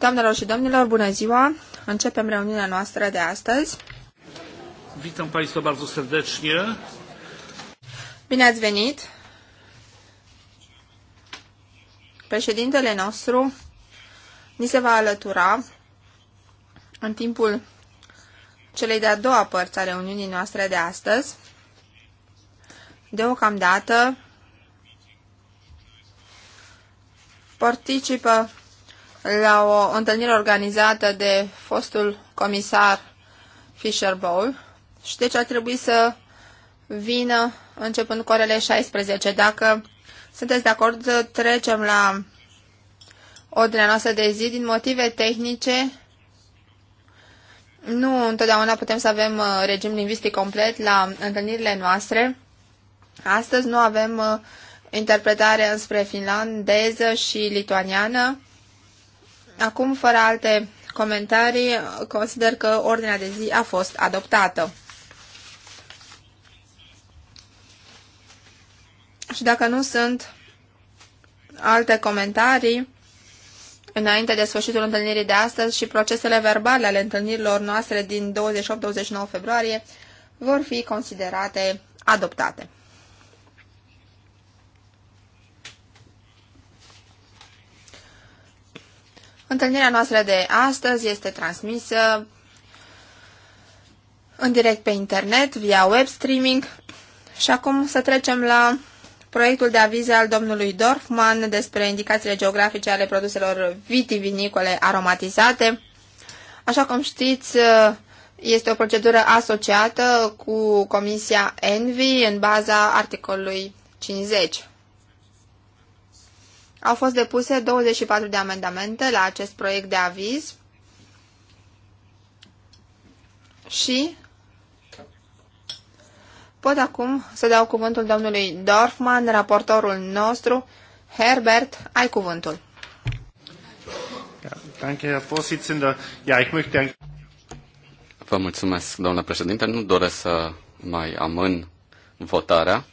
Doamnelor și domnilor, bună ziua! Începem reuniunea noastră de astăzi. Witam Państwa bardzo serdecznie. Bine ați venit! Președintele nostru ni se va alătura în timpul celei de-a doua părți a reuniunii noastre de astăzi. Deocamdată participă la o întâlnire organizată de fostul comisar Fisher Bowl și deci ar trebui să vină începând cu orele 16. Dacă sunteți de acord, trecem la ordinea noastră de zi din motive tehnice. Nu întotdeauna putem să avem uh, regim lingvistic complet la întâlnirile noastre. Astăzi nu avem uh, interpretare înspre finlandeză și lituaniană Acum, fără alte comentarii, consider că ordinea de zi a fost adoptată. Și dacă nu sunt alte comentarii, înainte de sfârșitul întâlnirii de astăzi și procesele verbale ale întâlnirilor noastre din 28-29 februarie vor fi considerate adoptate. Întâlnirea noastră de astăzi este transmisă în direct pe internet, via web streaming. Și acum să trecem la proiectul de avize al domnului Dorfman despre indicațiile geografice ale produselor vitivinicole aromatizate. Așa cum știți, este o procedură asociată cu Comisia ENVI în baza articolului 50. Au fost depuse 24 de amendamente la acest proiect de aviz și pot acum să dau cuvântul domnului Dorfman, raportorul nostru. Herbert, ai cuvântul. Vă mulțumesc, domnule președinte. Nu doresc să mai amân votarea.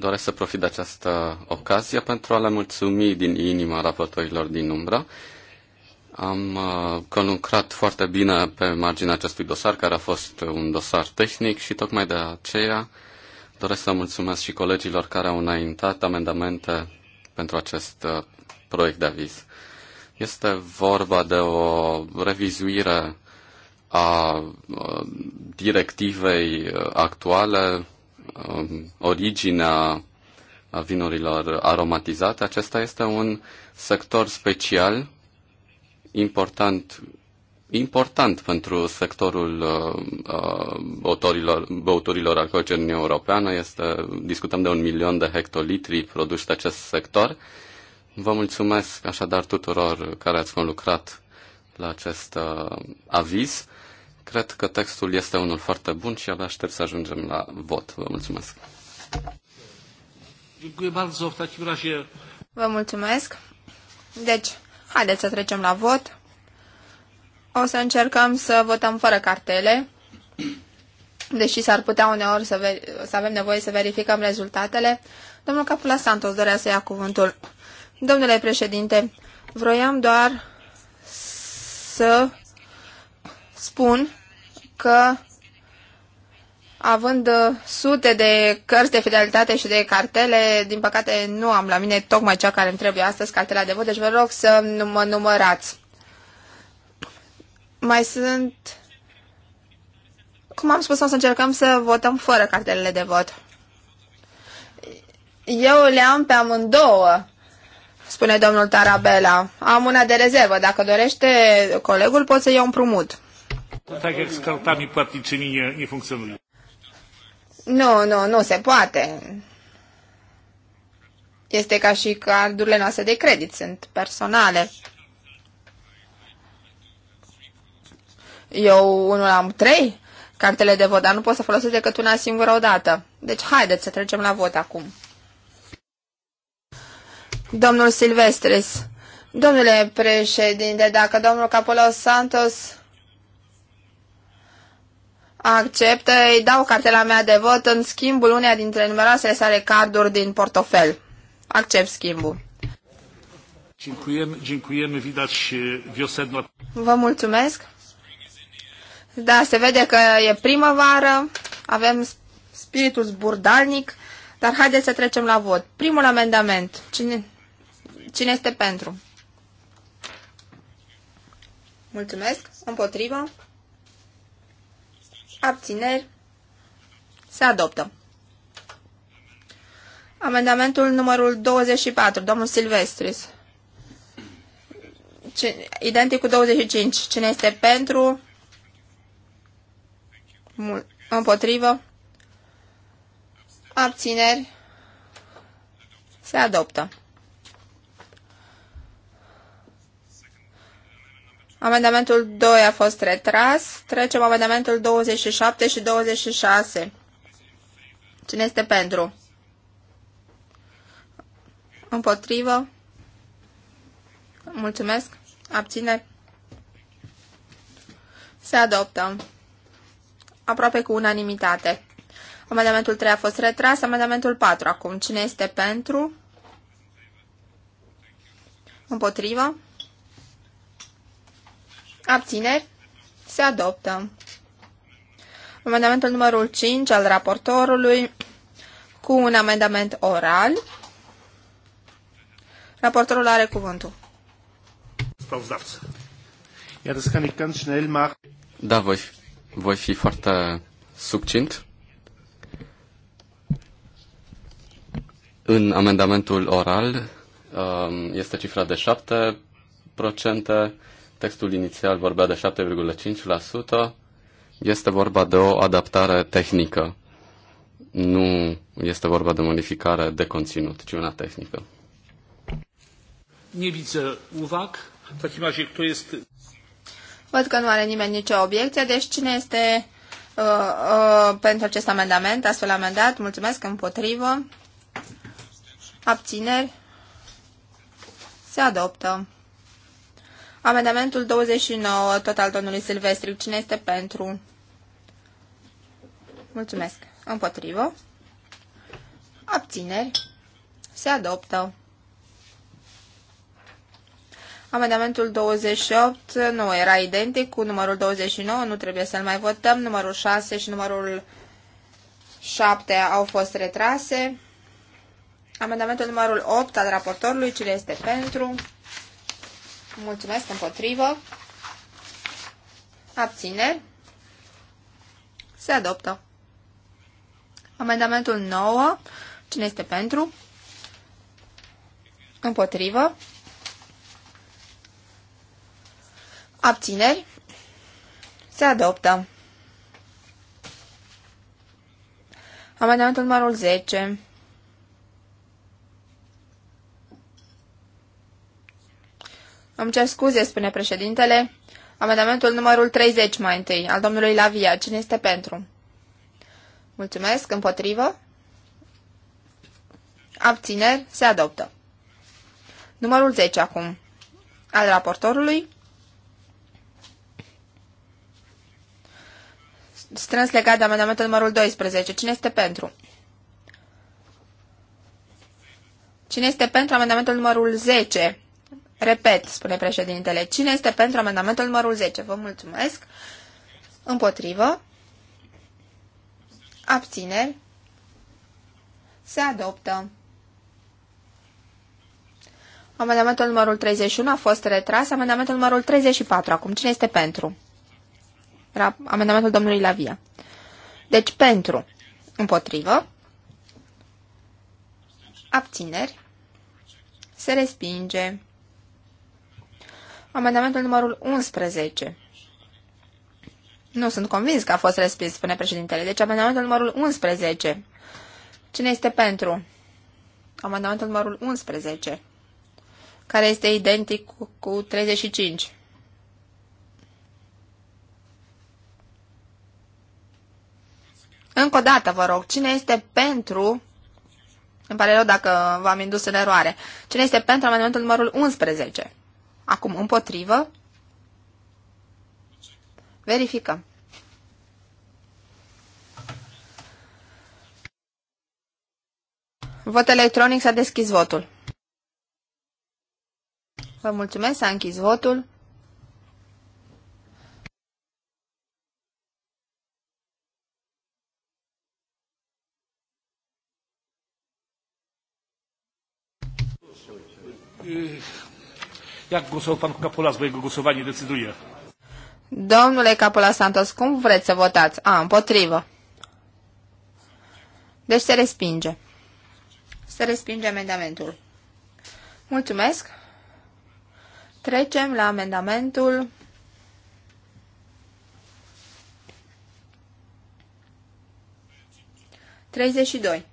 Doresc să profit de această ocazie pentru a le mulțumi din inimă raportorilor din umbra. Am uh, conlucrat foarte bine pe marginea acestui dosar, care a fost un dosar tehnic și tocmai de aceea doresc să mulțumesc și colegilor care au înaintat amendamente pentru acest uh, proiect de aviz. Este vorba de o revizuire a uh, directivei actuale Um, originea vinurilor aromatizate, acesta este un sector special important important pentru sectorul uh, băutorilor, uh, băuturilor alcoolice în Uniunea Europeană. Este, discutăm de un milion de hectolitri produși de acest sector. Vă mulțumesc așadar tuturor care ați conlucrat la acest uh, aviz. Cred că textul este unul foarte bun și abia aștept să ajungem la vot. Vă mulțumesc. Vă mulțumesc. Deci, haideți să trecem la vot. O să încercăm să votăm fără cartele, deși s-ar putea uneori să, să avem nevoie să verificăm rezultatele. Domnul Capula Santos dorea să ia cuvântul. Domnule președinte, vroiam doar să spun că având sute de cărți de fidelitate și de cartele, din păcate nu am la mine tocmai cea care îmi trebuie astăzi, cartela de vot, deci vă rog să mă numărați. Mai sunt... Cum am spus, o să încercăm să votăm fără cartelele de vot. Eu le am pe amândouă, spune domnul Tarabela. Am una de rezervă. Dacă dorește colegul, pot să iau împrumut. Tak jak z kartami płatniczymi nie, nie funkcjonuje. Nu, nu, nu se poate. Este ca și cardurile noastre de credit, sunt personale. Eu unul am trei cartele de vot, dar nu pot să folosesc decât una singură odată. Deci haideți să trecem la vot acum. Domnul Silvestris, domnule președinte, dacă domnul Capolos Santos accept, îi dau cartela mea de vot în schimbul uneia dintre numeroasele sale carduri din portofel. Accept schimbul. Vă mulțumesc. Da, se vede că e primăvară, avem spiritul zburdalnic, dar haideți să trecem la vot. Primul amendament. Cine, cine este pentru? Mulțumesc. Împotrivă. Abțineri. Se adoptă. Amendamentul numărul 24, domnul Silvestris. Identic cu 25. Cine este pentru? Mul împotrivă? Abțineri? Se adoptă. Amendamentul 2 a fost retras. Trecem amendamentul 27 și 26. Cine este pentru? Împotrivă? Mulțumesc. Abține. Se adoptă. Aproape cu unanimitate. Amendamentul 3 a fost retras. Amendamentul 4 acum. Cine este pentru? Împotrivă? Abțineri? Se adoptă. Amendamentul numărul 5 al raportorului cu un amendament oral. Raportorul are cuvântul. Da, voi, voi fi foarte succint. În amendamentul oral um, este cifra de 7%, Textul inițial vorbea de 7,5%. Este vorba de o adaptare tehnică. Nu este vorba de modificare de conținut, ci una tehnică. Nu văd uwag. W razie kto este? Văd că nu are nimeni nicio obiecție, deci cine este uh, uh, pentru acest amendament, astfel amendat, mulțumesc, împotrivă, abțineri, se adoptă. Amendamentul 29, tot al domnului Silvestri. Cine este pentru? Mulțumesc. Împotrivă. Abțineri. Se adoptă. Amendamentul 28 nu era identic cu numărul 29, nu trebuie să-l mai votăm. Numărul 6 și numărul 7 au fost retrase. Amendamentul numărul 8 al raportorului, cine este pentru? Mulțumesc împotrivă. Abțineri. Se adoptă. Amendamentul 9. Cine este pentru? Împotrivă. Abțineri. Se adoptă. Amendamentul numărul 10. Îmi cer scuze, spune președintele. Amendamentul numărul 30 mai întâi, al domnului Lavia. Cine este pentru? Mulțumesc. Împotrivă? Abțineri. Se adoptă. Numărul 10 acum. Al raportorului. Strâns legat de amendamentul numărul 12. Cine este pentru? Cine este pentru amendamentul numărul 10? Repet, spune președintele, cine este pentru amendamentul numărul 10? Vă mulțumesc. Împotrivă. Abțineri. Se adoptă. Amendamentul numărul 31 a fost retras. Amendamentul numărul 34. Acum, cine este pentru? Era amendamentul domnului Lavia. Deci, pentru. Împotrivă. Abțineri. Se respinge. Amendamentul numărul 11. Nu sunt convins că a fost respins, spune președintele. Deci amendamentul numărul 11. Cine este pentru? Amendamentul numărul 11, care este identic cu, cu 35. Încă o dată, vă rog, cine este pentru... Îmi pare rău dacă v-am indus în eroare. Cine este pentru amendamentul numărul 11? Acum, împotrivă. Verificăm. Vot electronic s-a deschis votul. Vă mulțumesc, s-a închis votul. Jak głosował pan Kapolas, bo jego głosowanie decyduje. Domnule Capolas Santos, cum vreți să votați? A, împotrivă. Deci se respinge. Se respinge amendamentul. Mulțumesc. Trecem la amendamentul treizeci și doi.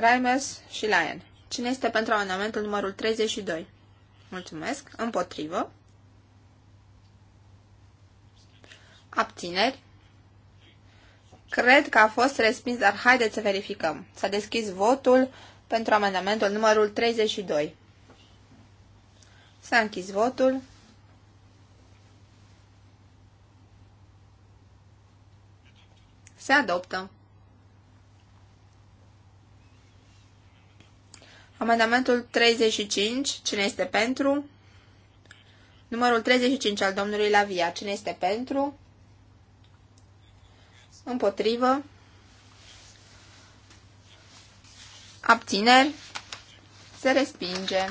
Reimers și Lyon. Cine este pentru amendamentul numărul 32? Mulțumesc. Împotrivă. Abțineri. Cred că a fost respins, dar haideți să verificăm. S-a deschis votul pentru amendamentul numărul 32. S-a închis votul. Se adoptă. Amendamentul 35, cine este pentru? Numărul 35 al domnului Lavia, cine este pentru? Împotrivă? Abțineri? Se respinge.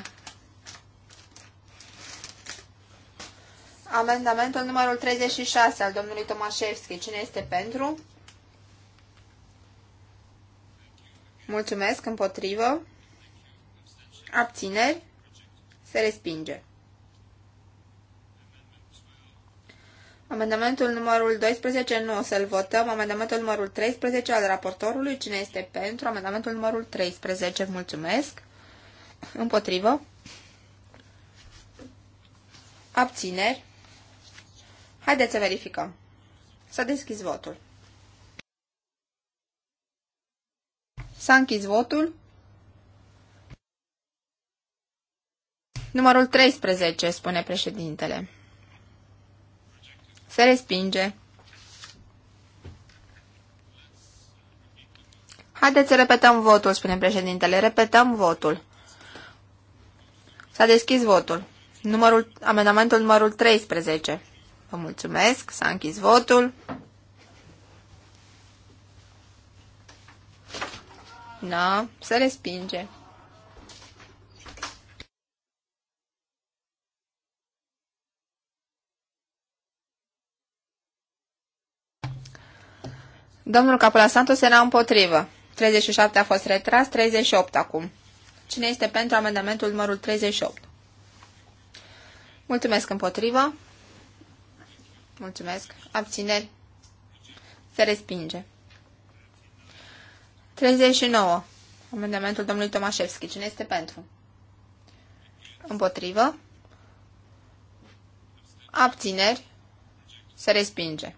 Amendamentul numărul 36 al domnului Tomașevski, cine este pentru? Mulțumesc, împotrivă. Abțineri? Se respinge. Amendamentul numărul 12 nu o să-l votăm. Amendamentul numărul 13 al raportorului. Cine este pentru? Amendamentul numărul 13. Mulțumesc. Împotrivă. Abțineri. Haideți să verificăm. S-a deschis votul. S-a închis votul. Numărul 13, spune președintele. Se respinge. Haideți să repetăm votul, spune președintele. Repetăm votul. S-a deschis votul. Numărul, amendamentul numărul 13. Vă mulțumesc. S-a închis votul. no, se respinge. Domnul Capula Santos era împotrivă. 37 a fost retras, 38 acum. Cine este pentru amendamentul numărul 38? Mulțumesc împotrivă. Mulțumesc. Abțineri. Se respinge. 39. Amendamentul domnului Tomașevski. Cine este pentru? Împotrivă. Abțineri. Se respinge.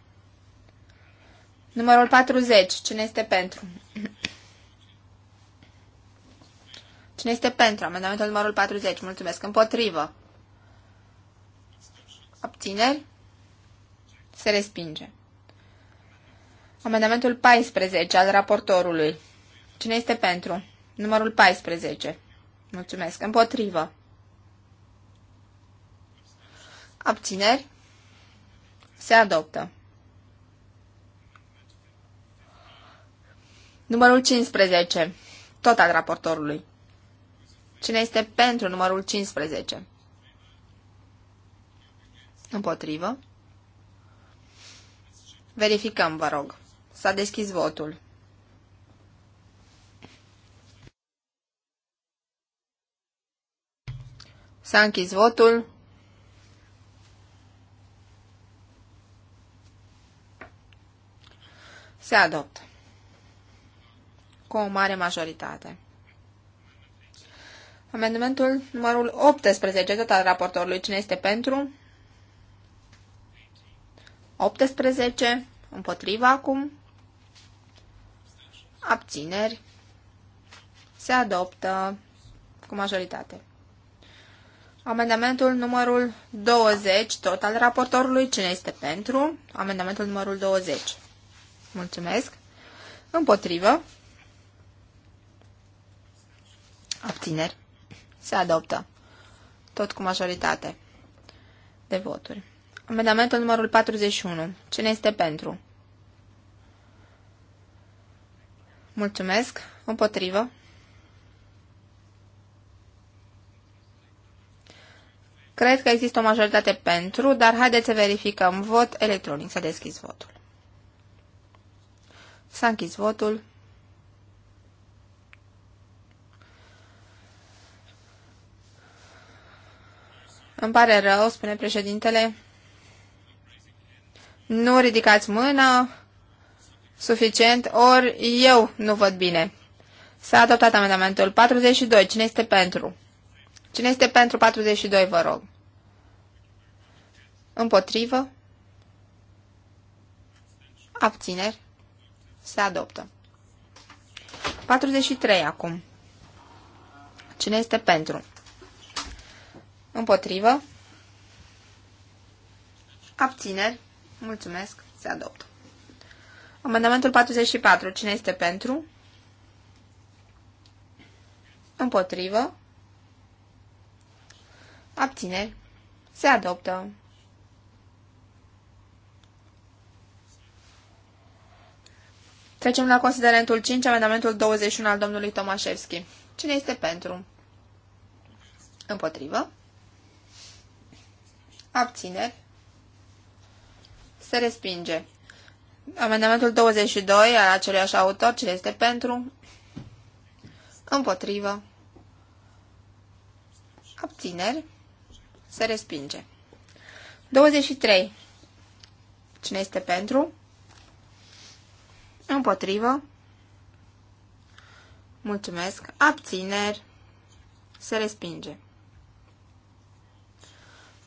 Numărul 40. Cine este pentru? Cine este pentru? Amendamentul numărul 40. Mulțumesc. Împotrivă. Abțineri? Se respinge. Amendamentul 14 al raportorului. Cine este pentru? Numărul 14. Mulțumesc. Împotrivă. Abțineri? Se adoptă. Numărul 15. Tot al raportorului. Cine este pentru numărul 15? Împotrivă. Verificăm, vă rog. S-a deschis votul. S-a închis votul. Se adoptă cu o mare majoritate. Amendamentul numărul 18, tot al raportorului. Cine este pentru? 18. Împotriva acum. Abțineri. Se adoptă cu majoritate. Amendamentul numărul 20, tot al raportorului. Cine este pentru? Amendamentul numărul 20. Mulțumesc. Împotrivă. Abțineri. Se adoptă. Tot cu majoritate de voturi. Amendamentul numărul 41. Cine este pentru? Mulțumesc. Împotrivă. Cred că există o majoritate pentru, dar haideți să verificăm. Vot electronic. S-a deschis votul. S-a închis votul. Îmi pare rău, spune președintele. Nu ridicați mâna suficient, ori eu nu văd bine. S-a adoptat amendamentul 42. Cine este pentru? Cine este pentru 42, vă rog? Împotrivă? Abțineri? Se adoptă. 43 acum. Cine este pentru? Împotrivă. Abțineri. Mulțumesc. Se adoptă. Amendamentul 44. Cine este pentru? Împotrivă. Abțineri. Se adoptă. Trecem la considerentul 5, amendamentul 21 al domnului Tomașevski. Cine este pentru? Împotrivă. Abțineri. Se respinge. Amendamentul 22 al aceluiași autor, cine este pentru? Împotrivă. Abțineri. Se respinge. 23. Cine este pentru? Împotrivă. Mulțumesc. Abțineri. Se respinge.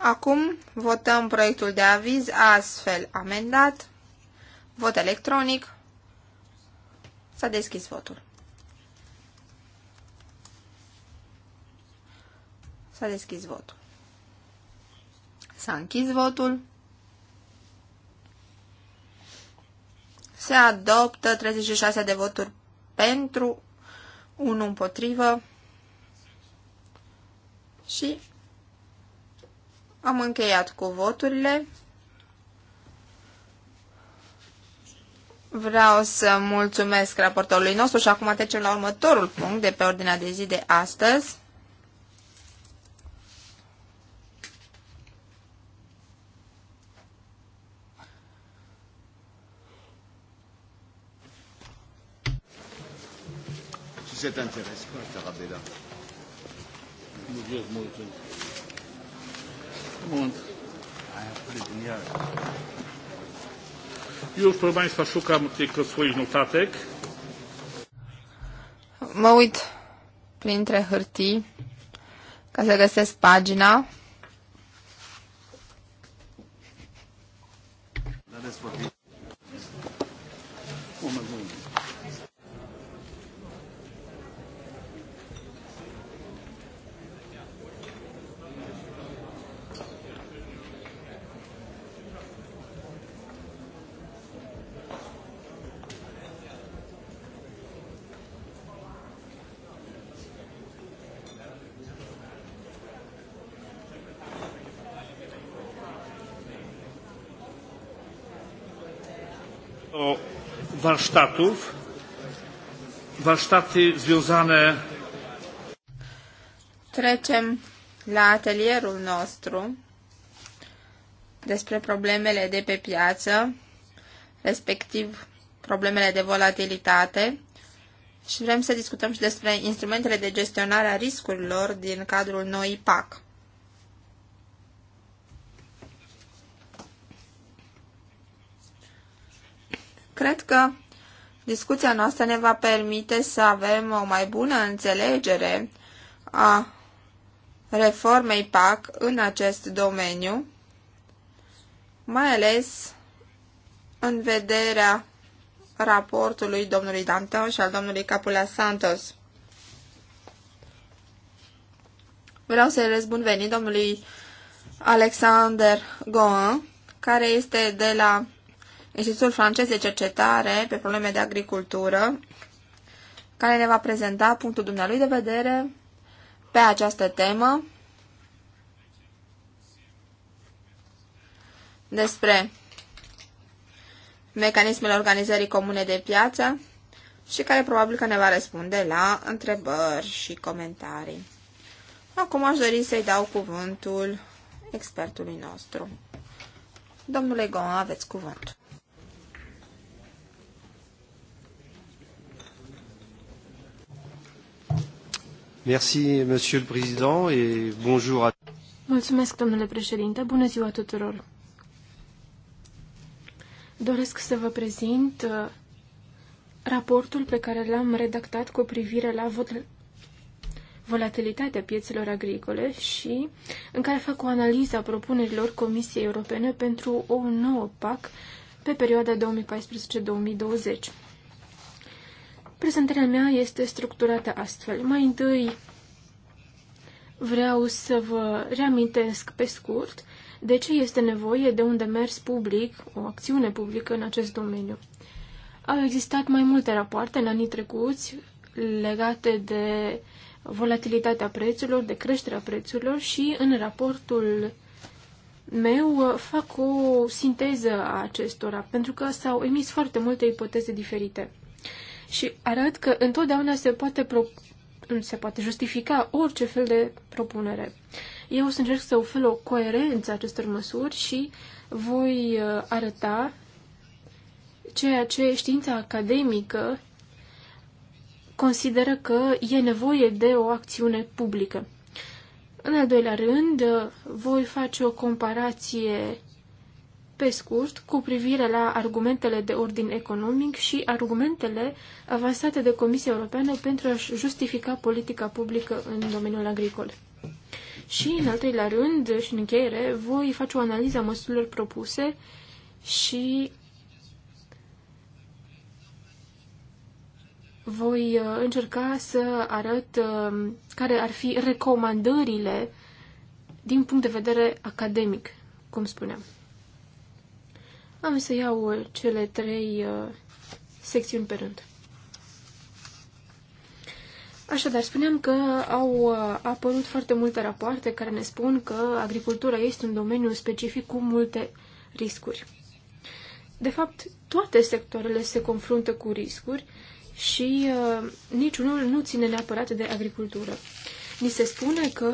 Acum votăm proiectul de aviz astfel amendat. Vot electronic. S-a deschis votul. S-a deschis votul. S-a închis votul. Se adoptă 36 de voturi pentru, 1 împotrivă și am încheiat cu voturile. Vreau să mulțumesc raportorului nostru și acum trecem la următorul punct de pe ordinea de zi de astăzi. Si cet intéresse, Tarabella. Mulțumesc Moment. Już, proszę Państwa, szukam tylko swoich notatek. Mă uit printre hârtii ca să găsesc pagina. o warsztatów. Warsztaty związane... Trecem la atelierul nostru despre problemele de pe piață, respectiv problemele de volatilitate și vrem să discutăm și despre instrumentele de gestionare a riscurilor din cadrul noii PAC. Cred că discuția noastră ne va permite să avem o mai bună înțelegere a reformei PAC în acest domeniu, mai ales în vederea raportului domnului Danton și al domnului Capula Santos. Vreau să-i răzbun venit domnului Alexander Goan, care este de la Institutul francez de cercetare pe probleme de agricultură, care ne va prezenta punctul dumnealui de vedere pe această temă despre mecanismele organizării comune de piață și care probabil că ne va răspunde la întrebări și comentarii. Acum aș dori să-i dau cuvântul expertului nostru. Domnule Gon, aveți cuvântul. Merci, Monsieur le Président, et bonjour à... Mulțumesc, domnule președinte. Bună ziua tuturor. Doresc să vă prezint uh, raportul pe care l-am redactat cu privire la volatilitatea piețelor agricole și în care fac o analiză a propunerilor Comisiei Europene pentru o nouă PAC pe perioada 2014-2020. Prezentarea mea este structurată astfel. Mai întâi vreau să vă reamintesc pe scurt de ce este nevoie de un demers public, o acțiune publică în acest domeniu. Au existat mai multe rapoarte în anii trecuți legate de volatilitatea prețurilor, de creșterea prețurilor și în raportul meu fac o sinteză a acestora, pentru că s-au emis foarte multe ipoteze diferite și arăt că întotdeauna se poate, pro... se poate justifica orice fel de propunere. Eu o să încerc să ofer o coerență acestor măsuri și voi uh, arăta ceea ce știința academică consideră că e nevoie de o acțiune publică. În al doilea rând, uh, voi face o comparație pe scurt cu privire la argumentele de ordin economic și argumentele avansate de Comisia Europeană pentru a-și justifica politica publică în domeniul agricol. Și, în al treilea rând, și în încheiere, voi face o analiză a măsurilor propuse și voi uh, încerca să arăt uh, care ar fi recomandările din punct de vedere academic, cum spuneam. Am să iau uh, cele trei uh, secțiuni pe rând. Așadar, spuneam că au uh, apărut foarte multe rapoarte care ne spun că agricultura este un domeniu specific cu multe riscuri. De fapt, toate sectoarele se confruntă cu riscuri și uh, niciunul nu ține neapărat de agricultură. Ni se spune că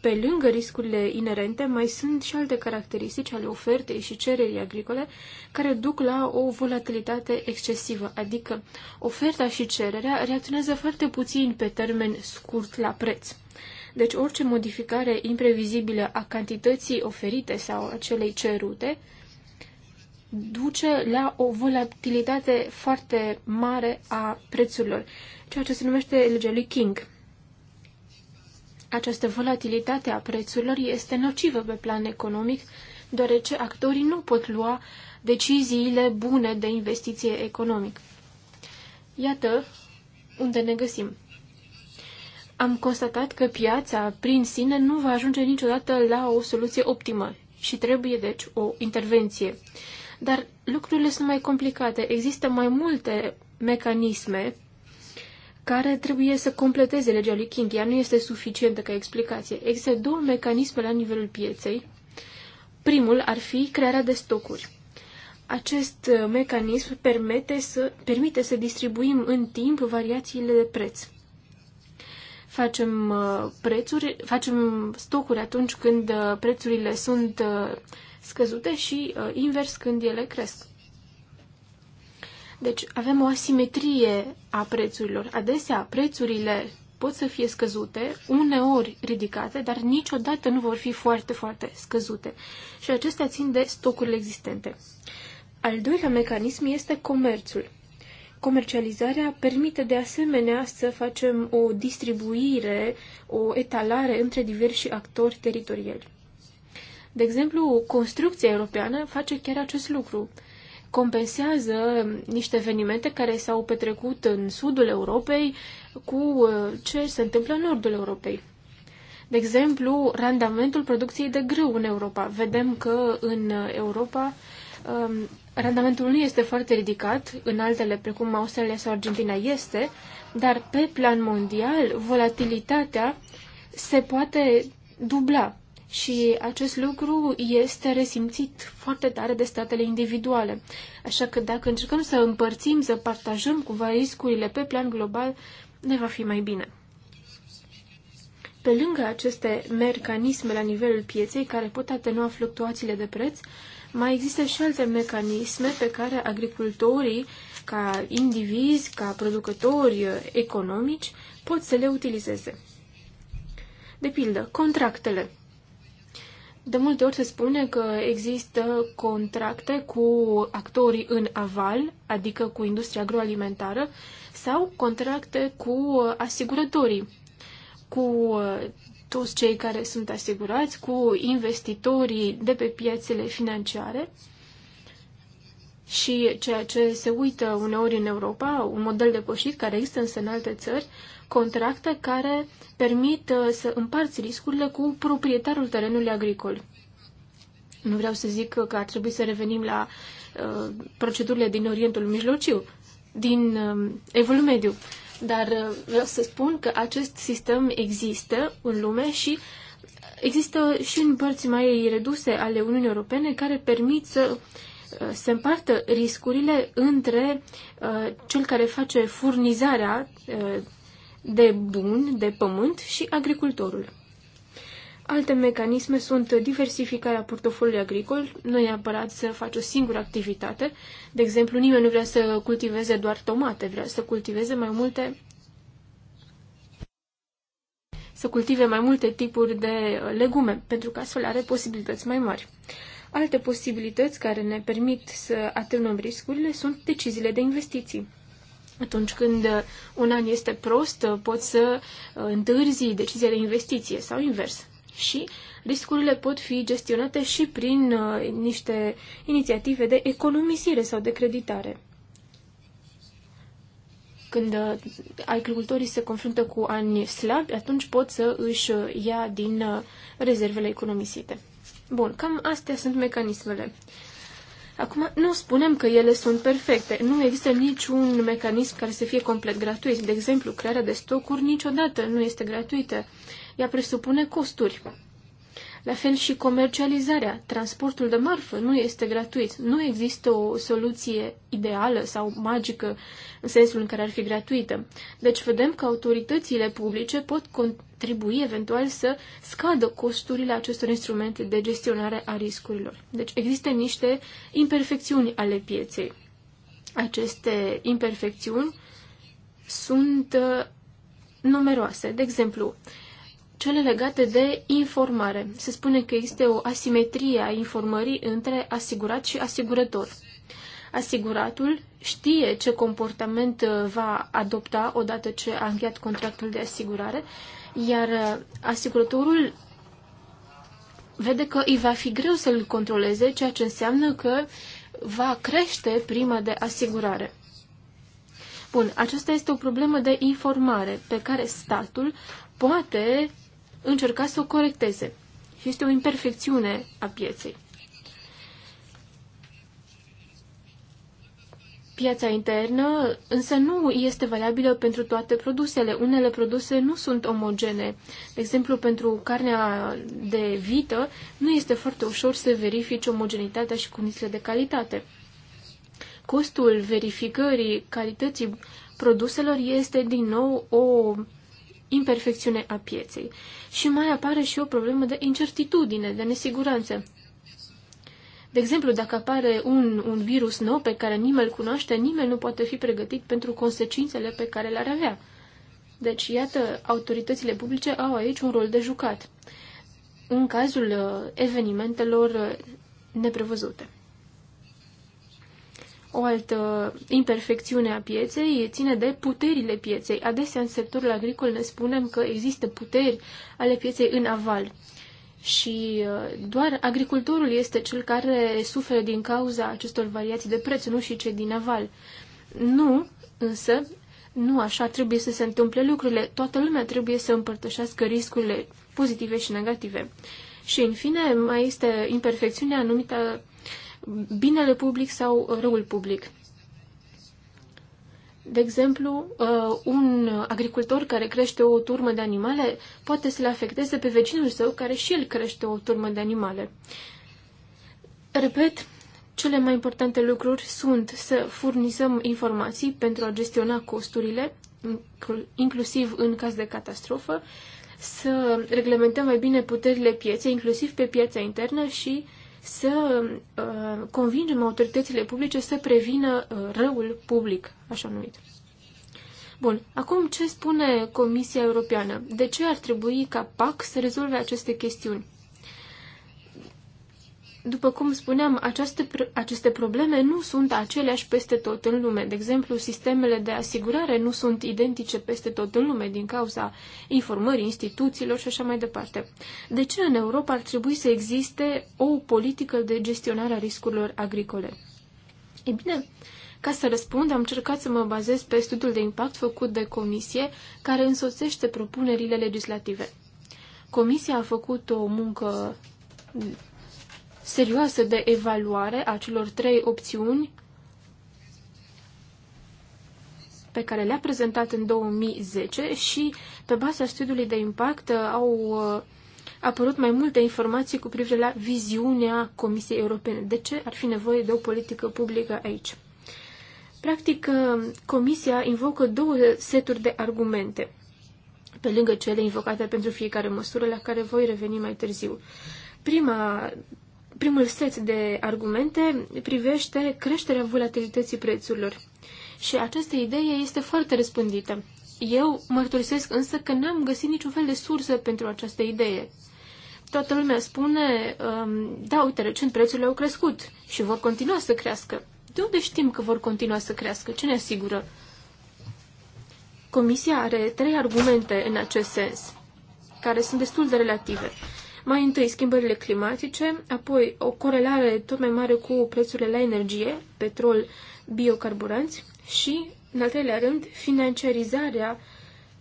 pe lângă riscurile inerente, mai sunt și alte caracteristici ale ofertei și cererii agricole care duc la o volatilitate excesivă, adică oferta și cererea reacționează foarte puțin pe termen scurt la preț. Deci orice modificare imprevizibilă a cantității oferite sau a celei cerute duce la o volatilitate foarte mare a prețurilor, ceea ce se numește legea lui King. Această volatilitate a prețurilor este nocivă pe plan economic, deoarece actorii nu pot lua deciziile bune de investiție economic. Iată unde ne găsim. Am constatat că piața prin sine nu va ajunge niciodată la o soluție optimă și trebuie deci o intervenție. Dar lucrurile sunt mai complicate. Există mai multe mecanisme care trebuie să completeze legea lui King. Ea nu este suficientă ca explicație. Există două mecanisme la nivelul pieței. Primul ar fi crearea de stocuri. Acest uh, mecanism permite să, permite să distribuim în timp variațiile de preț. Facem uh, prețuri, facem stocuri atunci când uh, prețurile sunt scăzute și invers când ele cresc. Deci avem o asimetrie a prețurilor. Adesea prețurile pot să fie scăzute, uneori ridicate, dar niciodată nu vor fi foarte, foarte scăzute. Și acestea țin de stocurile existente. Al doilea mecanism este comerțul. Comercializarea permite de asemenea să facem o distribuire, o etalare între diversi actori teritoriali. De exemplu, construcția europeană face chiar acest lucru compensează niște evenimente care s-au petrecut în sudul Europei cu uh, ce se întâmplă în nordul Europei. De exemplu, randamentul producției de grâu în Europa. Vedem că în Europa um, randamentul nu este foarte ridicat, în altele precum Australia sau Argentina este, dar pe plan mondial volatilitatea se poate dubla. Și acest lucru este resimțit foarte tare de statele individuale. Așa că dacă încercăm să împărțim, să partajăm cumva riscurile pe plan global, ne va fi mai bine. Pe lângă aceste mecanisme la nivelul pieței care pot atenua fluctuațiile de preț, mai există și alte mecanisme pe care agricultorii, ca indivizi, ca producători economici, pot să le utilizeze. De pildă, contractele. De multe ori se spune că există contracte cu actorii în aval, adică cu industria agroalimentară, sau contracte cu asigurătorii, cu uh, toți cei care sunt asigurați, cu investitorii de pe piețele financiare. Și ceea ce se uită uneori în Europa, un model depășit care există însă în alte țări, contracte care permit uh, să împarți riscurile cu proprietarul terenului agricol. Nu vreau să zic că ar trebui să revenim la uh, procedurile din Orientul Mijlociu, din uh, Evul Mediu, dar uh, vreau să spun că acest sistem există în lume și există și în părți mai reduse ale Uniunii Europene care permit să uh, se împartă riscurile între uh, cel care face furnizarea uh, de bun, de pământ și agricultorul. Alte mecanisme sunt diversificarea portofoliului agricol, nu neapărat să faci o singură activitate. De exemplu, nimeni nu vrea să cultiveze doar tomate, vrea să cultiveze mai multe să cultive mai multe tipuri de legume, pentru că astfel are posibilități mai mari. Alte posibilități care ne permit să atenuăm riscurile sunt deciziile de investiții. Atunci când uh, un an este prost, uh, poți să uh, întârzi decizia de investiție sau invers. Și riscurile pot fi gestionate și prin niște inițiative de economisire sau de creditare. Când agricultorii se confruntă cu ani slabi, atunci pot să își ia din rezervele economisite. Bun, cam astea sunt mecanismele. Acum, nu spunem că ele sunt perfecte. Nu există niciun mecanism care să fie complet gratuit. De exemplu, crearea de stocuri niciodată nu este gratuită. Ea presupune costuri. La fel și comercializarea. Transportul de marfă nu este gratuit. Nu există o soluție ideală sau magică în sensul în care ar fi gratuită. Deci vedem că autoritățile publice pot contribui eventual să scadă costurile acestor instrumente de gestionare a riscurilor. Deci există niște imperfecțiuni ale pieței. Aceste imperfecțiuni sunt uh, numeroase. De exemplu, cele legate de informare. Se spune că este o asimetrie a informării între asigurat și asigurător. Asiguratul știe ce comportament uh, va adopta odată ce a încheiat contractul de asigurare, iar uh, asigurătorul vede că îi va fi greu să-l controleze, ceea ce înseamnă că va crește prima de asigurare. Bun, aceasta este o problemă de informare pe care statul poate încerca să o corecteze. Este o imperfecțiune a pieței. Piața internă însă nu este valabilă pentru toate produsele. Unele produse nu sunt omogene. De exemplu, pentru carnea de vită nu este foarte ușor să verifici omogenitatea și condițiile de calitate. Costul verificării calității produselor este din nou o imperfecțiune a pieței. Și mai apare și o problemă de incertitudine, de nesiguranță. De exemplu, dacă apare un, un virus nou pe care nimeni îl cunoaște, nimeni nu poate fi pregătit pentru consecințele pe care le-ar avea. Deci, iată, autoritățile publice au aici un rol de jucat în cazul uh, evenimentelor uh, neprevăzute. O altă imperfecțiune a pieței ține de puterile pieței. Adesea, în sectorul agricol, ne spunem că există puteri ale pieței în aval. Și uh, doar agricultorul este cel care suferă din cauza acestor variații de preț, nu și cei din aval. Nu, însă, nu așa trebuie să se întâmple lucrurile. Toată lumea trebuie să împărtășească riscurile pozitive și negative. Și, în fine, mai este imperfecțiunea anumită binele public sau răul public. De exemplu, uh, un agricultor care crește o turmă de animale poate să le afecteze pe vecinul său care și el crește o turmă de animale. Repet, cele mai importante lucruri sunt să furnizăm informații pentru a gestiona costurile, inclusiv în caz de catastrofă, să reglementăm mai bine puterile pieței, inclusiv pe piața internă și uh, să uh, convingem autoritățile publice să prevină uh, răul public, așa numit. Bun, acum ce spune Comisia Europeană? De ce ar trebui ca PAC să rezolve aceste chestiuni? După cum spuneam, aceste, aceste probleme nu sunt aceleași peste tot în lume. De exemplu, sistemele de asigurare nu sunt identice peste tot în lume din cauza informării instituțiilor și așa mai departe. De ce în Europa ar trebui să existe o politică de gestionare a riscurilor agricole? E bine, ca să răspund, am încercat să mă bazez pe studiul de impact făcut de comisie care însoțește propunerile legislative. Comisia a făcut o muncă serioasă de evaluare a celor trei opțiuni pe care le-a prezentat în 2010 și pe baza studiului de impact au uh, apărut mai multe informații cu privire la viziunea Comisiei Europene. De ce ar fi nevoie de o politică publică aici? Practic, uh, Comisia invocă două seturi de argumente, pe lângă cele invocate pentru fiecare măsură, la care voi reveni mai târziu. Prima Primul set de argumente privește creșterea volatilității prețurilor. Și această idee este foarte răspândită. Eu mărturisesc însă că n-am găsit niciun fel de sursă pentru această idee. Toată lumea spune, um, da, uite, recent prețurile au crescut și vor continua să crească. De unde știm că vor continua să crească? Ce ne asigură? Comisia are trei argumente în acest sens, care sunt destul de relative. Mai întâi schimbările climatice, apoi o corelare tot mai mare cu prețurile la energie, petrol, biocarburanți și, în al treilea rând, financiarizarea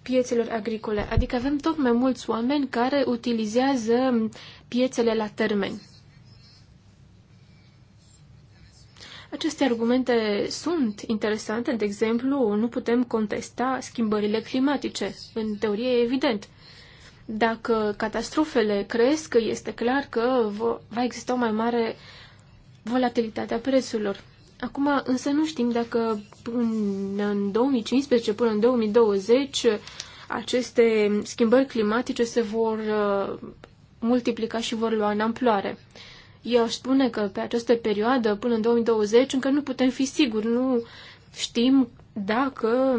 piețelor agricole. Adică avem tot mai mulți oameni care utilizează piețele la termen. Aceste argumente sunt interesante, de exemplu, nu putem contesta schimbările climatice. În teorie e evident. Dacă catastrofele cresc, este clar că va exista o mai mare volatilitate a prețurilor. Acum, însă nu știm dacă până în 2015, până în 2020, aceste schimbări climatice se vor uh, multiplica și vor lua în amploare. Eu aș spune că pe această perioadă, până în 2020, încă nu putem fi siguri, nu știm dacă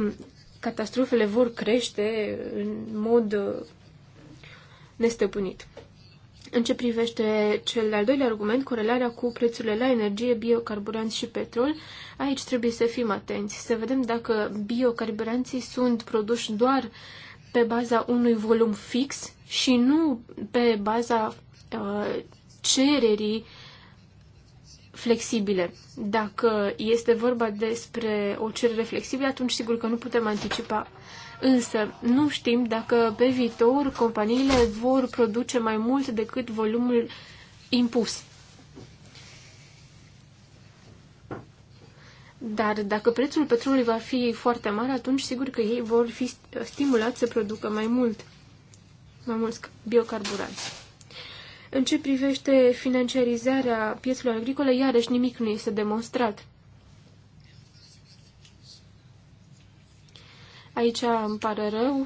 catastrofele vor crește în mod uh, nestăpânit. În ce privește cel de-al doilea argument, corelarea cu prețurile la energie, biocarburanți și petrol, aici trebuie să fim atenți, să vedem dacă biocarburanții sunt produși doar pe baza unui volum fix și nu pe baza uh, cererii flexibile. Dacă este vorba despre o cerere flexibilă, atunci sigur că nu putem anticipa Însă, nu știm dacă pe viitor companiile vor produce mai mult decât volumul impus. Dar dacă prețul petrolului va fi foarte mare, atunci sigur că ei vor fi stimulați să producă mai mult, mai mulți biocarburanți. În ce privește financiarizarea piețelor agricole, iarăși nimic nu este demonstrat. Aici îmi pare rău.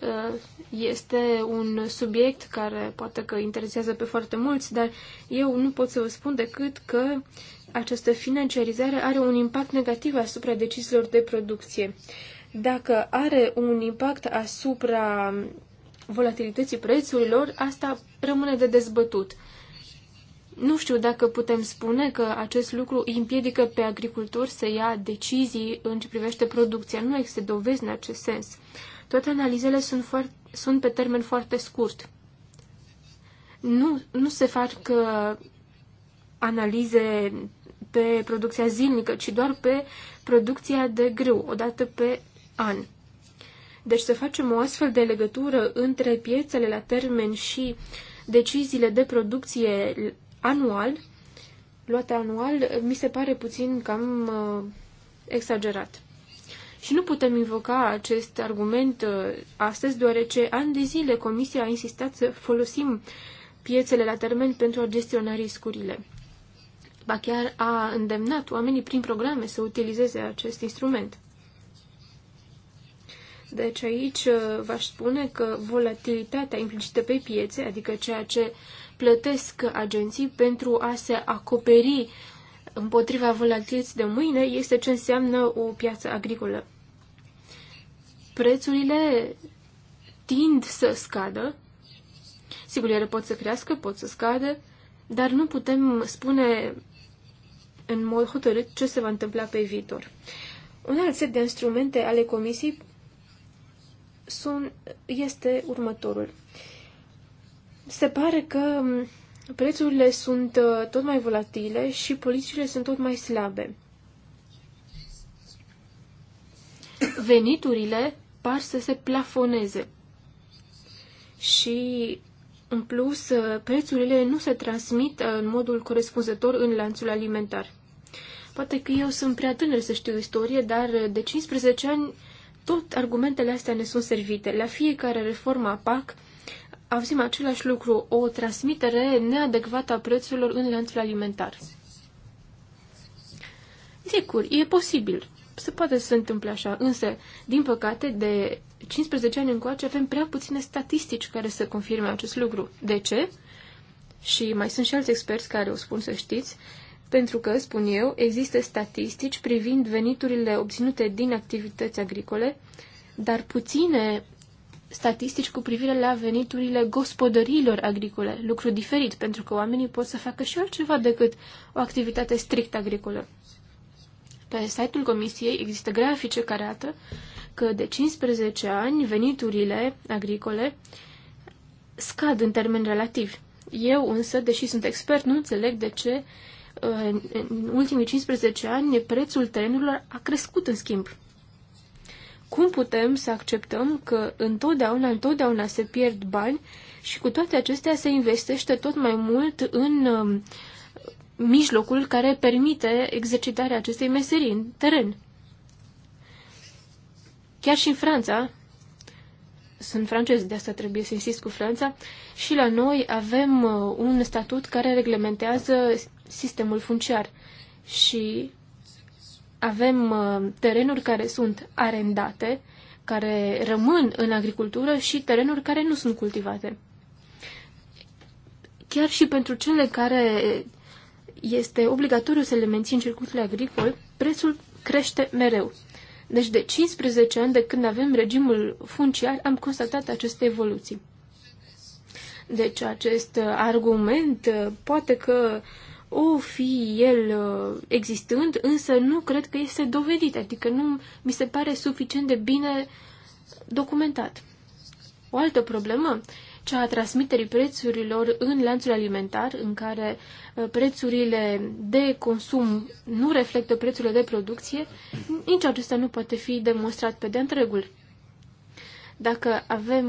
Uh, este un subiect care poate că interesează pe foarte mulți, dar eu nu pot să vă spun decât că această financiarizare are un impact negativ asupra deciziilor de producție. Dacă are un impact asupra volatilității prețurilor, asta rămâne de dezbătut. Nu știu dacă putem spune că acest lucru îi împiedică pe agricultori să ia decizii în ce privește producția. Nu există dovezi în acest sens. Toate analizele sunt, foarte, sunt pe termen foarte scurt. Nu, nu se fac uh, analize pe producția zilnică, ci doar pe producția de grâu, odată pe an. Deci să facem o astfel de legătură între piețele la termen și deciziile de producție anual, luate anual, eh, mi se pare puțin cam uh, exagerat. Și nu putem invoca acest argument uh, astăzi, deoarece ani de zile Comisia a insistat să folosim piețele la termen pentru a gestiona riscurile. Ba chiar a îndemnat oamenii prin programe să utilizeze acest instrument. Deci aici v-aș spune că volatilitatea implicită pe piețe, adică ceea ce uh, plătesc agenții pentru a se acoperi împotriva volatilității de mâine este ce înseamnă o piață agricolă. Prețurile tind să scadă. Sigur, ele pot să crească, pot să scadă, dar nu putem spune în mod hotărât ce se va întâmpla pe viitor. Un alt set de instrumente ale comisiei sunt, este următorul se pare că mm, prețurile sunt uh, tot mai volatile și politicile sunt tot mai slabe. Veniturile par să se plafoneze și, în plus, uh, prețurile nu se transmit uh, în modul corespunzător în lanțul alimentar. Poate că eu sunt prea tânăr să știu istorie, dar de 15 ani tot argumentele astea ne sunt servite. La fiecare reformă a PAC auzim același lucru, o transmitere neadecvată a prețurilor în lanțul alimentar. Sigur, e posibil. Se poate să se întâmple așa, însă, din păcate, de 15 ani încoace avem prea puține statistici care să confirme acest lucru. De ce? Și mai sunt și alți experți care o spun să știți, pentru că, spun eu, există statistici privind veniturile obținute din activități agricole, dar puține statistici cu privire la veniturile gospodăriilor agricole, lucru diferit, pentru că oamenii pot să facă și altceva decât o activitate strict agricolă. Pe site-ul Comisiei există grafice care arată că de 15 ani veniturile agricole scad în termen relativ. Eu însă, deși sunt expert, nu înțeleg de ce uh, în ultimii 15 ani prețul terenurilor a crescut în schimb. Cum putem să acceptăm că întotdeauna, întotdeauna se pierd bani și cu toate acestea se investește tot mai mult în um, mijlocul care permite exercitarea acestei meserii în teren? Chiar și în Franța, sunt francez, de asta trebuie să insist cu Franța, și la noi avem uh, un statut care reglementează sistemul funciar. Și avem uh, terenuri care sunt arendate, care rămân în agricultură și terenuri care nu sunt cultivate. Chiar și pentru cele care este obligatoriu să le menții în circuitul agricol, prețul crește mereu. Deci de 15 ani de când avem regimul funciar am constatat aceste evoluții. Deci acest uh, argument uh, poate că uh, o fi el uh, existând, însă nu cred că este dovedit, adică nu mi se pare suficient de bine documentat. O altă problemă, cea a transmiterii prețurilor în lanțul alimentar, în care uh, prețurile de consum nu reflectă prețurile de producție, nici acesta nu poate fi demonstrat pe de întregul. Dacă avem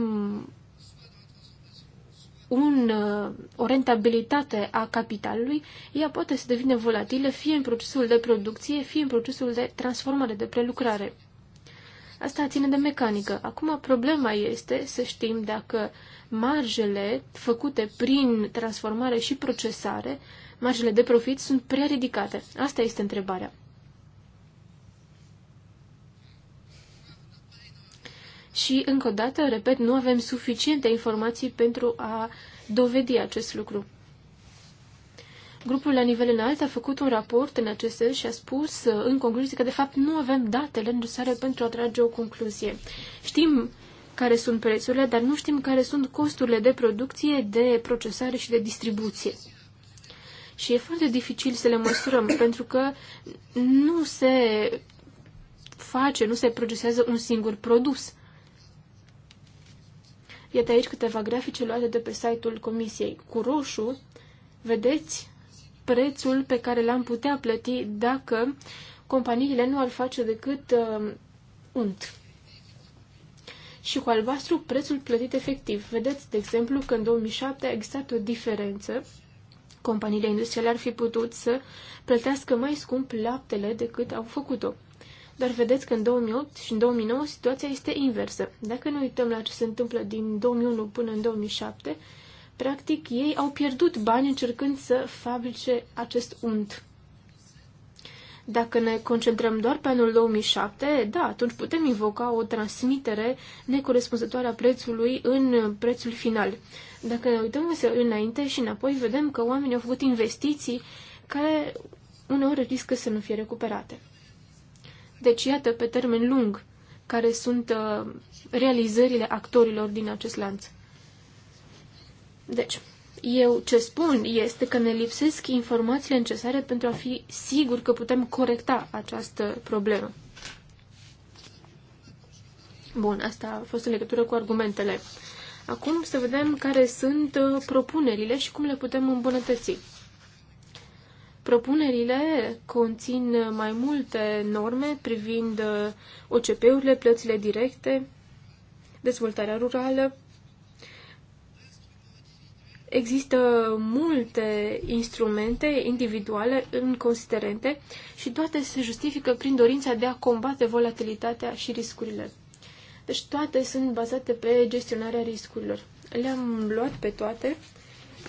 un, uh, o rentabilitate a capitalului, ea poate să devină volatilă fie în procesul de producție, fie în procesul de transformare, de prelucrare. Asta ține de mecanică. Acum problema este să știm dacă marjele făcute prin transformare și procesare, marjele de profit, sunt prea ridicate. Asta este întrebarea. și, încă o dată, repet, nu avem suficiente informații pentru a dovedi acest lucru. Grupul la nivel înalt a făcut un raport în acest sens și a spus în concluzie că de fapt nu avem datele necesare pentru a trage o concluzie. Știm care sunt prețurile, dar nu știm care sunt costurile de producție, de procesare și de distribuție. Și e foarte dificil să le măsurăm, pentru că nu se face, nu se procesează un singur produs. Iată aici câteva grafice luate de pe site-ul comisiei. Cu roșu vedeți prețul pe care l-am putea plăti dacă companiile nu ar face decât uh, unt. Și cu albastru prețul plătit efectiv. Vedeți, de exemplu, că în 2007 a existat o diferență. Companiile industriale ar fi putut să plătească mai scump laptele decât au făcut-o. Dar vedeți că în 2008 și în 2009 situația este inversă. Dacă ne uităm la ce se întâmplă din 2001 până în 2007, practic ei au pierdut bani încercând să fabrice acest unt. Dacă ne concentrăm doar pe anul 2007, da, atunci putem invoca o transmitere necorespunzătoare a prețului în prețul final. Dacă ne uităm însă înainte și înapoi, vedem că oamenii au făcut investiții care uneori riscă să nu fie recuperate. Deci, iată, pe termen lung, care sunt uh, realizările actorilor din acest lanț. Deci, eu ce spun este că ne lipsesc informațiile necesare pentru a fi sigur că putem corecta această problemă. Bun, asta a fost în legătură cu argumentele. Acum să vedem care sunt uh, propunerile și cum le putem îmbunătăți. Propunerile conțin mai multe norme privind uh, OCP-urile, plățile directe, dezvoltarea rurală. Există multe instrumente individuale în considerente și toate se justifică prin dorința de a combate volatilitatea și riscurile. Deci toate sunt bazate pe gestionarea riscurilor. Le-am luat pe toate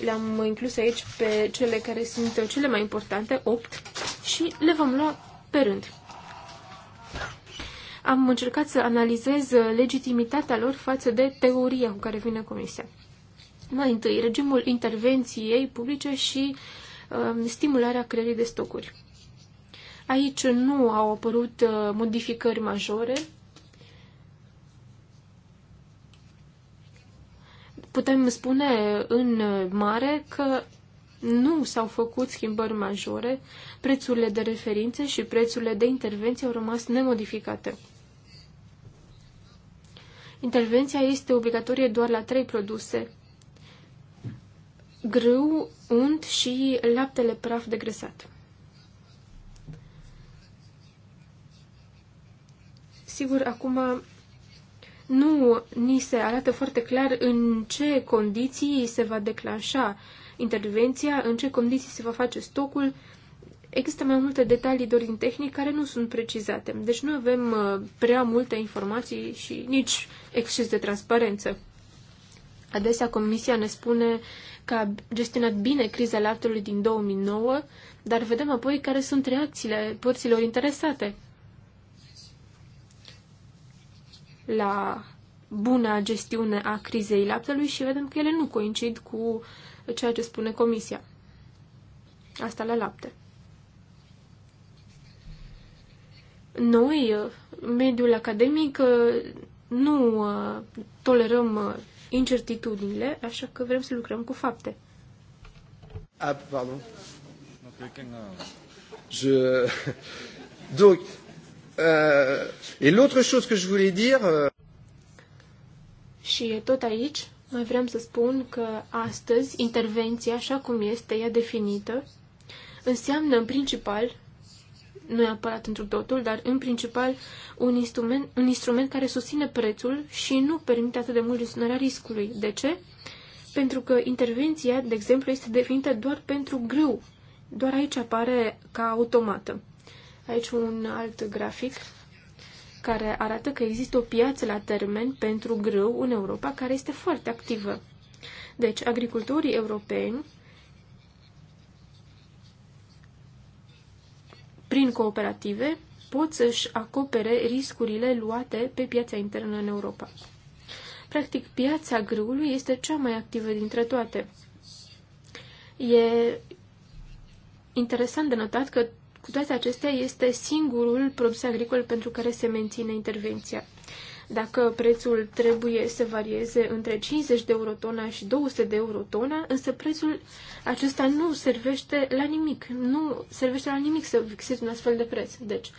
le-am inclus aici pe cele care sunt cele mai importante, 8, și le vom lua pe rând. Am încercat să analizez legitimitatea lor față de teoria cu care vine Comisia. Mai întâi, regimul intervenției publice și uh, stimularea creării de stocuri. Aici nu au apărut uh, modificări majore, Putem spune în mare că nu s-au făcut schimbări majore, prețurile de referință și prețurile de intervenție au rămas nemodificate. Intervenția este obligatorie doar la trei produse. Grâu, unt și laptele praf degresat. Sigur, acum nu ni se arată foarte clar în ce condiții se va declanșa intervenția, în ce condiții se va face stocul. Există mai multe detalii de din tehnic care nu sunt precizate, deci nu avem uh, prea multe informații și nici exces de transparență. Adesea Comisia ne spune că a gestionat bine criza laptelui din 2009, dar vedem apoi care sunt reacțiile părților interesate – la buna gestiune a crizei laptelui și vedem că ele nu coincid cu ceea ce spune Comisia. Asta la lapte. Noi, mediul academic, nu uh, tolerăm uh, incertitudinile, așa că vrem să lucrăm cu fapte. Ah, pardon. Je... Donc, Euh, et l'autre chose que je voulais dire. Euh, și tot aici mai vreau să spun că astăzi intervenția, așa cum este ea definită, înseamnă în principal, nu apărat întru totul, dar în principal un instrument, un instrument care susține prețul și nu permite atât de mult gestionarea riscului. De ce? Pentru că intervenția, de exemplu, este definită doar pentru grâu. Doar aici apare ca automată. Aici un alt grafic care arată că există o piață la termen pentru grâu în Europa care este foarte activă. Deci, agricultorii europeni, prin cooperative, pot să-și acopere riscurile luate pe piața internă în Europa. Practic, piața grâului este cea mai activă dintre toate. E interesant de notat că cu toate acestea, este singurul produs agricol pentru care se menține intervenția. Dacă prețul trebuie să varieze între 50 de euro tona și 200 de euro tona, însă prețul acesta nu servește la nimic. Nu servește la nimic să fixezi un astfel de preț. Deci,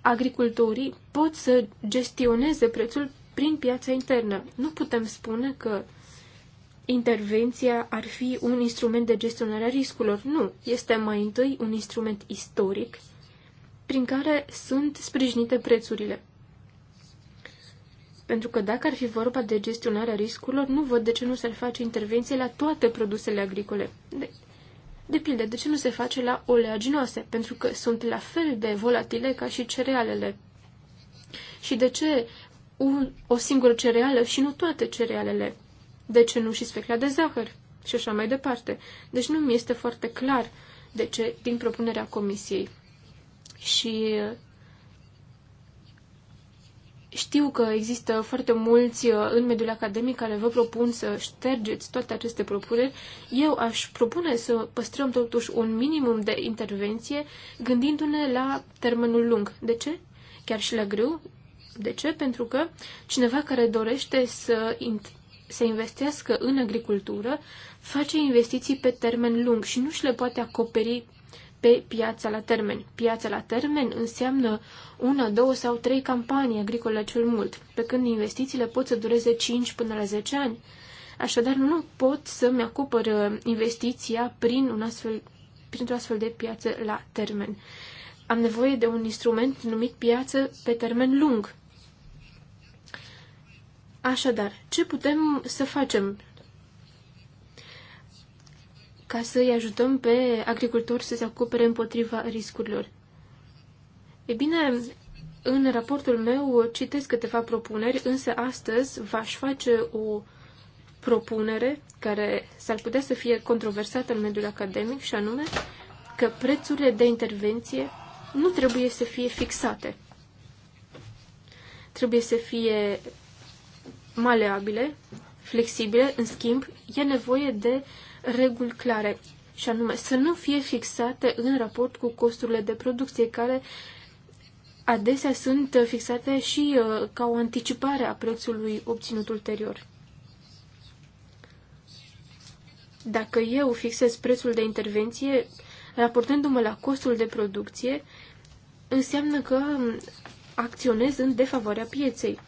agricultorii pot să gestioneze prețul prin piața internă. Nu putem spune că intervenția ar fi un instrument de gestionare a riscurilor. Nu, este mai întâi un instrument istoric prin care sunt sprijinite prețurile. Pentru că dacă ar fi vorba de gestionarea riscurilor, nu văd de ce nu s-ar face intervenție la toate produsele agricole. De, de pildă, de ce nu se face la oleaginoase? Pentru că sunt la fel de volatile ca și cerealele. Și de ce un, o singură cereală și nu toate cerealele? de ce nu și specla de zahăr și așa mai departe. Deci nu mi este foarte clar de ce din propunerea comisiei. Și uh, știu că există foarte mulți uh, în mediul academic care vă propun să ștergeți toate aceste propuneri. Eu aș propune să păstrăm totuși un minimum de intervenție gândindu-ne la termenul lung. De ce? Chiar și la greu? De ce? Pentru că cineva care dorește să să investească în agricultură face investiții pe termen lung și nu și le poate acoperi pe piața la termen. Piața la termen înseamnă una, două sau trei campanii agricole cel mult, pe când investițiile pot să dureze 5 până la 10 ani. Așadar, nu pot să-mi acopăr uh, investiția prin un astfel, printr-o astfel de piață la termen. Am nevoie de un instrument numit piață pe termen lung, Așadar, ce putem să facem ca să îi ajutăm pe agricultori să se acopere împotriva riscurilor? E bine, în raportul meu citesc câteva propuneri, însă astăzi v-aș face o propunere care s-ar putea să fie controversată în mediul academic și anume că prețurile de intervenție nu trebuie să fie fixate. Trebuie să fie maleabile, flexibile, în schimb, e nevoie de reguli clare, și anume să nu fie fixate în raport cu costurile de producție, care adesea sunt fixate și uh, ca o anticipare a prețului obținut ulterior. Dacă eu fixez prețul de intervenție raportându-mă la costul de producție, înseamnă că acționez în defavoarea pieței.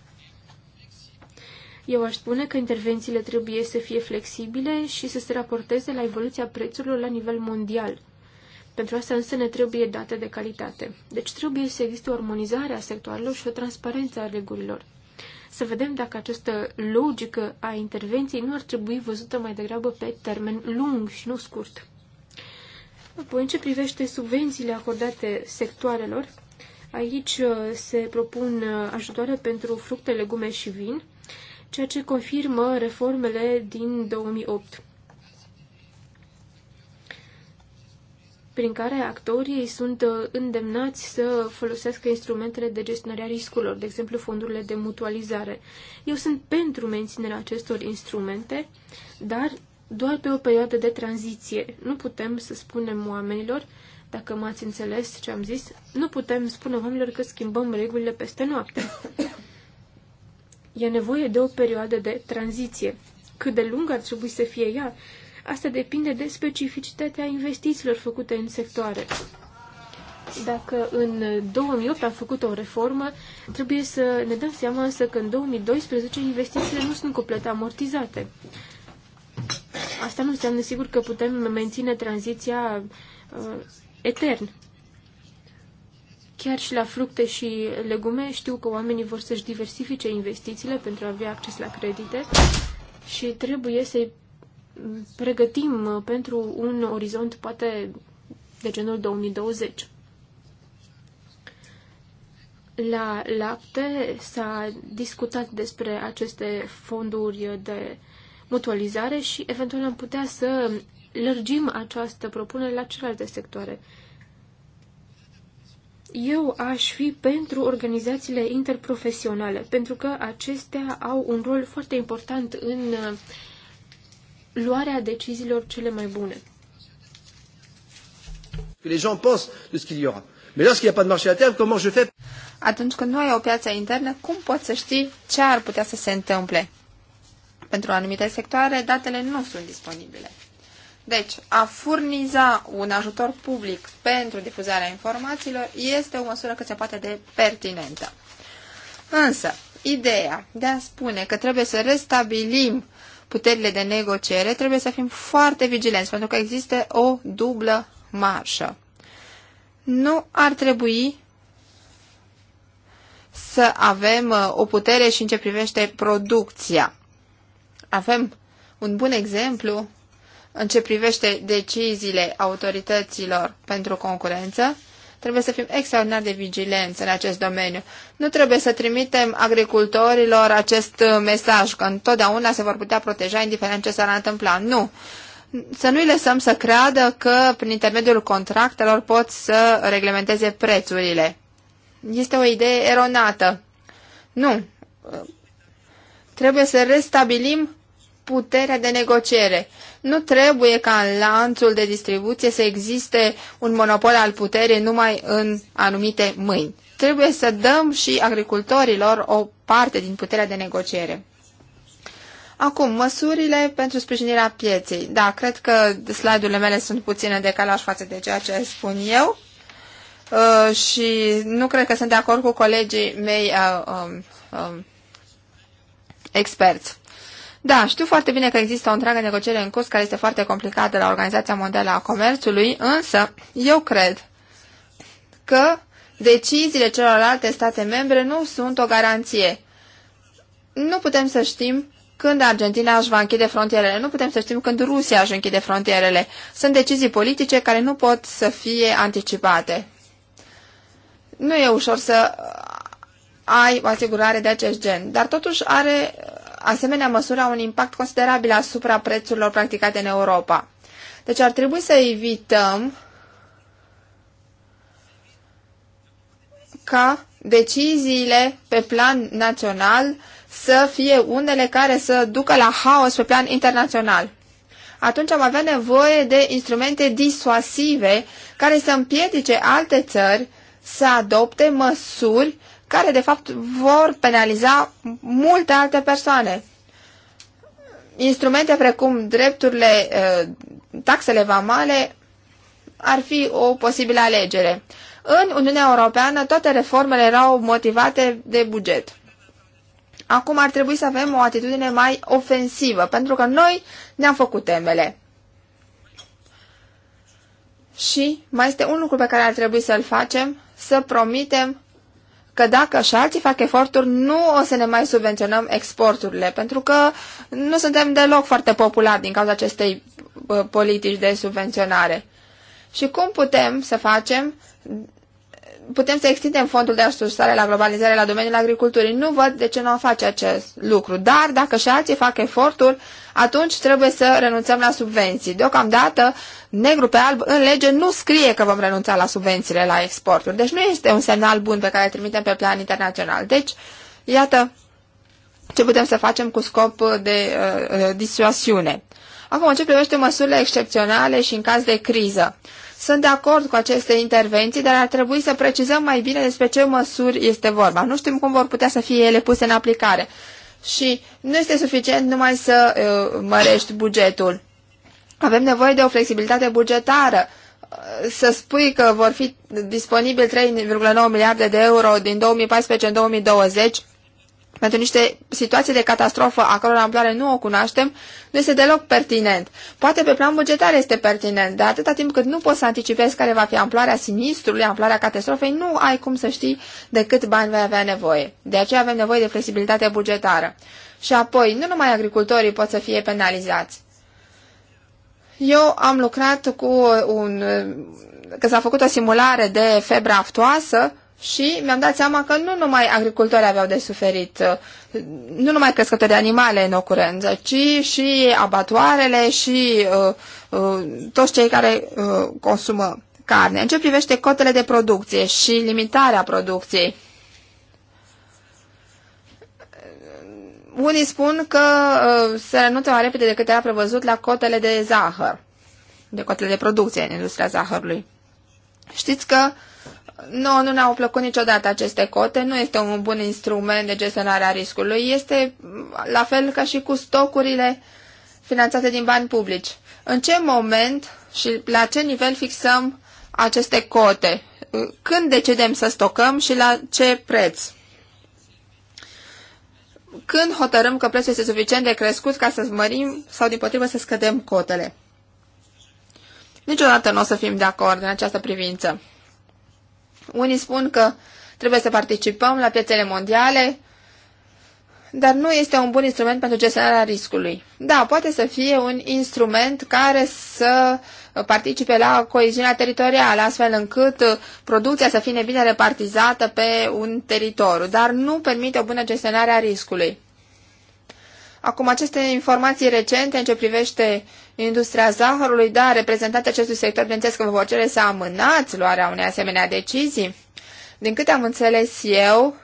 Eu aș spune că intervențiile trebuie să fie flexibile și să se raporteze la evoluția prețurilor la nivel mondial. Pentru asta însă ne trebuie date de calitate. Deci trebuie să existe o armonizare a sectoarelor și o transparență a regulilor. Să vedem dacă această logică a intervenției nu ar trebui văzută mai degrabă pe termen lung și nu scurt. Apoi, în ce privește subvențiile acordate sectoarelor, aici uh, se propun uh, ajutoare pentru fructe, legume și vin, ceea ce confirmă reformele din 2008, prin care actorii sunt uh, îndemnați să folosească instrumentele de gestionare a riscurilor, de exemplu fondurile de mutualizare. Eu sunt pentru menținerea acestor instrumente, dar doar pe o perioadă de tranziție. Nu putem să spunem oamenilor, dacă m-ați înțeles ce am zis, nu putem spune oamenilor că schimbăm regulile peste noapte. E nevoie de o perioadă de tranziție. Cât de lungă ar trebui să fie ea, asta depinde de specificitatea investițiilor făcute în sectoare. Dacă în 2008 am făcut o reformă, trebuie să ne dăm seama însă că în 2012 investițiile nu sunt complet amortizate. Asta nu înseamnă sigur că putem menține tranziția uh, etern. Chiar și la fructe și legume știu că oamenii vor să-și diversifice investițiile pentru a avea acces la credite și trebuie să-i pregătim pentru un orizont poate de genul 2020. La lapte s-a discutat despre aceste fonduri de mutualizare și eventual am putea să lărgim această propunere la celelalte sectoare. Eu aș fi pentru organizațiile interprofesionale, pentru că acestea au un rol foarte important în uh, luarea deciziilor cele mai bune. Les gens pensent de ce qu'il y aura. Mais lorsqu'il n'y a pas de marché comment je fais Atunci când nu ai o piață internă, cum poți să știi ce ar putea să se întâmple? Pentru anumite sectoare, datele nu sunt disponibile. Deci, a furniza un ajutor public pentru difuzarea informațiilor este o măsură cât se poate de pertinentă. Însă, ideea de a spune că trebuie să restabilim puterile de negociere, trebuie să fim foarte vigilenți, pentru că există o dublă marșă. Nu ar trebui să avem uh, o putere și în ce privește producția. Avem un bun exemplu în ce privește deciziile autorităților pentru concurență, trebuie să fim extraordinar de vigilenți în acest domeniu. Nu trebuie să trimitem agricultorilor acest uh, mesaj că întotdeauna se vor putea proteja indiferent ce s-ar întâmpla. Nu! Să nu-i lăsăm să creadă că prin intermediul contractelor pot să reglementeze prețurile. Este o idee eronată. Nu! Trebuie să restabilim puterea de negociere nu trebuie ca în lanțul de distribuție să existe un monopol al puterii numai în anumite mâini. Trebuie să dăm și agricultorilor o parte din puterea de negociere. Acum, măsurile pentru sprijinirea pieței. Da, cred că slide-urile mele sunt puțin de decalaj față de ceea ce spun eu uh, și nu cred că sunt de acord cu colegii mei uh, um, um, experți. Da, știu foarte bine că există o întreagă negociere în curs care este foarte complicată la Organizația Mondială a Comerțului, însă eu cred că deciziile celorlalte state membre nu sunt o garanție. Nu putem să știm când Argentina își va închide frontierele, nu putem să știm când Rusia își închide frontierele. Sunt decizii politice care nu pot să fie anticipate. Nu e ușor să ai o asigurare de acest gen, dar totuși are asemenea măsuri au un impact considerabil asupra prețurilor practicate în Europa. Deci ar trebui să evităm ca deciziile pe plan național să fie unele care să ducă la haos pe plan internațional. Atunci am avea nevoie de instrumente disuasive care să împiedice alte țări să adopte măsuri care de fapt vor penaliza multe alte persoane. Instrumente precum drepturile, taxele vamale ar fi o posibilă alegere. În Uniunea Europeană toate reformele erau motivate de buget. Acum ar trebui să avem o atitudine mai ofensivă, pentru că noi ne-am făcut temele. Și mai este un lucru pe care ar trebui să-l facem, să promitem că dacă și alții fac eforturi, nu o să ne mai subvenționăm exporturile, pentru că nu suntem deloc foarte populari din cauza acestei uh, politici de subvenționare. Și cum putem să facem putem să extindem fondul de ajustare la globalizare la domeniul agriculturii. Nu văd de ce nu face acest lucru. Dar dacă și alții fac eforturi, atunci trebuie să renunțăm la subvenții. Deocamdată, negru pe alb, în lege nu scrie că vom renunța la subvențiile la exporturi. Deci nu este un semnal bun pe care îl trimitem pe plan internațional. Deci, iată ce putem să facem cu scop de uh, uh disuasiune. Acum, ce privește măsurile excepționale și în caz de criză. Sunt de acord cu aceste intervenții, dar ar trebui să precizăm mai bine despre ce măsuri este vorba. Nu știm cum vor putea să fie ele puse în aplicare. Și nu este suficient numai să uh, mărești bugetul. Avem nevoie de o flexibilitate bugetară. Uh, să spui că vor fi disponibili 3,9 miliarde de euro din 2014 în 2020 pentru niște situații de catastrofă a căror amploare nu o cunoaștem, nu este deloc pertinent. Poate pe plan bugetar este pertinent, dar atâta timp cât nu poți să anticipezi care va fi amploarea sinistrului, amploarea catastrofei, nu ai cum să știi de cât bani vei avea nevoie. De aceea avem nevoie de flexibilitate bugetară. Și apoi, nu numai agricultorii pot să fie penalizați. Eu am lucrat cu un... că s-a făcut o simulare de febra aftoasă și mi-am dat seama că nu numai agricultorii aveau de suferit, uh, nu numai crescători de animale în ocurență, ci și abatoarele și uh, uh, toți cei care uh, consumă carne. În ce privește cotele de producție și limitarea producției, unii spun că uh, se renunță mai repede decât era prevăzut la cotele de zahăr, de cotele de producție în industria zahărului. Știți că uh, nu, nu ne-au plăcut niciodată aceste cote, nu este un bun instrument de gestionare a riscului, este la fel ca și cu stocurile finanțate din bani publici. În ce moment și la ce nivel fixăm aceste cote? Când decidem să stocăm și la ce preț? Când hotărâm că prețul este suficient de crescut ca să mărim sau din potrivă să scădem cotele? Niciodată nu o să fim de acord în această privință. Unii spun că trebuie să participăm la piețele mondiale, dar nu este un bun instrument pentru gestionarea riscului. Da, poate să fie un instrument care să participe la coeziunea teritorială, astfel încât producția să fie bine repartizată pe un teritoriu, dar nu permite o bună gestionare a riscului. Acum, aceste informații recente în ce privește industria zahărului, da, reprezentanții acestui sector, bineînțeles că vă vor cere să amânați luarea unei asemenea decizii. Din câte am înțeles eu,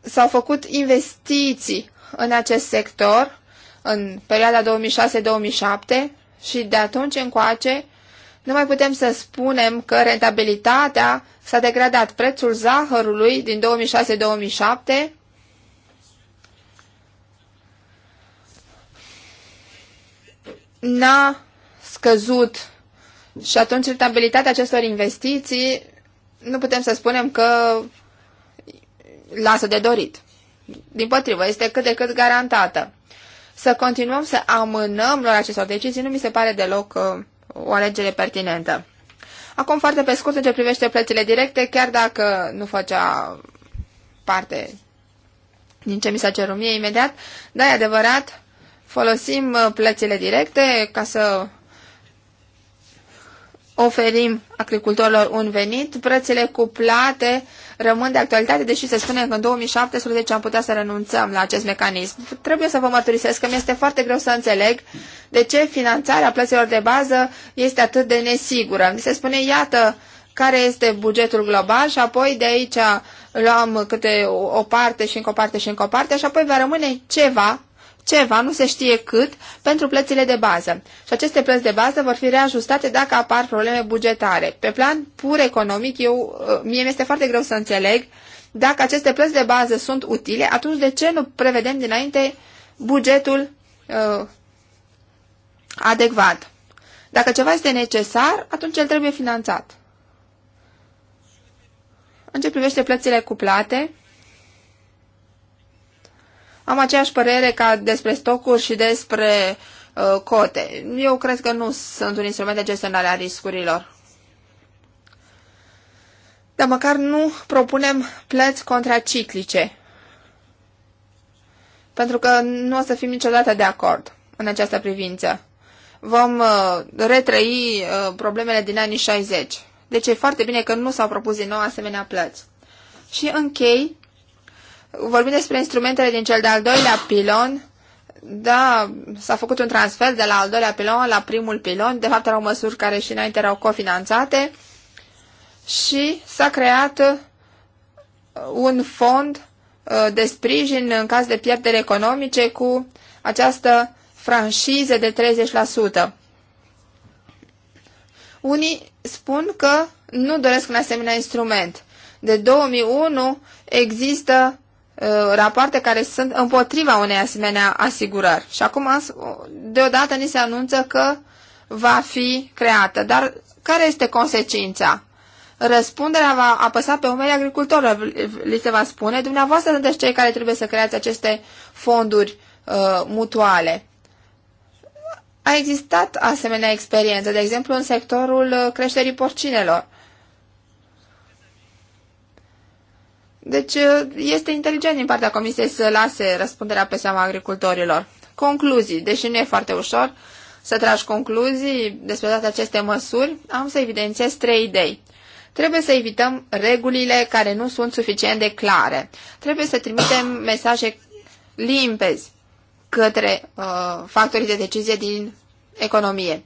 s-au făcut investiții în acest sector în perioada 2006-2007 și de atunci încoace nu mai putem să spunem că rentabilitatea s-a degradat. Prețul zahărului din 2006-2007 n-a scăzut și atunci rentabilitatea acestor investiții nu putem să spunem că lasă de dorit. Din potrivă, este cât de cât garantată. Să continuăm să amânăm lor acestor decizii nu mi se pare deloc uh, o alegere pertinentă. Acum, foarte pe scurt, în ce privește plățile directe, chiar dacă nu făcea parte din ce mi s-a cerut mie imediat, dar e adevărat folosim uh, plățile directe ca să oferim agricultorilor un venit, prețele cuplate rămân de actualitate, deși se spune că în 2017 am putea să renunțăm la acest mecanism. Trebuie să vă mărturisesc că mi-este foarte greu să înțeleg de ce finanțarea plăților de bază este atât de nesigură. Mi se spune, iată, care este bugetul global și apoi de aici luăm câte o parte și încă o parte și încă o parte și apoi va rămâne ceva ceva, nu se știe cât, pentru plățile de bază. Și aceste plăți de bază vor fi reajustate dacă apar probleme bugetare. Pe plan pur economic, eu, uh, mie mi-este foarte greu să înțeleg dacă aceste plăți de bază sunt utile, atunci de ce nu prevedem dinainte bugetul uh, adecvat? Dacă ceva este necesar, atunci el trebuie finanțat. În ce privește plățile cuplate, am aceeași părere ca despre stocuri și despre uh, cote. Eu cred că nu sunt un instrument de gestionare a riscurilor. Dar măcar nu propunem plăți contraciclice. Pentru că nu o să fim niciodată de acord în această privință. Vom uh, retrăi uh, problemele din anii 60. Deci e foarte bine că nu s-au propus din nou asemenea plăți. Și închei Vorbim despre instrumentele din cel de-al doilea pilon. Da, s-a făcut un transfer de la al doilea pilon la primul pilon. De fapt, erau măsuri care și înainte erau cofinanțate. Și s-a creat uh, un fond uh, de sprijin în caz de pierdere economice cu această franșiză de 30%. Unii spun că nu doresc un asemenea instrument. De 2001 există Uh, rapoarte care sunt împotriva unei asemenea asigurări. Și acum, deodată, ni se anunță că va fi creată. Dar care este consecința? Răspunderea va apăsa pe umerii agricultorilor, li se va spune. Dumneavoastră sunteți cei care trebuie să creați aceste fonduri uh, mutuale. A existat asemenea experiență, de exemplu, în sectorul uh, creșterii porcinelor. Deci este inteligent din partea Comisiei să lase răspunderea pe seama agricultorilor. Concluzii, deși nu e foarte ușor să tragi concluzii despre toate aceste măsuri, am să evidențiez trei idei. Trebuie să evităm regulile care nu sunt suficient de clare. Trebuie să trimitem mesaje limpezi către uh, factorii de decizie din economie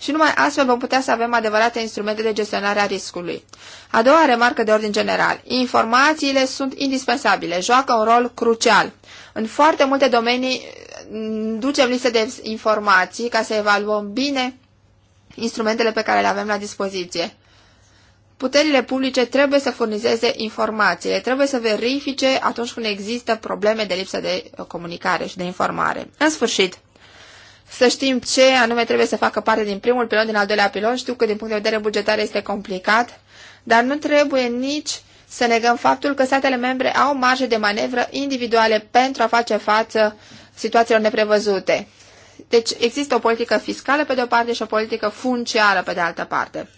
și numai astfel vom putea să avem adevărate instrumente de gestionare a riscului. A doua remarcă de ordin general. Informațiile sunt indispensabile, joacă un rol crucial. În foarte multe domenii mm, ducem liste de informații ca să evaluăm bine instrumentele pe care le avem la dispoziție. Puterile publice trebuie să furnizeze informații, trebuie să verifice atunci când există probleme de lipsă de comunicare și de informare. În sfârșit, să știm ce anume trebuie să facă parte din primul pilon, din al doilea pilon. Știu că din punct de vedere bugetar este complicat, dar nu trebuie nici să negăm faptul că statele membre au marge de manevră individuale pentru a face față situațiilor neprevăzute. Deci există o politică fiscală pe de o parte și o politică funciară pe de altă parte.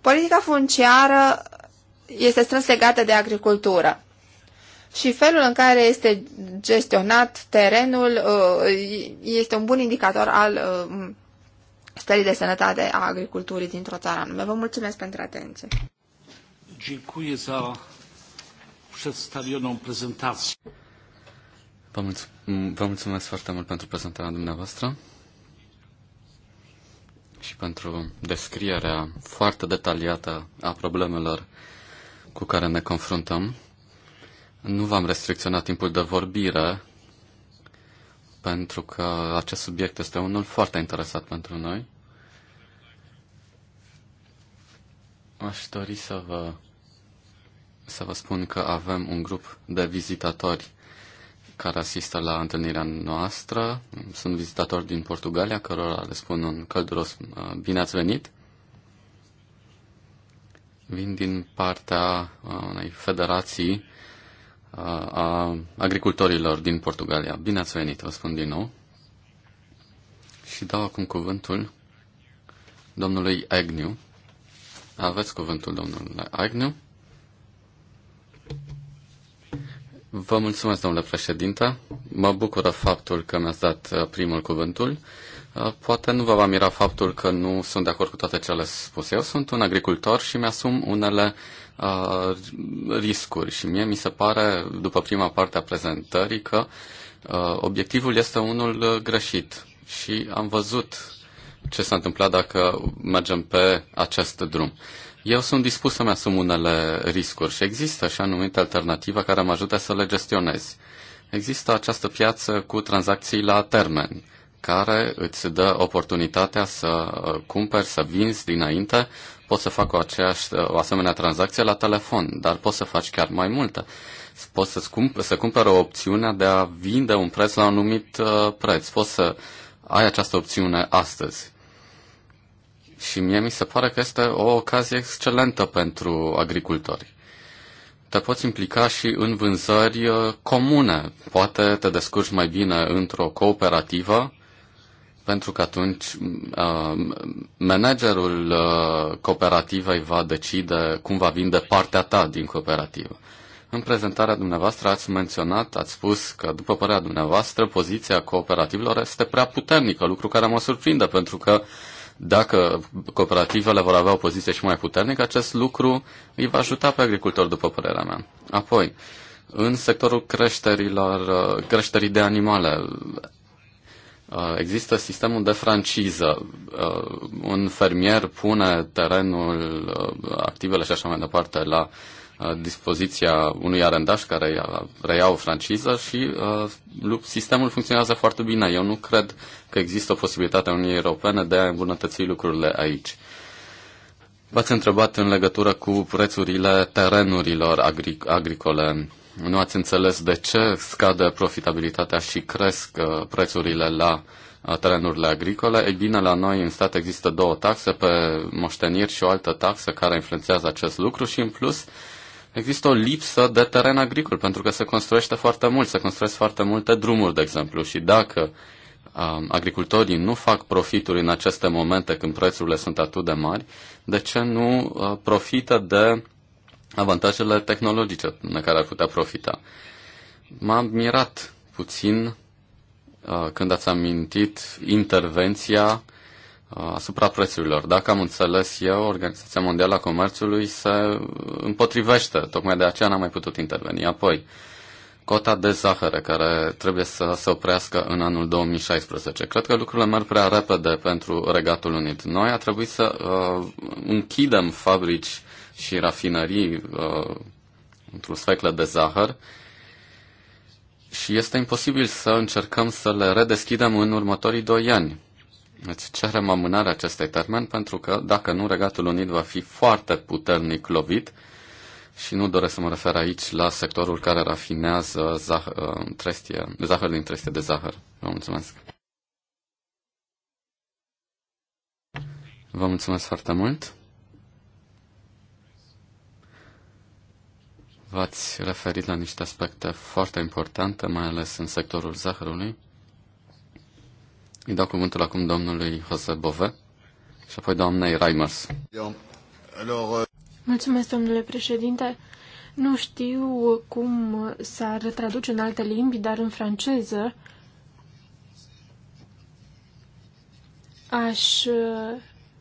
Politica funciară este strâns legată de agricultură și felul în care este gestionat terenul uh, este un bun indicator al uh, stării de sănătate a agriculturii dintr-o țară anume. Vă mulțumesc pentru atenție. vă mulțumesc foarte mult pentru prezentarea dumneavoastră și pentru descrierea foarte detaliată a problemelor cu care ne confruntăm. Nu v-am restricționat timpul de vorbire, pentru că acest subiect este unul foarte interesat pentru noi. Aș dori să vă, să vă spun că avem un grup de vizitatori care asistă la întâlnirea noastră. Sunt vizitatori din Portugalia, cărora le spun un călduros bine ați venit. Vin din partea uh, unei federații a agricultorilor din Portugalia. Bine ați venit, vă spun din nou. Și dau acum cuvântul domnului Agnew. Aveți cuvântul domnului Agnew. Vă mulțumesc, domnule președinte. Mă bucură faptul că mi-ați dat uh, primul cuvântul. Uh, poate nu vă va mira faptul că nu sunt de acord cu toate cele spuse. Eu sunt un agricultor și mi-asum unele Uh, riscuri și mie mi se pare, după prima parte a prezentării, că uh, obiectivul este unul uh, greșit și am văzut ce s-a întâmplat dacă mergem pe acest drum. Eu sunt dispus să-mi asum unele riscuri și există și anumite alternative care mă ajută să le gestionez. Există această piață cu tranzacții la termen, care îți dă oportunitatea să uh, cumperi, să vinzi dinainte, poți să faci o, aceeași, o asemenea tranzacție la telefon, dar poți să faci chiar mai multă. Poți să cump- să cumpere opțiunea de a vinde un preț la un anumit uh, preț. Poți să ai această opțiune astăzi. Și mie mi se pare că este o ocazie excelentă pentru agricultori. Te poți implica și în vânzări uh, comune. Poate te descurci mai bine într-o cooperativă pentru că atunci uh, managerul uh, cooperativei va decide cum va vinde partea ta din cooperativă. În prezentarea dumneavoastră ați menționat, ați spus că, după părerea dumneavoastră, poziția cooperativelor este prea puternică, lucru care mă surprinde, pentru că dacă cooperativele vor avea o poziție și mai puternică, acest lucru îi va ajuta pe agricultori, după părerea mea. Apoi, în sectorul creșterilor, uh, creșterii de animale, Uh, există sistemul de franciză. Uh, un fermier pune terenul, uh, activele și așa mai departe la dispoziția unui arendaș care reia o franciză și sistemul funcționează foarte bine. Eu nu cred că există o posibilitate a Uniunii Europene de a îmbunătăți lucrurile aici. V-ați întrebat în legătură cu prețurile terenurilor agric- agricole. Nu ați înțeles de ce scade profitabilitatea și cresc uh, prețurile la uh, terenurile agricole. Ei bine, la noi în stat există două taxe pe moșteniri și o altă taxă care influențează acest lucru și în plus există o lipsă de teren agricol pentru că se construiește foarte mult, se construiesc foarte multe drumuri, de exemplu, și dacă um, agricultorii nu fac profituri în aceste momente când prețurile sunt atât de mari, de ce nu uh, profită de avantajele tehnologice de care ar putea profita. m am mirat puțin uh, când ați amintit intervenția uh, asupra prețurilor. Dacă am înțeles eu, Organizația Mondială a Comerțului se împotrivește, tocmai de aceea n-am mai putut interveni. Apoi, cota de zahăr care trebuie să se oprească în anul 2016. Cred că lucrurile merg prea repede pentru Regatul Unit. Noi a trebuit să uh, închidem fabrici și rafinării uh, într-o sfeclă de zahăr și este imposibil să încercăm să le redeschidem în următorii doi ani. Deci, cerem amânarea acestei termen pentru că, dacă nu, Regatul Unit va fi foarte puternic lovit și nu doresc să mă refer aici la sectorul care rafinează zah- uh, trestie, zahăr din trestie de zahăr. Vă mulțumesc! Vă mulțumesc foarte mult! V-ați referit la niște aspecte foarte importante, mai ales în sectorul zahărului. Îi dau cuvântul acum domnului Jose Bove și apoi doamnei Reimers. Mulțumesc, domnule președinte. Nu știu cum s-ar traduce în alte limbi, dar în franceză aș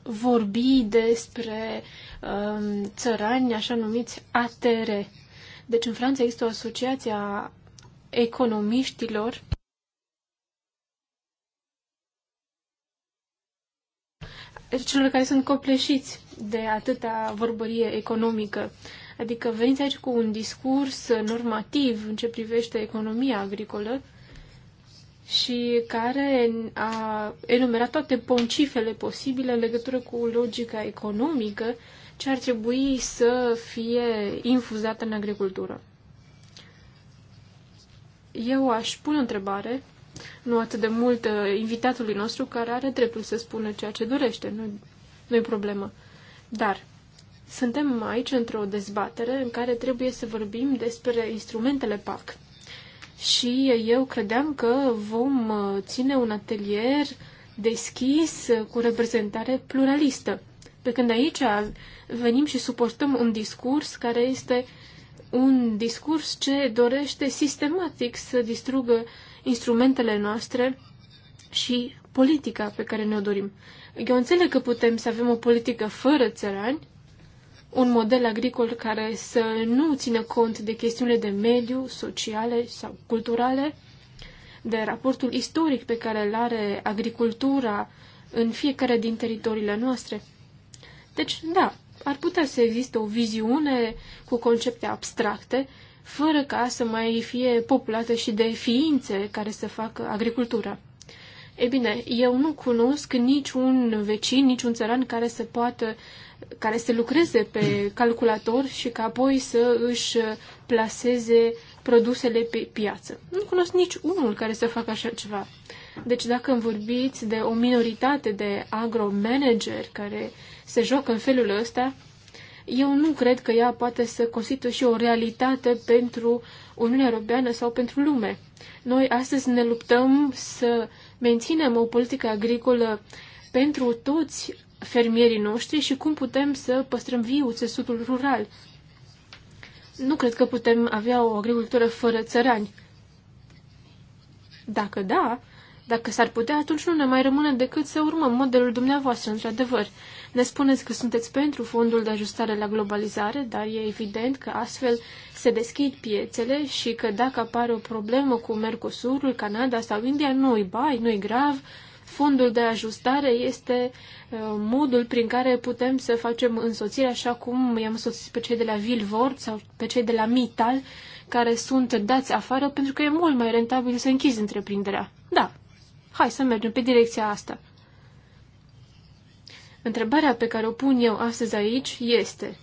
vorbi despre um, țărani așa numiți ATR. Deci în Franța există o asociație a economiștilor deci, celor care sunt copleșiți de atâta vorbărie economică. Adică veniți aici cu un discurs normativ în ce privește economia agricolă și care a enumerat toate poncifele posibile în legătură cu logica economică ce ar trebui să fie infuzată în agricultură. Eu aș pune o întrebare, nu atât de mult uh, invitatului nostru, care are dreptul să spună ceea ce dorește, nu, nu problemă. Dar suntem aici într-o dezbatere în care trebuie să vorbim despre instrumentele PAC. Și eu credeam că vom uh, ține un atelier deschis uh, cu reprezentare pluralistă. Pe când aici venim și suportăm un discurs care este un discurs ce dorește sistematic să distrugă instrumentele noastre și politica pe care ne-o dorim. Eu înțeleg că putem să avem o politică fără țărani, un model agricol care să nu țină cont de chestiunile de mediu, sociale sau culturale, de raportul istoric pe care îl are agricultura în fiecare din teritoriile noastre. Deci, da, ar putea să existe o viziune cu concepte abstracte, fără ca să mai fie populată și de ființe care să facă agricultura. Ei bine, eu nu cunosc niciun vecin, niciun țăran care să poată, care să lucreze pe calculator și ca apoi să își placeze produsele pe piață. Nu cunosc nici unul care să facă așa ceva. Deci dacă îmi vorbiți de o minoritate de agromanageri care uh, se joacă în felul ăsta, eu nu cred că ea poate să constituie și o realitate pentru Uniunea Europeană sau pentru lume. Noi astăzi ne luptăm să menținem o politică agricolă pentru toți fermierii noștri și cum putem să păstrăm viu țesutul rural. Nu cred că putem avea o agricultură fără țărani. Dacă da, dacă s-ar putea, atunci nu ne mai rămâne decât să urmăm modelul dumneavoastră, într-adevăr. Ne spuneți că sunteți pentru fondul de ajustare la globalizare, dar e evident că astfel se deschid piețele și că dacă apare o problemă cu Mercosurul, Canada sau India, nu-i bai, nu-i grav. Fondul de ajustare este uh, modul prin care putem să facem însoțire așa cum i-am însoțit pe cei de la Vilvort sau pe cei de la Mital, care sunt dați afară pentru că e mult mai rentabil să închizi întreprinderea. Da, hai să mergem pe direcția asta. Întrebarea pe care o pun eu astăzi aici este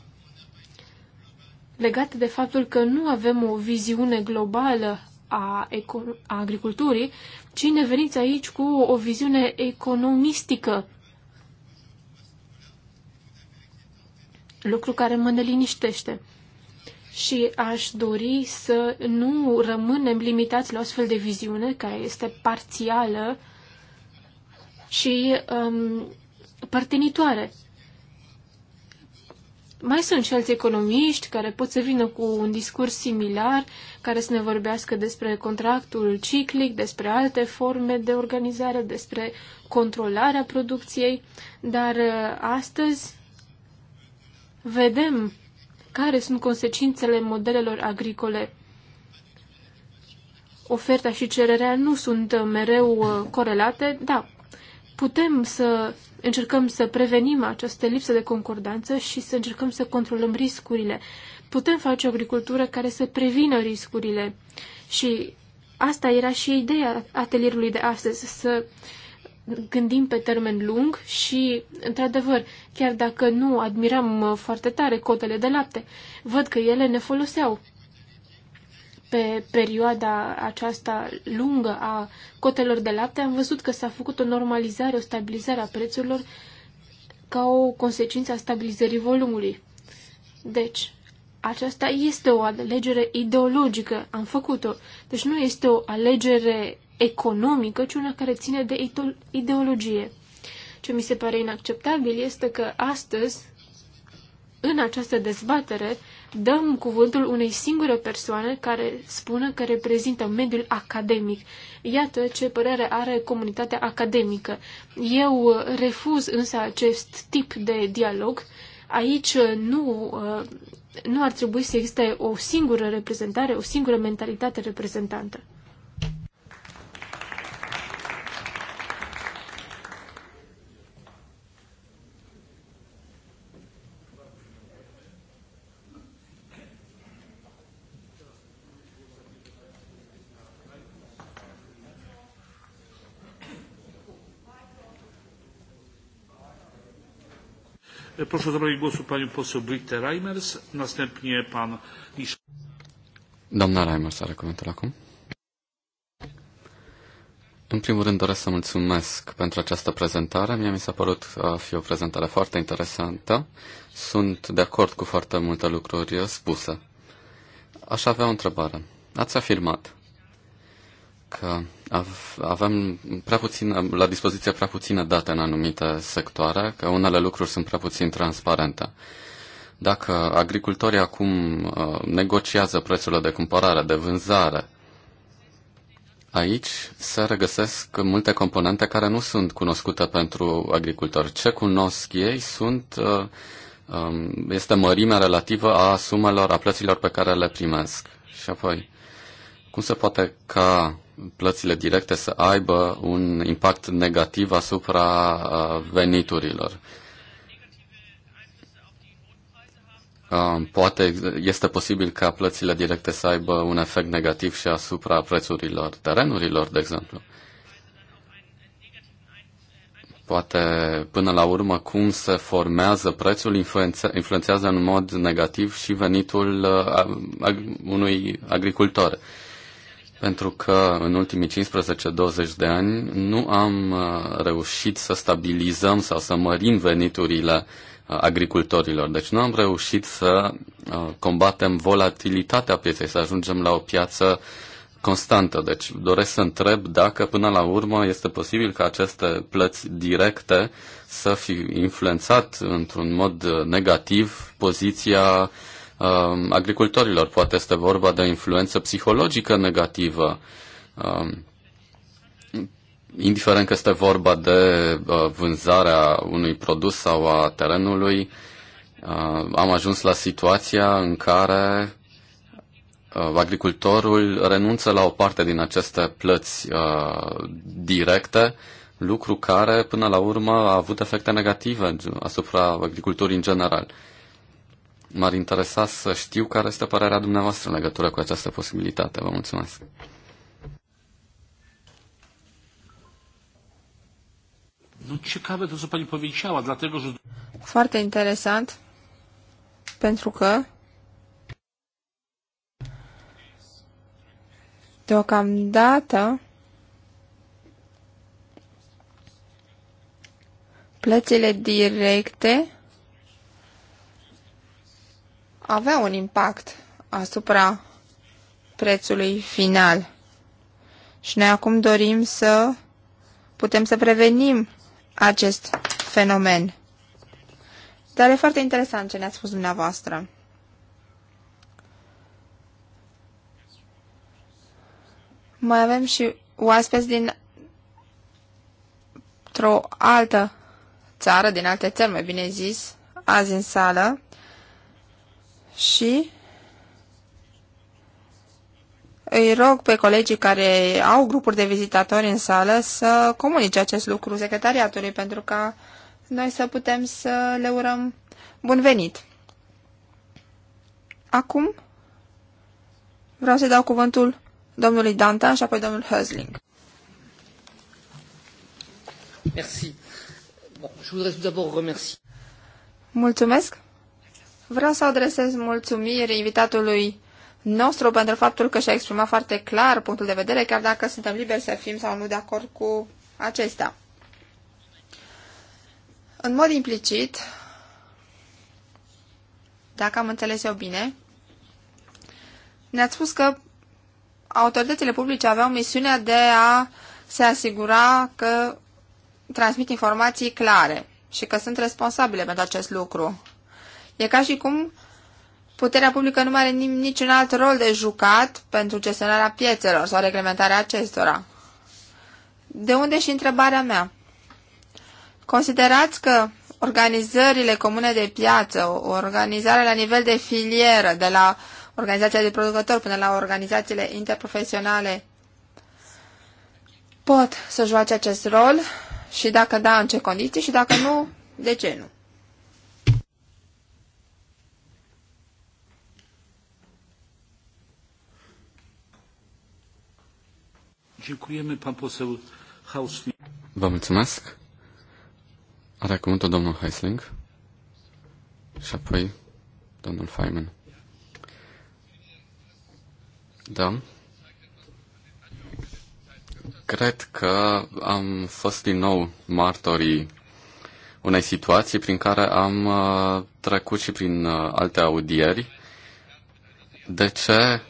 legată de faptul că nu avem o viziune globală a, a agriculturii, ci ne veniți aici cu o viziune economistică. Lucru care mă neliniștește. Și aș dori să nu rămânem limitați la o astfel de viziune care este parțială și um, părtinitoare. Mai sunt și alți economiști care pot să vină cu un discurs similar, care să ne vorbească despre contractul ciclic, despre alte forme de organizare, despre controlarea producției, dar uh, astăzi vedem care sunt consecințele modelelor agricole. Oferta și cererea nu sunt uh, mereu uh, corelate, da, putem să încercăm să prevenim această lipsă de concordanță și să încercăm să controlăm riscurile. Putem face o agricultură care să prevină riscurile și asta era și ideea atelierului de astăzi, să gândim pe termen lung și, într-adevăr, chiar dacă nu admiram uh, foarte tare cotele de lapte, văd că ele ne foloseau pe perioada aceasta lungă a cotelor de lapte, am văzut că s-a făcut o normalizare, o stabilizare a prețurilor ca o consecință a stabilizării volumului. Deci, aceasta este o alegere ideologică, am făcut-o. Deci nu este o alegere economică, ci una care ține de ideologie. Ce mi se pare inacceptabil este că astăzi, în această dezbatere, dăm cuvântul unei singure persoane care spune că reprezintă mediul academic. Iată ce părere are comunitatea academică. Eu uh, refuz însă acest tip de dialog. Aici uh, nu, uh, nu ar trebui să existe o singură reprezentare, o singură mentalitate reprezentantă. Proszę o zabranie głosu panią poseł Brittę Reimers, następnie pan Lisz. Doamna Reimers are cuvântul acum. În primul rând doresc să mulțumesc pentru această prezentare. Mie mi s-a părut a fi o prezentare foarte interesantă. Sunt de acord cu foarte multe lucruri spuse. Aș avea o întrebare. Ați afirmat că avem prea puțin, la dispoziție prea puține date în anumite sectoare, că unele lucruri sunt prea puțin transparente. Dacă agricultorii acum uh, negociază prețurile de cumpărare, de vânzare, aici se regăsesc multe componente care nu sunt cunoscute pentru agricultori. Ce cunosc ei sunt, uh, um, este mărimea relativă a sumelor, a plăților pe care le primesc. Și apoi, cum se poate ca plățile directe să aibă un impact negativ asupra uh, veniturilor. Uh, poate este posibil ca plățile directe să aibă un efect negativ și asupra prețurilor terenurilor, de exemplu. Poate, până la urmă, cum se formează prețul influențează în mod negativ și venitul uh, unui agricultor. Pentru că în ultimii 15-20 de ani nu am uh, reușit să stabilizăm sau să mărim veniturile uh, agricultorilor. Deci nu am reușit să uh, combatem volatilitatea pieței, să ajungem la o piață constantă. Deci doresc să întreb dacă până la urmă este posibil ca aceste plăți directe să fi influențat într-un mod negativ poziția um, agricultorilor. Poate este vorba de influență psihologică negativă. Um, indiferent că este vorba de uh, vânzarea unui produs sau a terenului, uh, am ajuns la situația în care uh, agricultorul renunță la o parte din aceste plăți uh, directe, lucru care, până la urmă, a avut efecte negative asupra agriculturii în general. Uh, m-ar interesa să știu care este părerea dumneavoastră în legătură cu această posibilitate. Vă mulțumesc. Foarte interesant, pentru că deocamdată plățile directe avea un impact asupra prețului final. Și noi acum dorim să putem să prevenim acest fenomen. Dar e foarte interesant ce ne-ați spus dumneavoastră. Mai avem și oaspeți din o altă țară, din alte țări, mai bine zis, azi în sală și îi rog pe colegii care au grupuri de vizitatori în sală să comunice acest lucru secretariatului pentru ca noi să putem să le urăm bun venit. Acum vreau să dau cuvântul domnului Danta și apoi domnul Hösling. Merci. Bon, je voudrais tout d'abord remercier. Mulțumesc. Vreau să adresez mulțumiri invitatului nostru pentru faptul că și-a exprimat foarte clar punctul de vedere, chiar dacă suntem liberi să fim sau nu de acord cu acesta. În mod implicit, dacă am înțeles eu bine, ne-ați spus că autoritățile publice aveau misiunea de a se asigura că transmit informații clare și că sunt responsabile pentru acest lucru. E ca și cum puterea publică nu mai are niciun alt rol de jucat pentru gestionarea piețelor sau reglementarea acestora. De unde și întrebarea mea? Considerați că organizările comune de piață, o organizare la nivel de filieră, de la organizația de producători până la organizațiile interprofesionale, pot să joace acest rol și dacă da, în ce condiții și dacă nu, de ce nu? Dziękujemy, pan poseł Hausling. Vă mulțumesc. Are cuvântul domnul Heisling și apoi domnul Feynman. Da. Cred că am fost din nou martorii unei situații prin care am uh, trecut și prin uh, alte audieri. De ce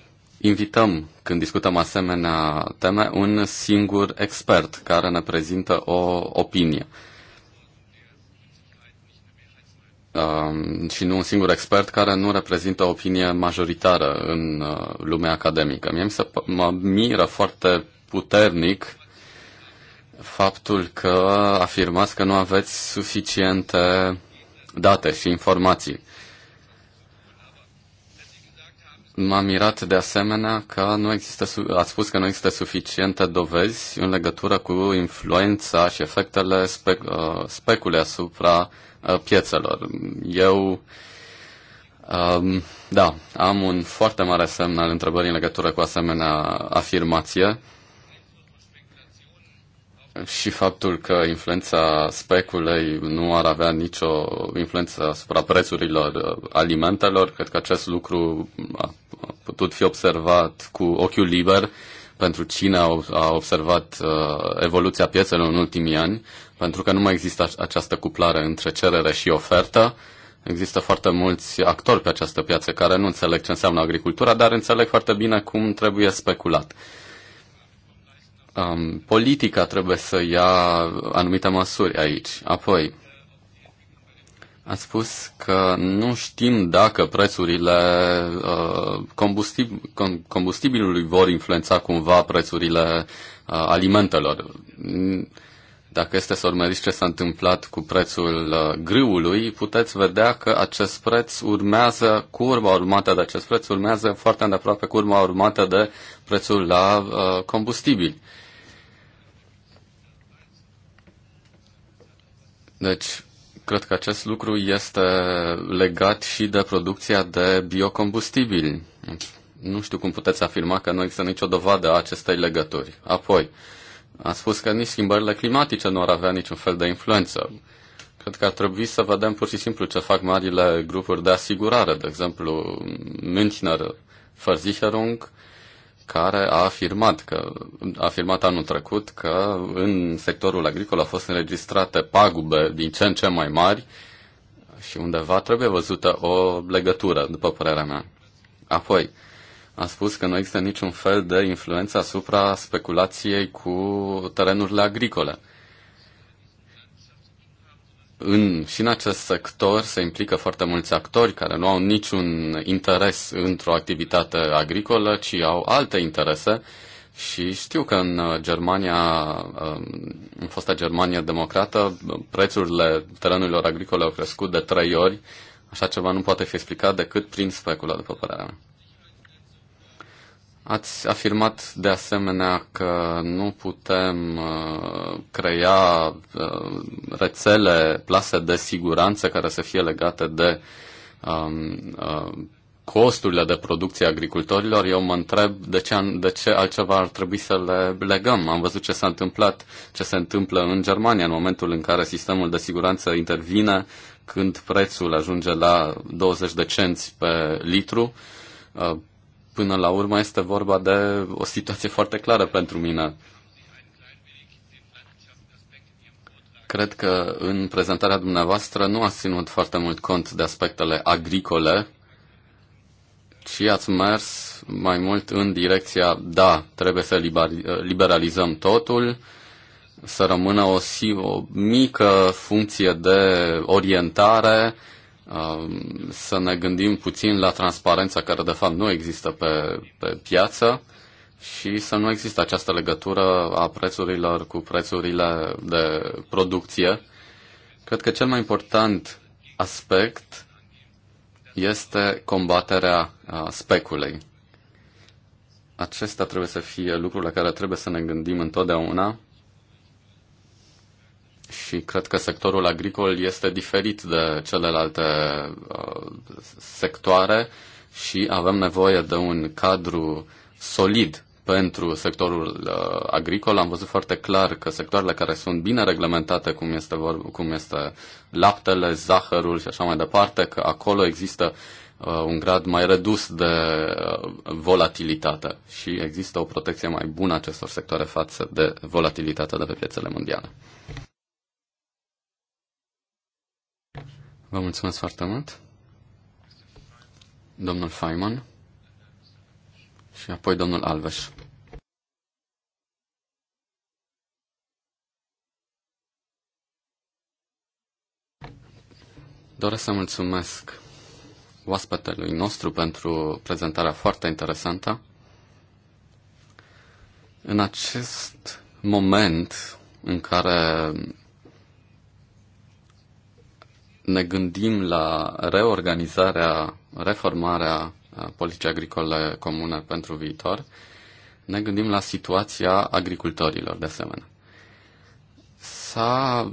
invităm, când discutăm asemenea teme, un singur expert care ne prezintă o opinie. Um, și nu un singur expert care nu reprezintă o opinie majoritară în uh, lumea academică. Mie mi se mă miră foarte puternic faptul că afirmați că nu aveți suficiente date și informații. M-am mirat de asemenea că nu există, a spus că nu există suficiente dovezi în legătură cu influența și efectele spe, uh, specule asupra uh, piețelor. Eu, um, da, am un foarte mare semn al întrebării în legătură cu asemenea afirmație și faptul că influența speculei nu ar avea nicio influență asupra prețurilor uh, alimentelor, cred că acest lucru a putut fi observat cu ochiul liber pentru cine a observat uh, evoluția piețelor în ultimii ani, pentru că nu mai există această cuplare între cerere și ofertă. Există foarte mulți actori pe această piață care nu înțeleg ce înseamnă agricultura, dar înțeleg foarte bine cum trebuie speculat um, politica trebuie să ia anumite măsuri aici. Apoi, a spus că nu știm dacă prețurile uh, combustib- combustibilului vor influența cumva prețurile uh, alimentelor. Dacă este să urmăriți ce s-a întâmplat cu prețul uh, grâului, puteți vedea că acest preț urmează, curba urmată de acest preț urmează foarte îndeaproape curba urmată de prețul la uh, combustibili. Uh, Deci, cred că acest lucru este legat și de producția de biocombustibili. Deci, nu știu cum puteți afirma că nu există nicio dovadă a acestei legături. Apoi, a spus că nici schimbările climatice nu ar avea niciun fel de influență. Cred că ar trebui să vedem pur și simplu ce fac marile grupuri de asigurare, de exemplu Münchner Versicherung, care a afirmat, că, a afirmat anul trecut că în sectorul agricol au fost înregistrate pagube din ce în ce mai mari și undeva trebuie văzută o legătură, după părerea mea. Apoi, a spus că nu există niciun fel de influență asupra speculației cu terenurile agricole în, și în acest sector se implică foarte mulți actori care nu au niciun interes într-o activitate agricolă, ci au alte interese. Și știu că în uh, Germania, um, în fosta Germania democrată, prețurile terenurilor agricole au crescut de trei ori. Așa ceva nu poate fi explicat decât prin specula, după părerea mea. Ați afirmat de asemenea că nu putem uh, crea uh, rețele, plase de siguranță care să fie legate de um, uh, costurile de producție agricultorilor. Eu mă întreb de ce, de ce altceva ar trebui să le legăm. Am văzut ce s-a întâmplat, ce se întâmplă în Germania în momentul în care sistemul de siguranță intervine când prețul ajunge la 20 de cenți pe litru până la urmă este vorba de o situație foarte clară pentru mine. Cred că în prezentarea dumneavoastră nu ați ținut foarte mult cont de aspectele agricole, ci ați mers mai mult în direcția, da, trebuie să liberalizăm totul, să rămână o, o mică funcție de orientare, Um, să ne gândim puțin la transparența care de fapt nu există pe, pe piață și să nu există această legătură a prețurilor cu prețurile de producție. Cred că cel mai important aspect este combaterea speculei. Acesta trebuie să fie lucrul la care trebuie să ne gândim întotdeauna și cred că sectorul agricol este diferit de celelalte uh, sectoare și avem nevoie de un cadru solid pentru sectorul uh, agricol. Am văzut foarte clar că sectoarele care sunt bine reglementate, cum este, vorba, cum este laptele, zahărul și așa mai departe, că acolo există uh, un grad mai redus de volatilitate și există o protecție mai bună a acestor sectoare față de volatilitatea de pe piețele mondiale. Vă mulțumesc foarte mult. Domnul Feynman și apoi domnul Alves. Doresc să mulțumesc oaspetelui nostru pentru prezentarea foarte interesantă. În acest moment în care ne gândim la reorganizarea, reformarea politicii agricole comune pentru viitor, ne gândim la situația agricultorilor de asemenea. S-a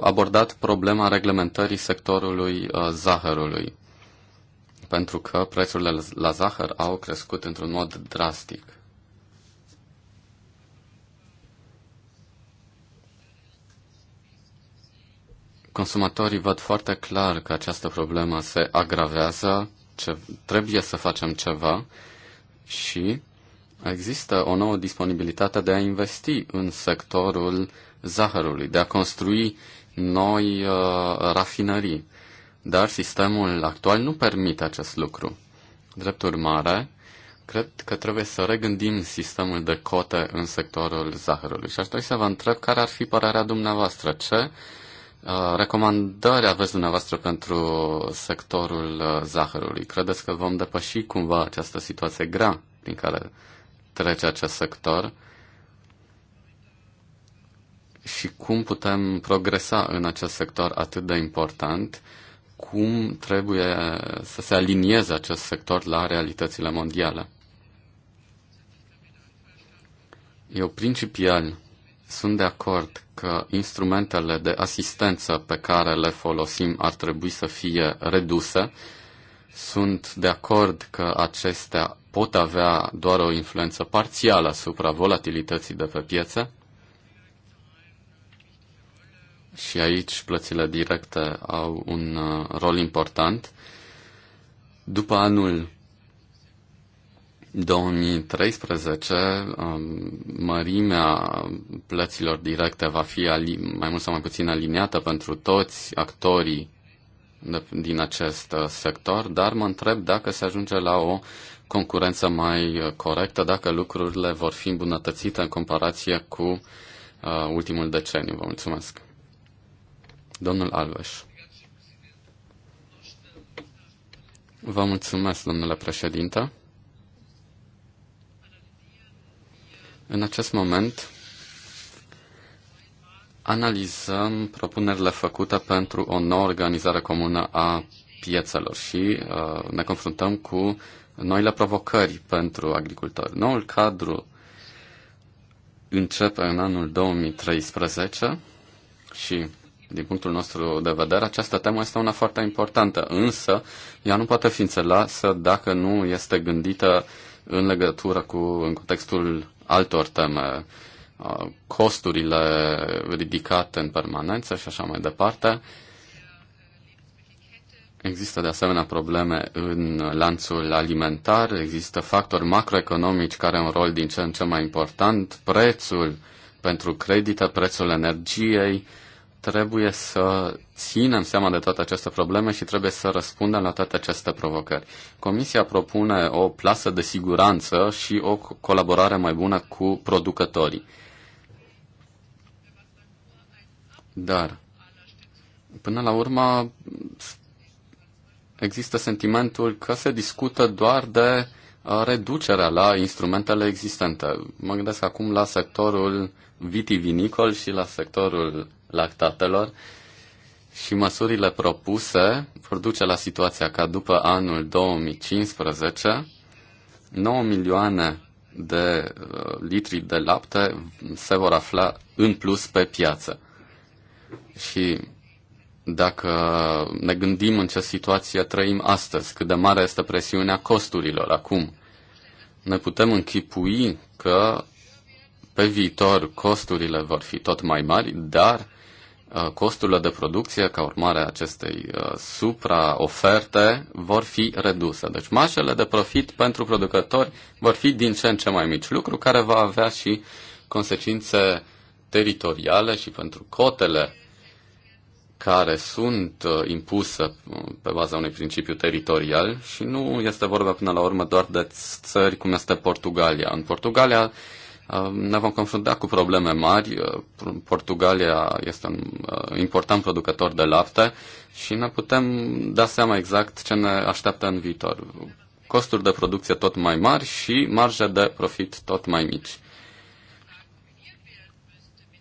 abordat problema reglementării sectorului zahărului, pentru că prețurile la zahăr au crescut într-un mod drastic. consumatorii văd foarte clar că această problemă se agravează, ce, trebuie să facem ceva și există o nouă disponibilitate de a investi în sectorul zahărului, de a construi noi uh, rafinării. Dar sistemul actual nu permite acest lucru. Drept urmare, cred că trebuie să regândim sistemul de cote în sectorul zahărului. Și aș dori să vă întreb care ar fi părerea dumneavoastră. Ce Uh, recomandări aveți dumneavoastră pentru sectorul uh, zahărului? Credeți că vom depăși cumva această situație grea prin care trece acest sector? Și cum putem progresa în acest sector atât de important? Cum trebuie să se alinieze acest sector la realitățile mondiale? Eu principial sunt de acord că instrumentele de asistență pe care le folosim ar trebui să fie reduse. Sunt de acord că acestea pot avea doar o influență parțială asupra volatilității de pe piețe. Și aici plățile directe au un uh, rol important. După anul 2013 um, mărimea plăților directe va fi mai mult sau mai puțin aliniată pentru toți actorii de, din acest uh, sector, dar mă întreb dacă se ajunge la o concurență mai corectă, dacă lucrurile vor fi îmbunătățite în comparație cu uh, ultimul deceniu. Vă mulțumesc. Domnul Alves. Vă mulțumesc, domnule președinte. În acest moment analizăm propunerile făcute pentru o nouă organizare comună a piețelor și uh, ne confruntăm cu noile provocări pentru agricultori. Noul cadru începe în anul 2013 și, din punctul nostru de vedere, această temă este una foarte importantă, însă ea nu poate fi înțeleasă dacă nu este gândită în legătură cu în contextul altor teme, costurile ridicate în permanență și așa mai departe. Există de asemenea probleme în lanțul alimentar, există factori macroeconomici care au un rol din ce în ce mai important, prețul pentru credită, prețul energiei, trebuie să ținem seama de toate aceste probleme și trebuie să răspundem la toate aceste provocări. Comisia propune o plasă de siguranță și o colaborare mai bună cu producătorii. Dar, până la urmă, există sentimentul că se discută doar de uh, reducerea la instrumentele existente. Mă gândesc acum la sectorul vitivinicol și la sectorul lactatelor. Uh, și măsurile propuse vor duce la situația ca după anul 2015 9 milioane de uh, litri de lapte se vor afla în plus pe piață. Și dacă ne gândim în ce situație trăim astăzi, cât de mare este presiunea costurilor acum, ne putem închipui că pe viitor costurile vor fi tot mai mari, dar Uh, costurile de producție ca urmare a acestei uh, supraoferte vor fi reduse. Deci mașele de profit pentru producători vor fi din ce în ce mai mici, lucru care va avea și consecințe teritoriale și pentru cotele care sunt uh, impuse pe baza unui principiu teritorial și nu este vorba până la urmă doar de țări cum este Portugalia. În Portugalia Um, ne vom confrunta cu probleme mari. Uh, Portugalia este un uh, important producător de lapte și ne putem da seama exact ce ne așteaptă în viitor. Costuri de producție tot mai mari și marje de profit tot mai mici.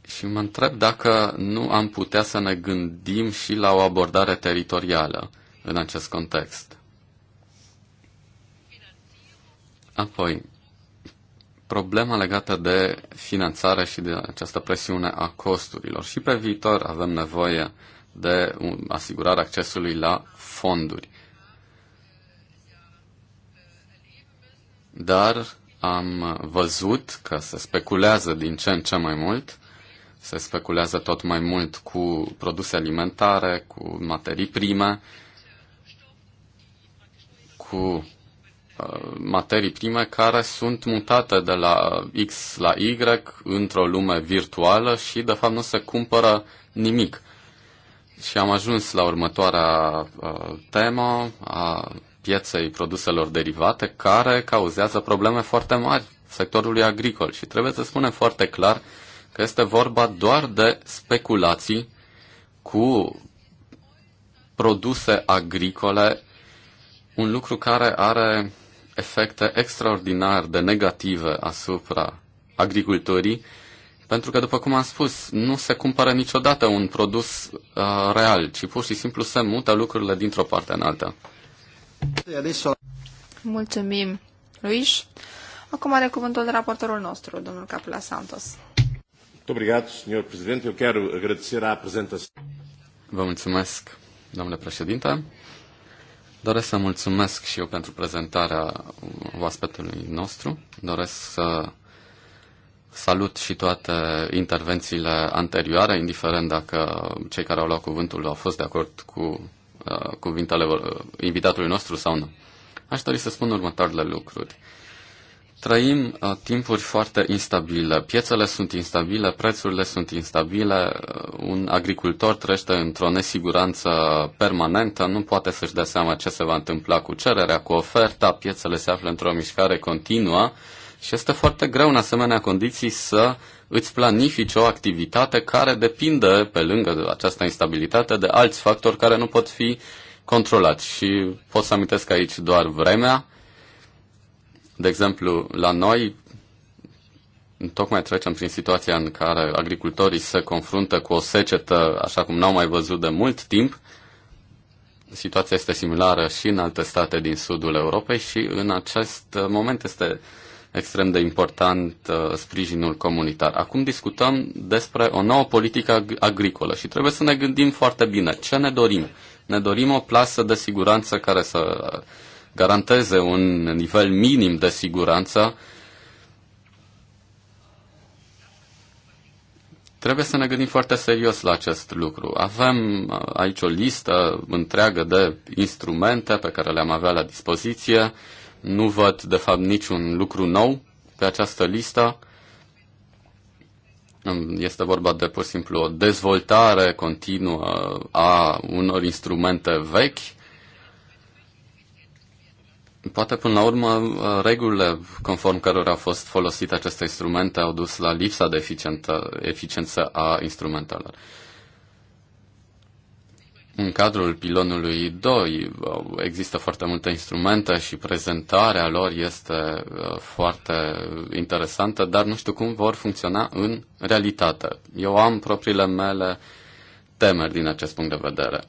Și mă întreb dacă nu am putea să ne gândim și la o abordare teritorială în acest context. Apoi, problema legată de finanțare și de această presiune a costurilor. Și pe viitor avem nevoie de asigurarea accesului la fonduri. Dar am văzut că se speculează din ce în ce mai mult, se speculează tot mai mult cu produse alimentare, cu materii prime, cu Uh, materii prime care sunt mutate de la X la Y într-o lume virtuală și de fapt nu se cumpără nimic. Și am ajuns la următoarea uh, temă a pieței produselor derivate care cauzează probleme foarte mari sectorului agricol și trebuie să spunem foarte clar că este vorba doar de speculații cu produse agricole, un lucru care are efecte extraordinar de negative asupra agricultorii, pentru că, după cum am spus, nu se cumpără niciodată un produs uh, real, ci pur și simplu se mută lucrurile dintr-o parte în alta. Mulțumim, Luis. Acum are cuvântul raportorul nostru, domnul Capula Santos. Vă mulțumesc, domnule președinte. Doresc să mulțumesc și eu pentru prezentarea oaspetului nostru. Doresc să salut și toate intervențiile anterioare, indiferent dacă cei care au luat cuvântul au fost de acord cu uh, cuvintele uh, invitatului nostru sau nu. Aș dori să spun următoarele lucruri. Trăim uh, timpuri foarte instabile. Piețele sunt instabile, prețurile sunt instabile, uh, un agricultor trăiește într-o nesiguranță permanentă, nu poate să-și dea seama ce se va întâmpla cu cererea, cu oferta, piețele se află într-o mișcare continuă și este foarte greu în asemenea condiții să îți planifici o activitate care depinde, pe lângă această instabilitate, de alți factori care nu pot fi controlați. Și pot să amintesc aici doar vremea, de exemplu, la noi tocmai trecem prin situația în care agricultorii se confruntă cu o secetă așa cum n-au mai văzut de mult timp. Situația este similară și în alte state din sudul Europei și în acest moment este extrem de important uh, sprijinul comunitar. Acum discutăm despre o nouă politică agricolă și trebuie să ne gândim foarte bine ce ne dorim. Ne dorim o plasă de siguranță care să garanteze un nivel minim de siguranță, trebuie să ne gândim foarte serios la acest lucru. Avem uh, aici o listă întreagă de instrumente pe care le-am avea la dispoziție. Nu văd, de fapt, niciun lucru nou pe această listă. Um, este vorba de pur și simplu o dezvoltare continuă a unor instrumente vechi Poate până la urmă uh, regulile conform cărora au fost folosite aceste instrumente au dus la lipsa de eficientă, eficiență a instrumentelor. În cadrul pilonului 2 uh, există foarte multe instrumente și prezentarea lor este uh, foarte interesantă, dar nu știu cum vor funcționa în realitate. Eu am propriile mele temeri din acest punct de vedere.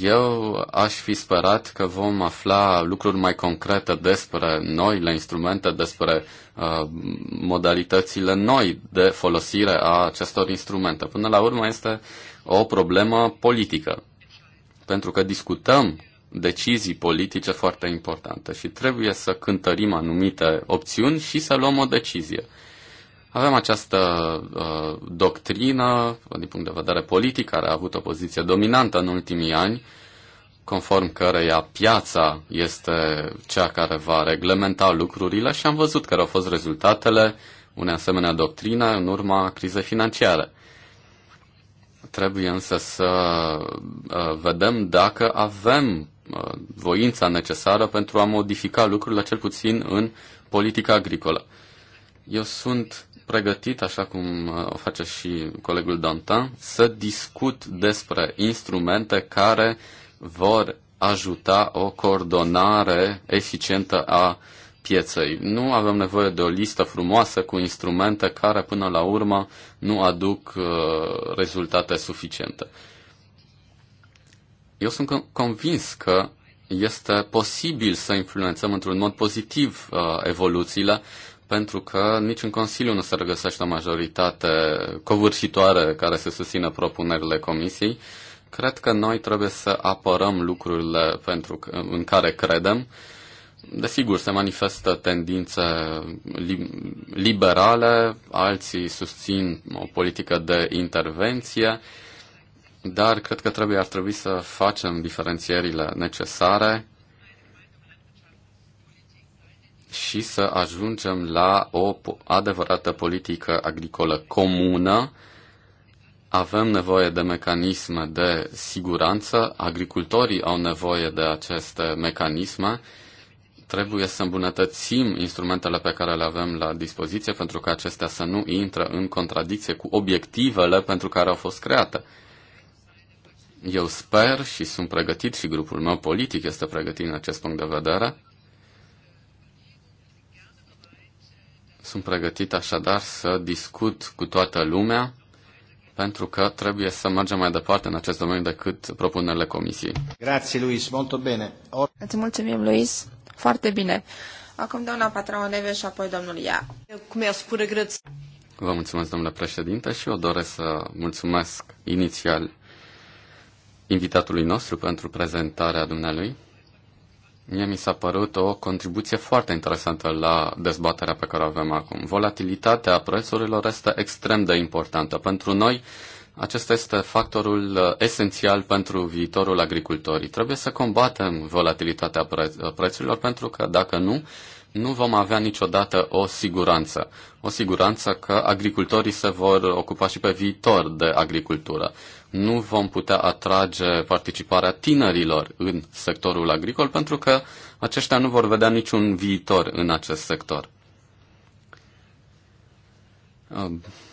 Eu aș fi sperat că vom afla lucruri mai concrete despre noile instrumente, despre uh, modalitățile noi de folosire a acestor instrumente. Până la urmă este o problemă politică, pentru că discutăm decizii politice foarte importante și trebuie să cântărim anumite opțiuni și să luăm o decizie. Avem această uh, doctrină, din punct de vedere politic, care a avut o poziție dominantă în ultimii ani, conform căreia piața este cea care va reglementa lucrurile și am văzut care au fost rezultatele unei asemenea doctrine în urma crizei financiare. Trebuie însă să uh, vedem dacă avem uh, voința necesară pentru a modifica lucrurile, cel puțin în politica agricolă. Eu sunt pregătit, așa cum uh, o face și colegul Dantan, să discut despre instrumente care vor ajuta o coordonare eficientă a pieței. Nu avem nevoie de o listă frumoasă cu instrumente care până la urmă nu aduc uh, rezultate suficiente. Eu sunt convins că este posibil să influențăm într-un mod pozitiv uh, evoluțiile pentru că nici în Consiliu nu se regăsește o majoritate covârșitoare care să susțină propunerile Comisiei. Cred că noi trebuie să apărăm lucrurile pentru că, în care credem. Desigur, se manifestă tendințe liberale, alții susțin o politică de intervenție, dar cred că trebuie ar trebui să facem diferențierile necesare și să ajungem la o adevărată politică agricolă comună. Avem nevoie de mecanisme de siguranță, agricultorii au nevoie de aceste mecanisme, trebuie să îmbunătățim instrumentele pe care le avem la dispoziție pentru că acestea să nu intre în contradicție cu obiectivele pentru care au fost create. Eu sper și sunt pregătit și grupul meu politic este pregătit în acest punct de vedere Sunt pregătit așadar să discut cu toată lumea, pentru că trebuie să mergem mai departe în acest domeniu decât propunerile comisiei. Grazie, Luis. Molto bene. Îți mulțumim, Luis. Foarte bine. Acum doamna Patrao Neve și apoi domnul Ia. Cum spus Vă mulțumesc, domnule președinte, și eu doresc să mulțumesc inițial invitatului nostru pentru prezentarea dumnealui mie mi s-a părut o contribuție foarte interesantă la dezbaterea pe care o avem acum. Volatilitatea prețurilor este extrem de importantă. Pentru noi, acesta este factorul uh, esențial pentru viitorul agricultorii. Trebuie să combatem volatilitatea uh, prețurilor pentru că, dacă nu, nu vom avea niciodată o siguranță. O siguranță că agricultorii se vor ocupa și pe viitor de agricultură nu vom putea atrage participarea tinerilor în sectorul agricol pentru că aceștia nu vor vedea niciun viitor în acest sector. Uh,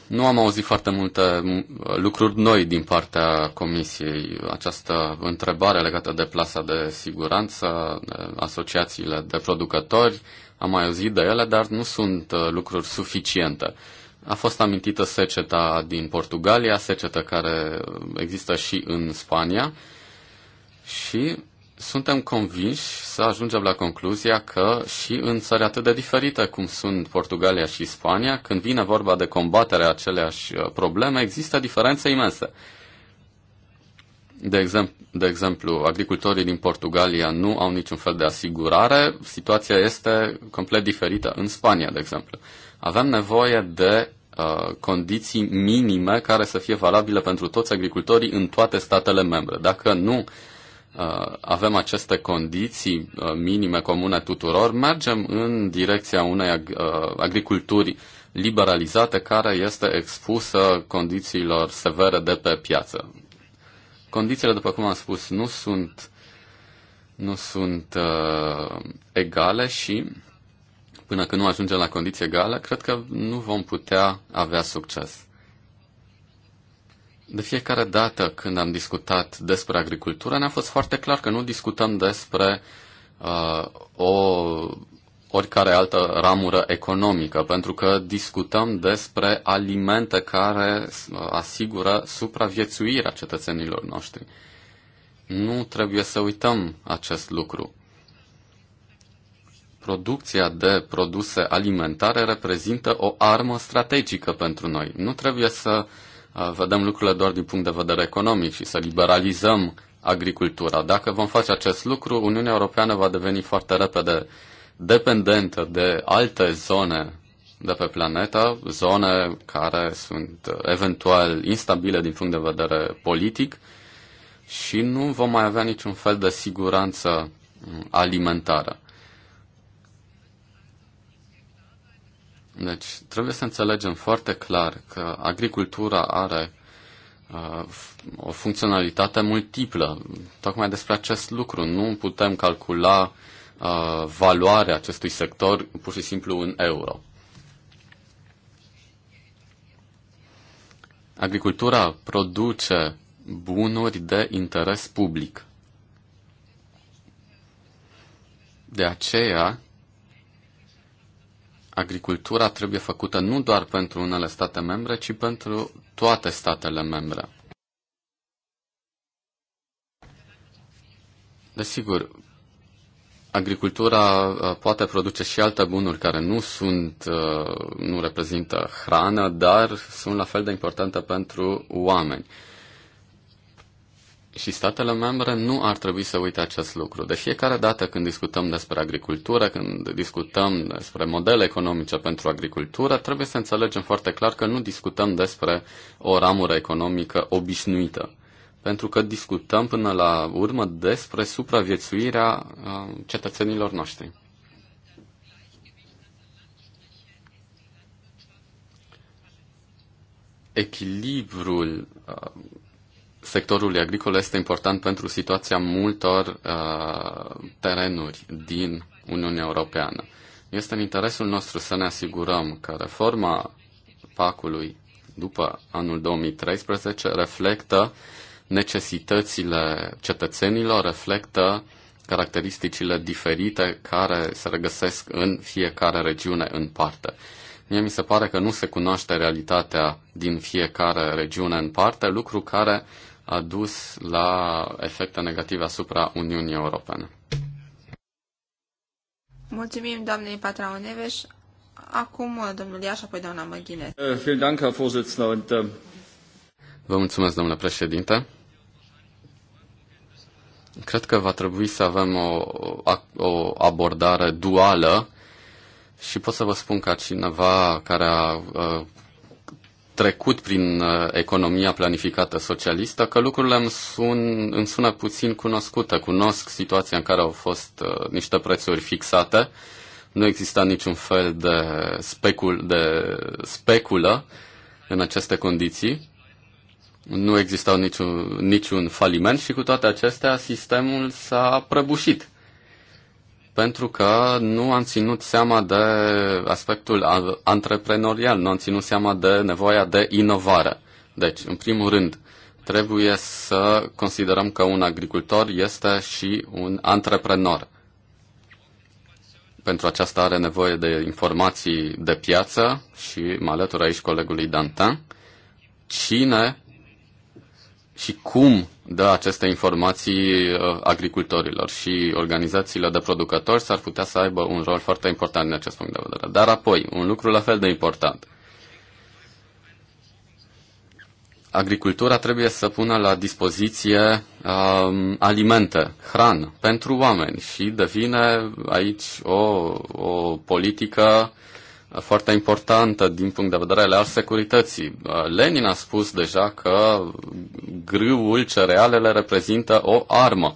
nu am auzit foarte multe mm, lucruri noi din partea Comisiei. Această întrebare legată de plasa de siguranță, de asociațiile de producători, am mai auzit de ele, dar nu sunt uh, lucruri suficiente. A fost amintită seceta din Portugalia, seceta care există și în Spania și suntem convinși să ajungem la concluzia că și în țări atât de diferite cum sunt Portugalia și Spania, când vine vorba de combaterea aceleași uh, probleme, există diferențe imense. De, exemplu, de exemplu, agricultorii din Portugalia nu au niciun fel de asigurare, situația este complet diferită în Spania, de exemplu. Uh, avem nevoie de uh, condiții minime care să fie valabile pentru toți agricultorii în toate statele membre. Dacă nu uh, avem aceste condiții uh, minime comune tuturor, mergem în direcția unei ag- uh, agriculturi liberalizate care este expusă condițiilor severe de pe piață. Condițiile, după cum am spus, nu sunt, nu sunt uh, egale și până când nu ajungem la condiții egale, cred că nu vom putea avea succes. De fiecare dată când am discutat despre agricultură, ne-a fost foarte clar că nu discutăm despre uh, o oricare altă ramură economică, pentru că discutăm despre alimente care uh, asigură supraviețuirea cetățenilor noștri. Nu trebuie să uităm acest lucru producția de produse alimentare reprezintă o armă strategică pentru noi. Nu trebuie să uh, vedem lucrurile doar din punct de vedere economic și să liberalizăm agricultura. Dacă vom face acest lucru, Uniunea Europeană va deveni foarte repede dependentă de alte zone de pe planetă, zone care sunt eventual instabile din punct de vedere politic și nu vom mai avea niciun fel de siguranță mm, alimentară. Deci trebuie să înțelegem foarte clar că agricultura are uh, o funcționalitate multiplă. Tocmai despre acest lucru nu putem calcula uh, valoarea acestui sector pur și simplu în euro. Agricultura produce bunuri de interes public. De aceea, agricultura trebuie făcută nu doar pentru unele state membre, ci pentru toate statele membre. Desigur, agricultura uh, poate produce și alte bunuri care nu sunt, uh, nu reprezintă hrană, dar sunt la fel de importante pentru oameni. Și statele membre nu ar trebui să uite acest lucru. De fiecare dată când discutăm despre agricultură, când discutăm despre modele economice pentru agricultură, trebuie să înțelegem foarte clar că nu discutăm despre o ramură economică obișnuită. Pentru că discutăm până la urmă despre supraviețuirea uh, cetățenilor noștri. Echilibrul uh, sectorului agricol este important pentru situația multor uh, terenuri din Uniunea Europeană. Este în interesul nostru să ne asigurăm că reforma PAC-ului după anul 2013 reflectă necesitățile cetățenilor, reflectă caracteristicile diferite care se regăsesc în fiecare regiune în parte. Mie mi se pare că nu se cunoaște realitatea din fiecare regiune în parte, lucru care a dus la efecte negative asupra Uniunii Europene. Mulțumim, doamnei Patrao Neveș. Acum, domnul Iaș, apoi doamna Măghine. Eh, ähm, vă mulțumesc, domnule președinte. Cred că va trebui să avem o, o abordare duală și pot să vă spun că cineva care a uh, trecut prin uh, economia planificată socialistă, că lucrurile îmi, sun, îmi sună puțin cunoscută. Cunosc situația în care au fost uh, niște prețuri fixate, nu exista niciun fel de, specul, de speculă în aceste condiții, nu exista niciun, niciun faliment și cu toate acestea sistemul s-a prăbușit pentru că nu am ținut seama de aspectul antreprenorial, nu am ținut seama de nevoia de inovare. Deci, în primul rând, trebuie să considerăm că un agricultor este și un antreprenor. Pentru aceasta are nevoie de informații de piață și mă alătur aici colegului Dantin. Cine și cum dă aceste informații uh, agricultorilor și organizațiile de producători s-ar putea să aibă un rol foarte important în acest punct de vedere. Dar apoi, un lucru la fel de important. Agricultura trebuie să pună la dispoziție um, alimente, hrană pentru oameni și devine aici o, o politică uh, foarte importantă din punct de vedere al securității. Lenin a spus deja că grâul, cerealele reprezintă o armă.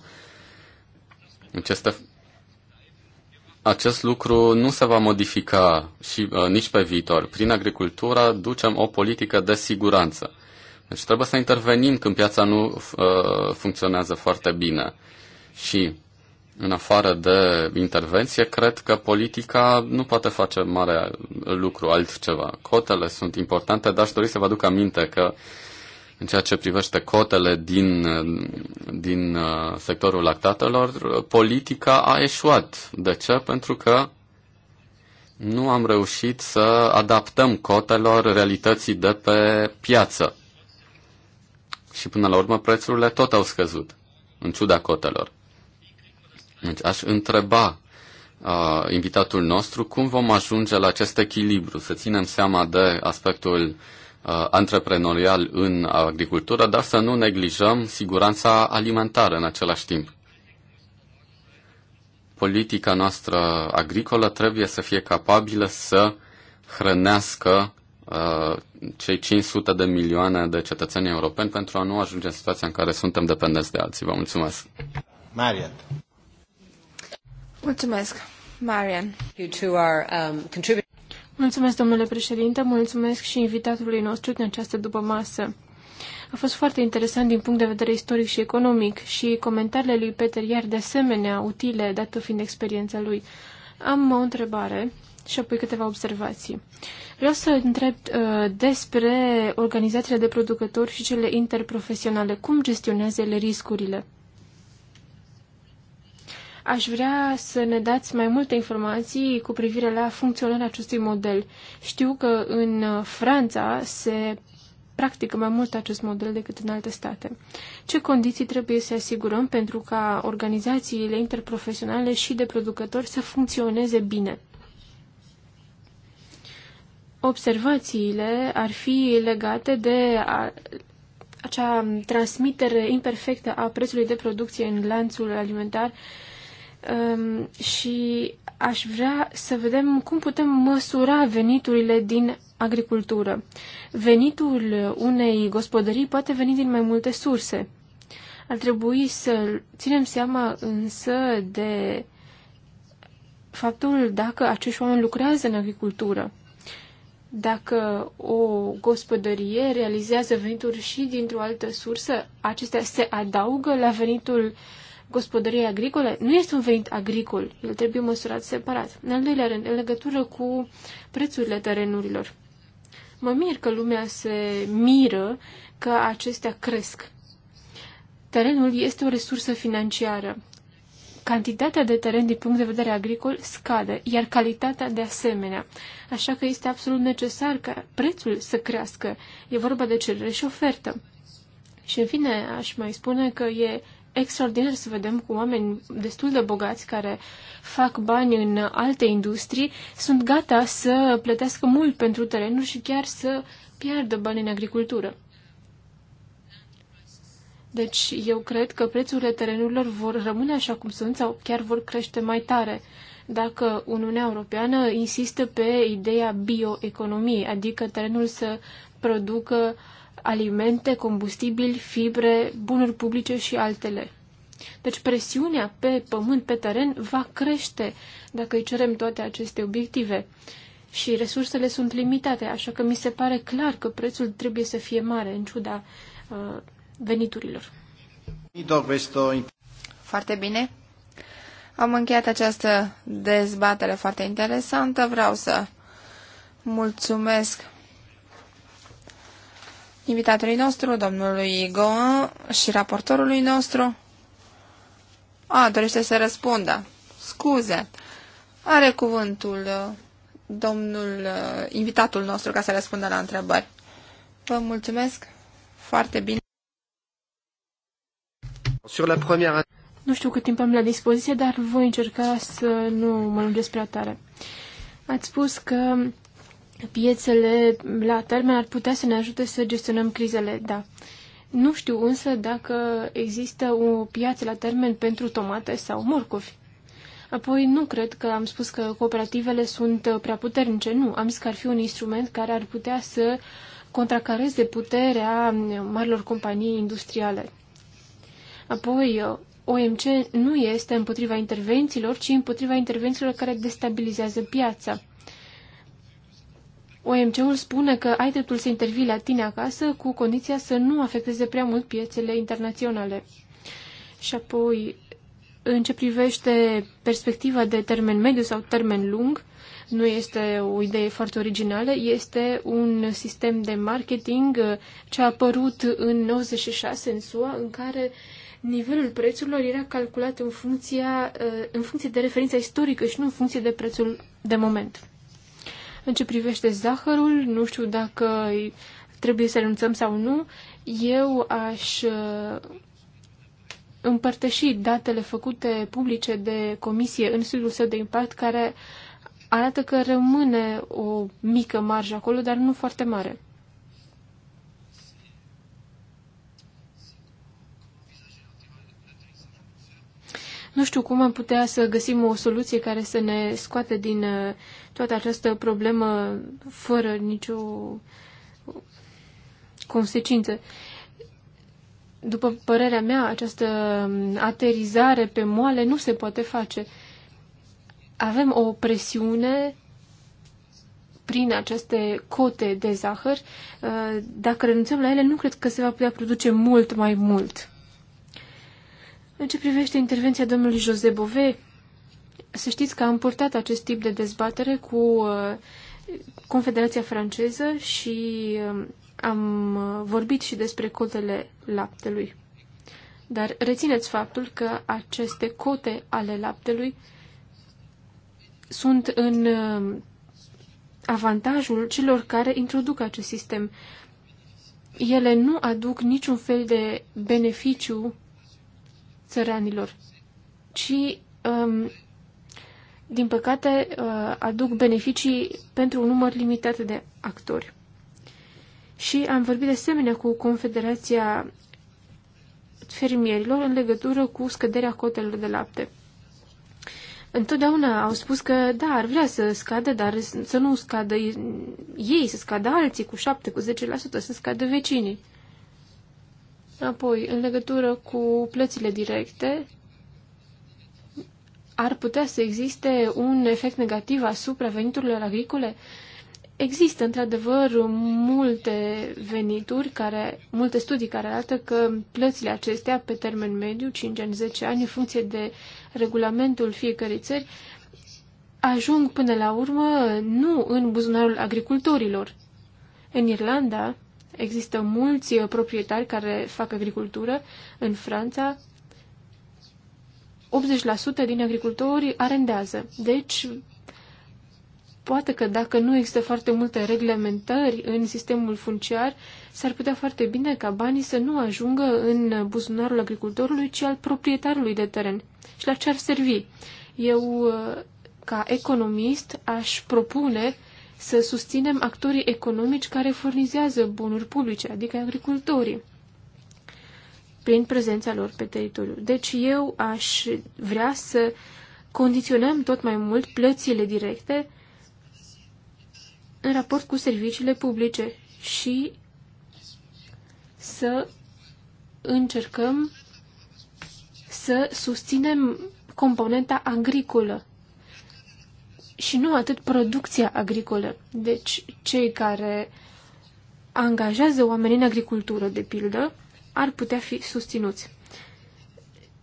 Aceste, deci acest lucru nu se va modifica și uh, nici pe viitor. Prin agricultură ducem o politică de siguranță. Deci trebuie să intervenim când piața nu uh, funcționează foarte bine. Și în afară de intervenție, cred că politica nu poate face mare lucru altceva. Cotele sunt importante, dar aș dori să vă aduc aminte că în ceea ce privește cotele din, din uh, sectorul lactatelor, politica a eșuat. De ce? Pentru că nu am reușit să adaptăm cotelor realității de pe piață. Și până la urmă prețurile tot au scăzut, în ciuda cotelor. Deci aș întreba uh, invitatul nostru cum vom ajunge la acest echilibru, să ținem seama de aspectul uh, antreprenorial în agricultură, dar să nu neglijăm siguranța alimentară în același timp. Politica noastră agricolă trebuie să fie capabilă să hrănească uh, cei 500 de milioane de cetățeni europeni pentru a nu ajunge în situația în care suntem dependenți de alții. Vă mulțumesc! Mariet. Mulțumesc, Marian. Um, mulțumesc, domnule președinte, mulțumesc și invitatului nostru din această după masă. A fost foarte interesant din punct de vedere istoric și economic și comentariile lui Peter iar de asemenea utile, dată fiind experiența lui. Am o întrebare și apoi câteva observații. Vreau să întreb uh, despre organizațiile de producători și cele interprofesionale. Cum gestionează ele riscurile? Aș vrea să ne dați mai multe informații cu privire la funcționarea acestui model. Știu că în Franța se practică mai mult acest model decât în alte state. Ce condiții trebuie să asigurăm pentru ca organizațiile interprofesionale și de producători să funcționeze bine? Observațiile ar fi legate de a, acea transmitere imperfectă a prețului de producție în lanțul alimentar um, și aș vrea să vedem cum putem măsura veniturile din agricultură. Venitul unei gospodării poate veni din mai multe surse. Ar trebui să ținem seama însă de faptul dacă acești oameni lucrează în agricultură. Dacă o gospodărie realizează venituri și dintr-o altă sursă, acestea se adaugă la venitul uh, gospodărie agricole, nu este un venit agricol. El trebuie măsurat separat. În al doilea rând, în legătură cu prețurile terenurilor. Mă mir că lumea se miră că acestea cresc. Terenul este o resursă financiară. Cantitatea de teren din punct de vedere agricol scade, iar calitatea de asemenea. Așa că este absolut necesar ca prețul să crească. E vorba de cerere și ofertă. Și în fine, aș mai spune că e extraordinar să vedem cu oameni destul de bogați care fac bani în alte industrii, sunt gata să plătească mult pentru terenuri și chiar să piardă bani în agricultură. Deci eu cred că prețurile terenurilor vor rămâne așa cum sunt sau chiar vor crește mai tare dacă Uniunea Europeană insistă pe ideea bioeconomiei, adică terenul să producă uh, alimente, combustibili, fibre, bunuri publice și altele. Deci presiunea pe pământ, pe teren, va crește dacă îi cerem toate aceste obiective. Și resursele sunt limitate, așa că mi se pare clar că prețul trebuie să fie mare, în ciuda uh, veniturilor. Foarte bine. Am încheiat această dezbatere foarte interesantă. Vreau să mulțumesc invitatului nostru, domnului Goa și raportorului nostru. A, dorește să răspundă. Scuze. Are cuvântul uh, domnul, uh, invitatul nostru ca să răspundă la întrebări. Vă mulțumesc foarte bine. Sur la première... Nu știu cât timp am la dispoziție, dar voi încerca să nu mă lungesc prea tare. Ați spus că piețele la termen ar putea să ne ajute să gestionăm crizele, da. Nu știu însă dacă există o piață la termen pentru tomate sau morcovi. Apoi, nu cred că am spus că cooperativele sunt prea puternice. Nu, am zis că ar fi un instrument care ar putea să contracareze puterea marilor companii industriale. Apoi, OMC nu este împotriva intervențiilor, ci împotriva intervențiilor care destabilizează piața. OMC-ul spune că ai dreptul să intervii la tine acasă cu condiția să nu afecteze prea mult piețele internaționale. Și apoi, în ce privește perspectiva de termen mediu sau termen lung, nu este o idee foarte originală, este un sistem de marketing ce a apărut în 96 în SUA, în care nivelul prețurilor era calculat în, funcția, în funcție de referința istorică și nu în funcție de prețul de moment. În ce privește zahărul, nu știu dacă trebuie să renunțăm sau nu, eu aș uh, împărtăși datele făcute publice de comisie în studiul său de impact, care arată că rămâne o mică marjă acolo, dar nu foarte mare. Nu știu cum am putea să găsim o soluție care să ne scoate din uh, toată această problemă fără nicio consecință. După părerea mea, această um, aterizare pe moale nu se poate face. Avem o presiune prin aceste cote de zahăr. Uh, dacă renunțăm la ele, nu cred că se va putea produce mult mai mult. În ce privește intervenția domnului Jose Bove, să știți că am purtat acest tip de dezbatere cu uh, Confederația franceză și um, am uh, vorbit și despre cotele laptelui. Dar rețineți faptul că aceste cote ale laptelui sunt în uh, avantajul celor care introduc acest sistem. Ele nu aduc niciun fel de beneficiu țăranilor, ci, um, din păcate, uh, aduc beneficii pentru un număr limitat de actori. Și am vorbit de asemenea cu Confederația fermierilor în legătură cu scăderea cotelor de lapte. Întotdeauna au spus că, da, ar vrea să scadă, dar să nu scadă ei, să scadă alții cu 7, cu 10%, să scadă vecinii. Apoi, în legătură cu plățile directe, ar putea să existe un efect negativ asupra veniturilor agricole? Există, într-adevăr, multe venituri, care, multe studii care arată că plățile acestea, pe termen mediu, 5 ani, 10 ani, în funcție de regulamentul fiecărei țări, ajung până la urmă nu în buzunarul agricultorilor. În Irlanda, Există mulți uh, proprietari care fac agricultură în Franța. 80% din agricultori arendează. Deci, poate că dacă nu există foarte multe reglementări în sistemul funciar, s-ar putea foarte bine ca banii să nu ajungă în buzunarul agricultorului, ci al proprietarului de teren. Și la ce ar servi? Eu, uh, ca economist, aș propune să susținem actorii economici care furnizează bunuri publice, adică agricultorii, prin prezența lor pe teritoriu. Deci eu aș vrea să condiționăm tot mai mult plățile directe în raport cu serviciile publice și să încercăm să susținem componenta agricolă și nu atât producția agricolă. Deci, cei care angajează oameni în agricultură, de pildă, ar putea fi susținuți.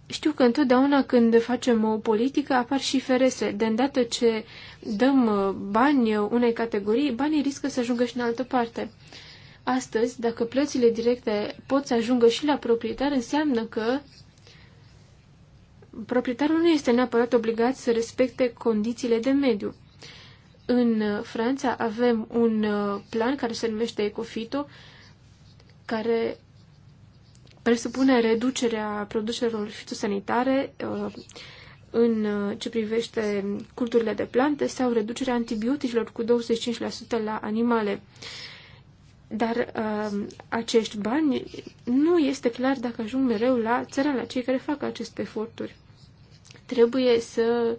Știu că întotdeauna când facem o politică apar și ferese. De îndată ce dăm uh, bani unei categorii, banii riscă să ajungă și în altă parte. Astăzi, dacă plățile directe pot să ajungă și la proprietar, înseamnă că proprietarul nu este neapărat obligat să respecte condițiile de mediu. În Franța avem un uh, plan care se numește Ecofito, care presupune reducerea produselor fitosanitare uh, în uh, ce privește culturile de plante sau reducerea antibioticilor cu 25% la animale. Dar acești bani nu este clar dacă ajung mereu la țara, la cei care fac aceste eforturi. Trebuie să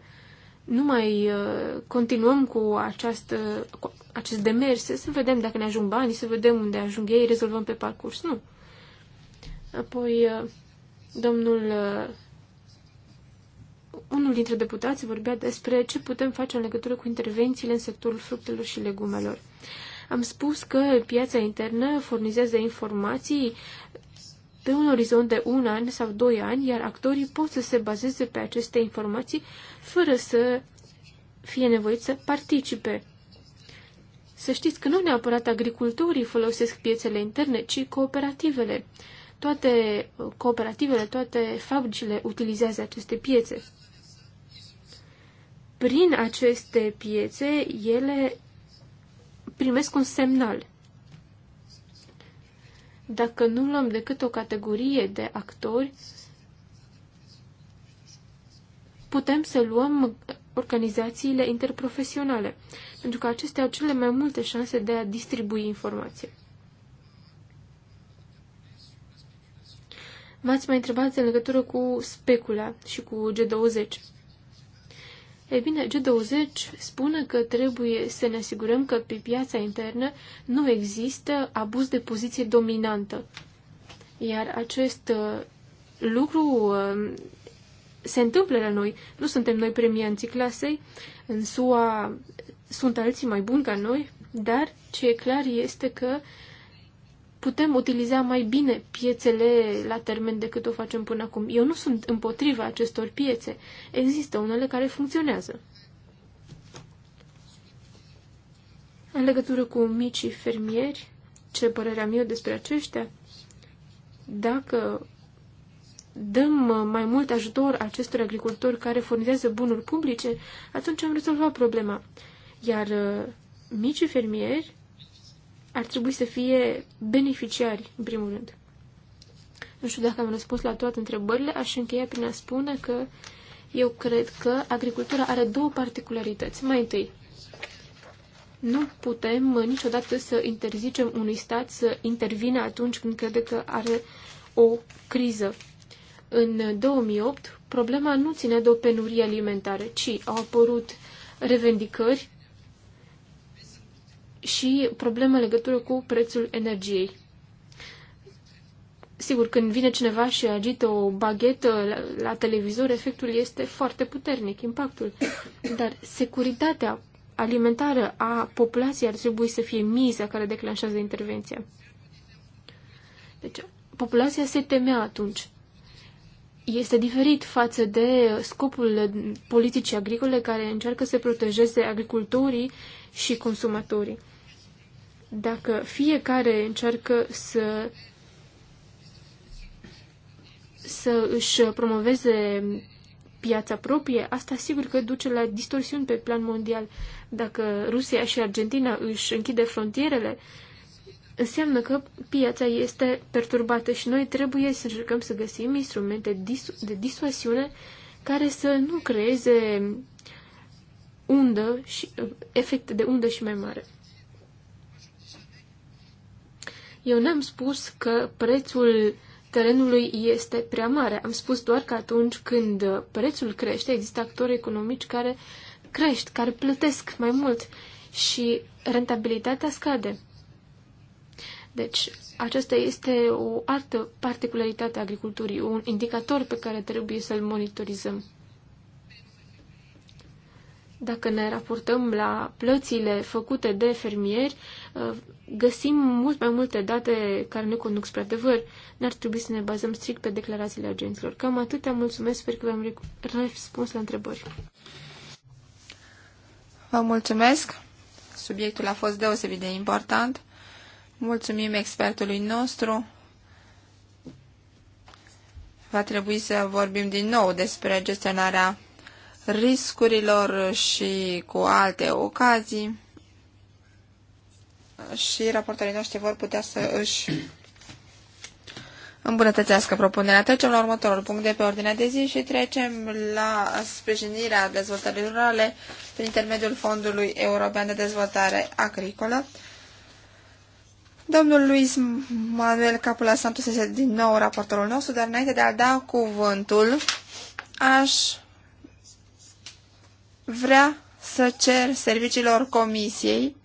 nu mai uh, continuăm cu, această, cu acest demers, să vedem dacă ne ajung banii, să vedem unde ajung ei, rezolvăm pe parcurs. Nu. Apoi, uh, domnul uh, unul dintre deputați vorbea despre ce putem face în legătură cu intervențiile în sectorul fructelor și legumelor. Am spus că piața internă furnizează informații pe un orizont de un an sau doi ani, iar actorii pot să se bazeze pe aceste informații fără să fie nevoit să participe. Să știți că nu neapărat agricultorii folosesc piețele interne, ci cooperativele. Toate uh, cooperativele, toate fabricile utilizează aceste piețe. Prin aceste piețe, ele primesc un semnal dacă nu luăm decât o categorie de actori, putem să luăm organizațiile interprofesionale, pentru că acestea au cele mai multe șanse de a distribui informație. M-ați mai întrebat în legătură cu specula și cu G20. Ei bine, G20 spune că trebuie să ne asigurăm că pe piața internă nu există abuz de poziție dominantă. Iar acest uh, lucru uh, se întâmplă la noi. Nu suntem noi premianții clasei, în SUA sunt alții mai buni ca noi, dar ce e clar este că uh, putem utiliza mai bine piețele la termen decât o facem până acum. Eu nu sunt împotriva acestor piețe. Există unele care funcționează. În legătură cu micii fermieri, ce părere am eu despre aceștia? Dacă dăm mai mult ajutor acestor agricultori care furnizează bunuri publice, atunci am rezolvat problema. Iar uh, micii fermieri ar trebui să fie beneficiari, în primul rând. Nu știu dacă am răspuns la toate întrebările, aș încheia prin a spune că eu cred că agricultura are două particularități. Mai întâi, nu putem niciodată să interzicem unui stat să intervine atunci când crede că are o criză. În 2008, problema nu ține de o penurie alimentară, ci au apărut revendicări și probleme legătură cu prețul energiei. Sigur, când vine cineva și agită o baghetă la, la televizor, efectul este foarte puternic, impactul. Dar securitatea alimentară a populației ar trebui să fie miza care declanșează intervenția. Deci, populația se temea atunci. Este diferit față de scopul politicii agricole care încearcă să protejeze agricultorii și consumatorii dacă fiecare încearcă să să își promoveze piața proprie, asta sigur că duce la distorsiuni pe plan mondial. Dacă Rusia și Argentina își închide frontierele, înseamnă că piața este perturbată și noi trebuie să încercăm să găsim instrumente de disuasiune care să nu creeze undă și efecte de undă și mai mare. Eu n-am spus că prețul terenului este prea mare. Am spus doar că atunci când prețul crește, există actori economici care crești, care plătesc mai mult și rentabilitatea scade. Deci, aceasta este o altă particularitate a agriculturii, un indicator pe care trebuie să-l monitorizăm. Dacă ne raportăm la plățile făcute de fermieri, găsim mult mai multe date care ne conduc spre adevăr. N-ar trebui să ne bazăm strict pe declarațiile agenților. Cam atâtea mulțumesc, sper că v-am răspuns la întrebări. Vă mulțumesc. Subiectul a fost deosebit de important. Mulțumim expertului nostru. Va trebui să vorbim din nou despre gestionarea riscurilor și cu alte ocazii și raportorii noștri vor putea să își îmbunătățească propunerea. Trecem la următorul punct de pe ordinea de zi și trecem la sprijinirea dezvoltării rurale prin intermediul Fondului European de Dezvoltare Agricolă. Domnul Luis Manuel Capula Santos este din nou raportorul nostru, dar înainte de a da cuvântul, aș vrea să cer serviciilor comisiei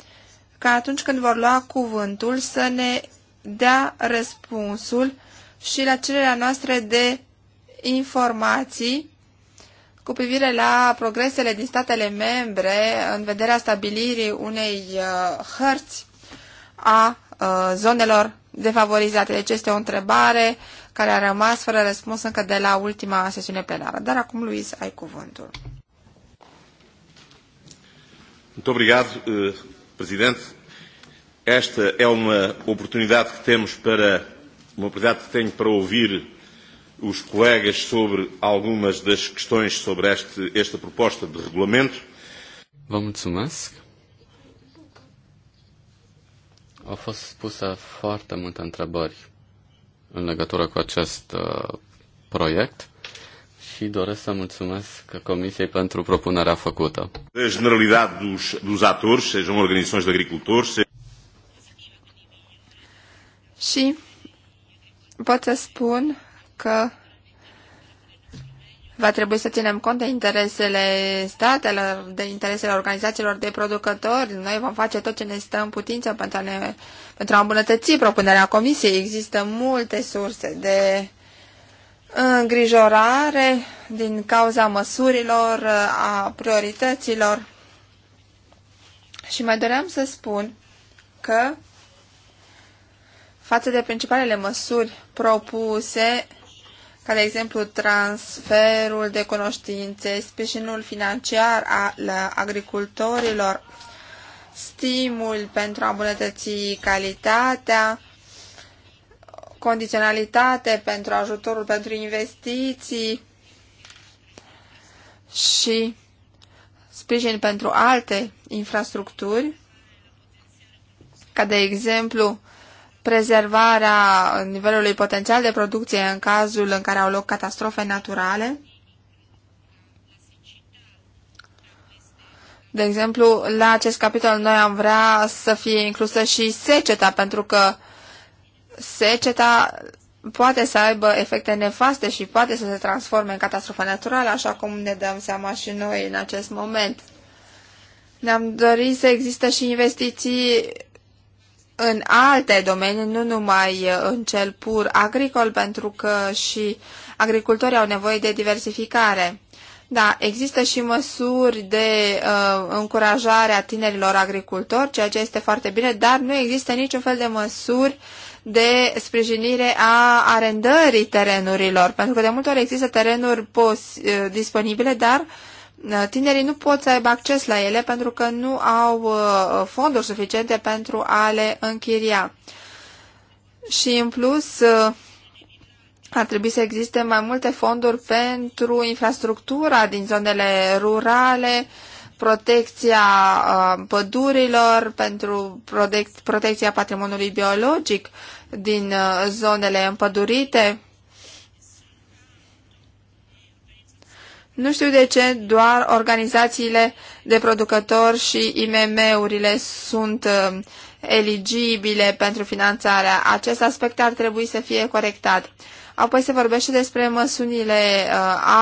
ca atunci când vor lua cuvântul să ne dea răspunsul și la cererea noastră de informații cu privire la progresele din statele membre în vederea stabilirii unei uh, hărți a uh, zonelor defavorizate. Deci este o întrebare care a rămas fără răspuns încă de la ultima sesiune plenară. Dar acum, Luis, ai cuvântul. Muito obrigado. Eh, Presidente. Esta é uma oportunidade que temos para uma oportunidade que tenho para ouvir os colegas sobre algumas das questões sobre este, esta proposta de regulamento. Vă mulțumesc. Au fost puse foarte multe întrebări în legătură cu acest uh, proiect și doresc să mulțumesc Comisiei pentru propunerea făcută. Generalidade dos, dos atores, sejam organizações de agricultores, se... Și pot să spun că va trebui să ținem cont de interesele statelor, de interesele organizațiilor de producători. Noi vom face tot ce ne stă în putință pentru a, ne, pentru a îmbunătăți propunerea comisiei. Există multe surse de îngrijorare din cauza măsurilor, uh, a priorităților. Și mai doream să spun că față de principalele măsuri propuse, ca de exemplu transferul de cunoștințe, sprijinul financiar al agricultorilor, stimul pentru a îmbunătăți calitatea, condiționalitate pentru ajutorul pentru investiții și sprijin pentru alte infrastructuri, ca de exemplu prezervarea nivelului potențial de producție în cazul în care au loc catastrofe naturale, De exemplu, la acest capitol noi am vrea să fie inclusă și seceta, pentru că seceta poate să aibă efecte nefaste și poate să se transforme în catastrofă naturală, așa cum ne dăm seama și noi în acest moment. Ne-am dorit să existe și investiții în alte domenii, nu numai uh, în cel pur agricol, pentru că și agricultorii au nevoie de diversificare. Da, există și măsuri de uh, încurajare a tinerilor agricultori, ceea ce este foarte bine, dar nu există niciun fel de măsuri uh, de sprijinire a arendării terenurilor, pentru că de multe ori există terenuri pos, eh, disponibile, dar eh, tinerii nu pot să aibă acces la ele pentru că nu au eh, fonduri suficiente pentru a le închiria. Și în plus, ar trebui să existe mai multe fonduri pentru infrastructura din zonele rurale, protecția uh, pădurilor, pentru protecția patrimoniului biologic din uh, zonele împădurite. Nu știu de ce doar organizațiile de producători și IMM-urile sunt uh, eligibile pentru finanțarea. Acest aspect ar trebui să fie corectat. Apoi se vorbește despre măsunile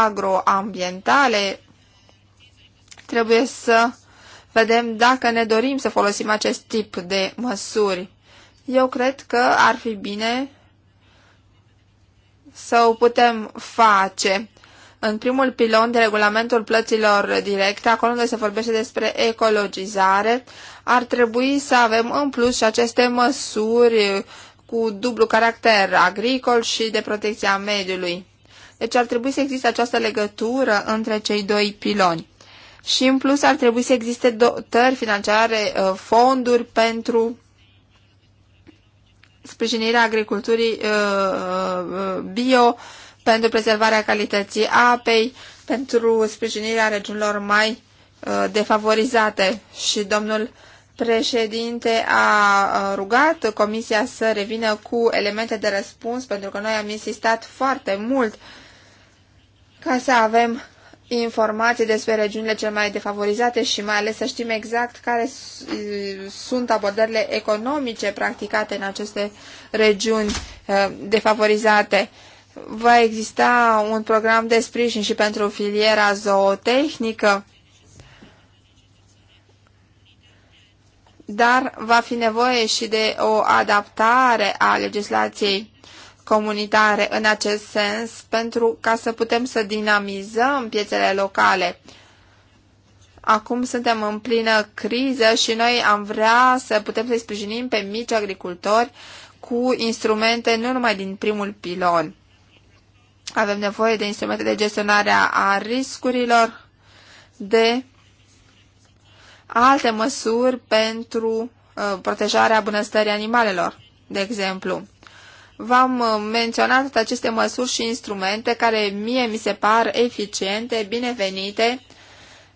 agroambientale trebuie să vedem dacă ne dorim să folosim acest tip de măsuri. Eu cred că ar fi bine să o putem face. În primul pilon de regulamentul plăților directe, acolo unde se vorbește despre ecologizare, ar trebui să avem în plus și aceste măsuri cu dublu caracter agricol și de protecția mediului. Deci ar trebui să existe această legătură între cei doi piloni și în plus ar trebui să existe dotări financiare, uh, fonduri pentru sprijinirea agriculturii uh, uh, bio, pentru prezervarea calității apei, pentru sprijinirea regiunilor mai defavorizate și domnul președinte a rugat comisia să revină cu elemente de răspuns pentru că noi am insistat foarte mult ca să avem informații despre regiunile cel mai defavorizate și mai ales să știm exact care sunt abordările economice practicate în aceste regiuni eh, defavorizate. Va exista un program de sprijin și pentru filiera zootehnică, dar va fi nevoie și de o adaptare a legislației comunitare în acest sens pentru ca să putem să dinamizăm piețele locale. Acum suntem în plină criză și noi am vrea să putem să-i sprijinim pe mici agricultori cu instrumente nu numai din primul pilon. Avem nevoie de instrumente de gestionare a riscurilor, de alte măsuri pentru uh, protejarea bunăstării animalelor, de exemplu. V-am uh, menționat aceste măsuri și instrumente care mie mi se par eficiente, binevenite.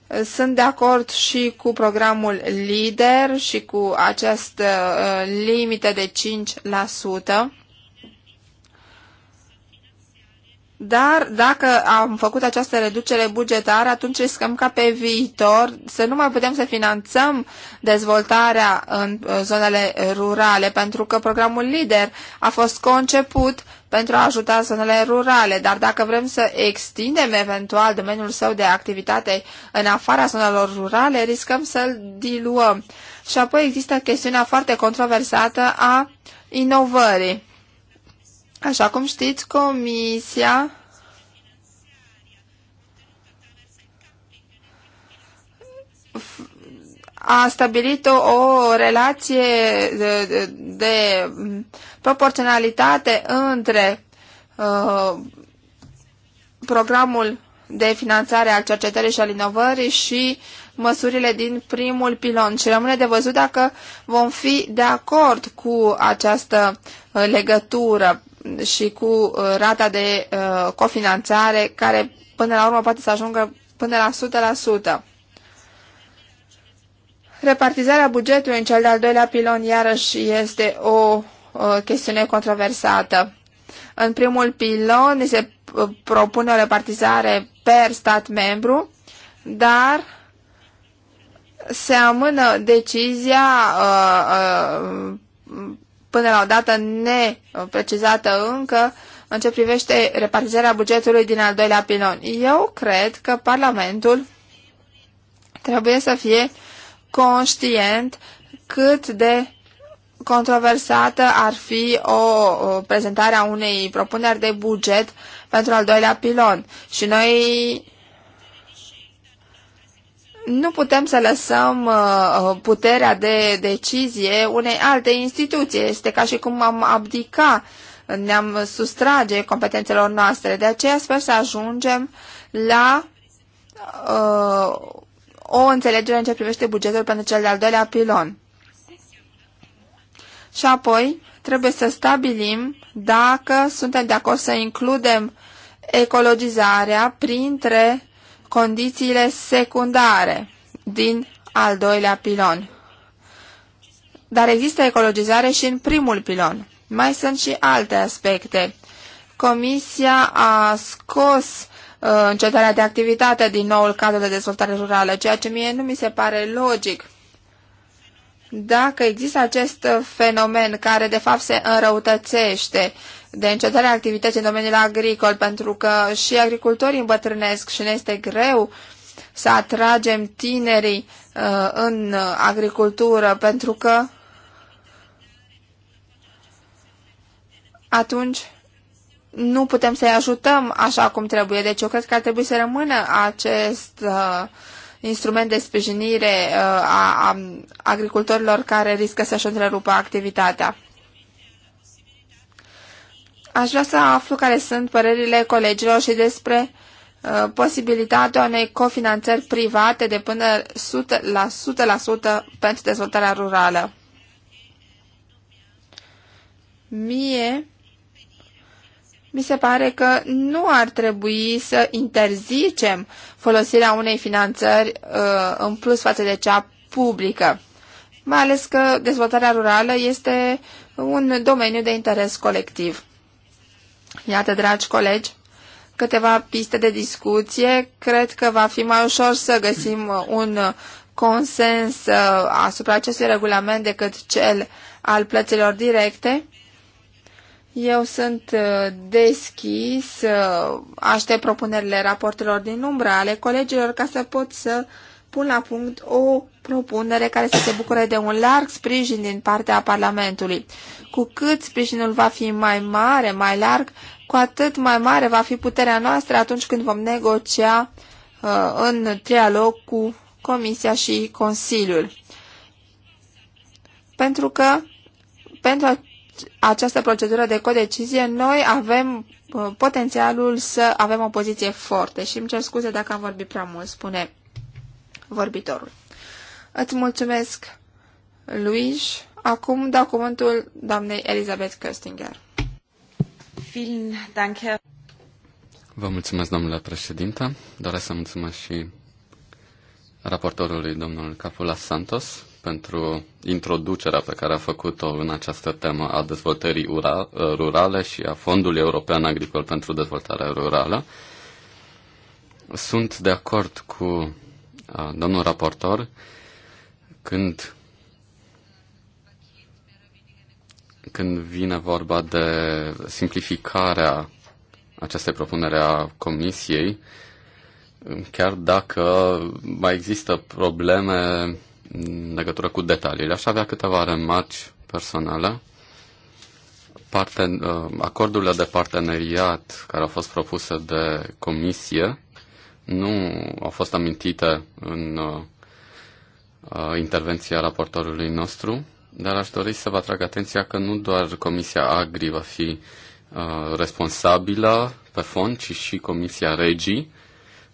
Uh, sunt de acord și cu programul LIDER și cu această uh, limită de 5%. Dar dacă am făcut această reducere bugetară, atunci riscăm ca pe viitor să nu mai putem să finanțăm dezvoltarea în zonele rurale, pentru că programul LIDER a fost conceput pentru a ajuta zonele rurale, dar dacă vrem să extindem eventual domeniul său de activitate în afara zonelor rurale, riscăm să-l diluăm. Și apoi există chestiunea foarte controversată a inovării. Așa cum știți, Comisia a stabilit o, o relație de, de, de proporționalitate între uh, programul de finanțare al cercetării și al inovării și măsurile din primul pilon. Și rămâne de văzut dacă vom fi de acord cu această uh, legătură și cu uh, rata de uh, cofinanțare care până la urmă poate să ajungă până la 100%. Repartizarea bugetului în cel de-al doilea pilon iarăși este o, uh, chestiune controversată. În primul pilon se propune o repartizare per stat membru, dar se amână decizia uh, uh, până la o dată neprecizată încă în ce privește repartizarea bugetului din al doilea pilon. Eu cred că Parlamentul trebuie să fie conștient cât de controversată ar fi o, o prezentare a unei propuneri de buget pentru al doilea pilon. Și noi nu putem să lăsăm uh, uh, puterea de decizie unei alte instituții. Este ca și cum am abdica, ne-am sustrage competențelor noastre. De aceea sper să ajungem la uh, o înțelegere în ce privește bugetul pentru cel de-al doilea pilon. Și apoi trebuie să stabilim dacă suntem de acord să includem ecologizarea printre condițiile secundare din al doilea pilon. Dar există ecologizare și în primul pilon. Mai sunt și alte aspecte. Comisia a scos uh, încetarea de activitate din noul cadru de dezvoltare rurală, ceea ce mie nu mi se pare logic. Dacă există acest fenomen care de fapt se înrăutățește de încetarea activității în domeniul agricol, pentru că și agricultorii îmbătrânesc și ne este greu să atragem tinerii uh, în agricultură, pentru că atunci nu putem să-i ajutăm așa cum trebuie. Deci eu cred că ar trebui să rămână acest uh, instrument de sprijinire uh, a, a agricultorilor care riscă să-și întrerupă activitatea. Aș vrea să aflu care sunt părerile colegilor și despre uh, posibilitatea unei cofinanțări private de până 100%, la 100% pentru dezvoltarea rurală. Mie mi se pare că nu ar trebui să interzicem folosirea unei finanțări uh, în plus față de cea publică, mai ales că dezvoltarea rurală este un domeniu de interes colectiv. Iată, dragi colegi, câteva piste de discuție. Cred că va fi mai ușor să găsim un consens uh, asupra acestui regulament decât cel al plăților directe. Eu sunt uh, deschis, uh, aștept propunerile raportelor din umbra ale colegilor ca să pot să uh, pun la punct o propunere care să se bucure de un larg sprijin din partea Parlamentului. Cu cât sprijinul va fi mai mare, mai larg, cu atât mai mare va fi puterea noastră atunci când vom negocia uh, în trialog cu Comisia și Consiliul. Pentru că pentru această procedură de codecizie noi avem uh, potențialul să avem o poziție forte și îmi cer scuze dacă am vorbit prea mult, spune vorbitorul. Îți mulțumesc, Luis. Acum dau cuvântul doamnei Elizabeth Köstinger. Vă mulțumesc, domnule președinte. Doresc să mulțumesc și raportorului domnul Capula Santos pentru introducerea pe care a făcut-o în această temă a dezvoltării rurale și a Fondului European Agricol pentru Dezvoltarea Rurală. Sunt de acord cu domnul raportor, când când vine vorba de simplificarea acestei propunere a Comisiei, chiar dacă mai există probleme în legătură cu detaliile. Aș avea câteva remarci personale. Parten- acordurile de parteneriat care au fost propuse de Comisie nu a fost amintită în uh, intervenția raportorului nostru, dar aș dori să vă atrag atenția că nu doar Comisia Agri va fi uh, responsabilă pe fond, ci și Comisia Regii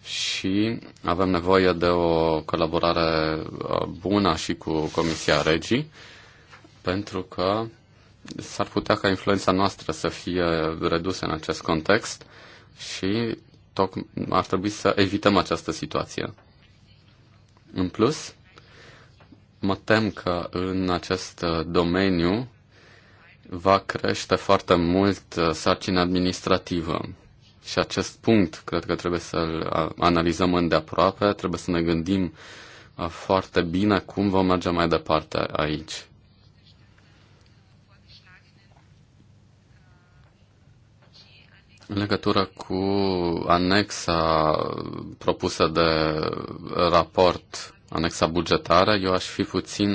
și avem nevoie de o colaborare uh, bună și cu Comisia Regii, pentru că s-ar putea ca influența noastră să fie redusă în acest context și ar trebui să evităm această situație. În plus, mă tem că în acest uh, domeniu va crește foarte mult uh, sarcina administrativă. Și acest punct cred că trebuie să-l uh, analizăm îndeaproape, trebuie să ne gândim foarte bine cum vom merge mai departe aici. În legătură cu anexa propusă de raport, anexa bugetară, eu aș fi puțin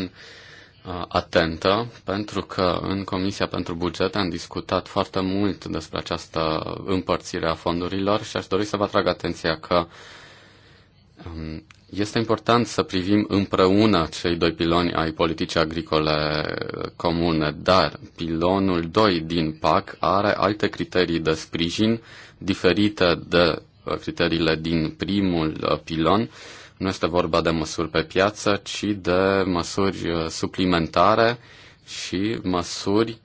uh, atentă, pentru că în Comisia pentru Buget am discutat foarte mult despre această împărțire a fondurilor și aș dori să vă atrag atenția că um, este important să privim împreună cei doi piloni ai politicii agricole eh, comune, dar pilonul 2 din PAC are alte criterii de sprijin diferite de eh, criteriile din primul eh, pilon. Nu este vorba de măsuri pe piață, ci de măsuri suplimentare și măsuri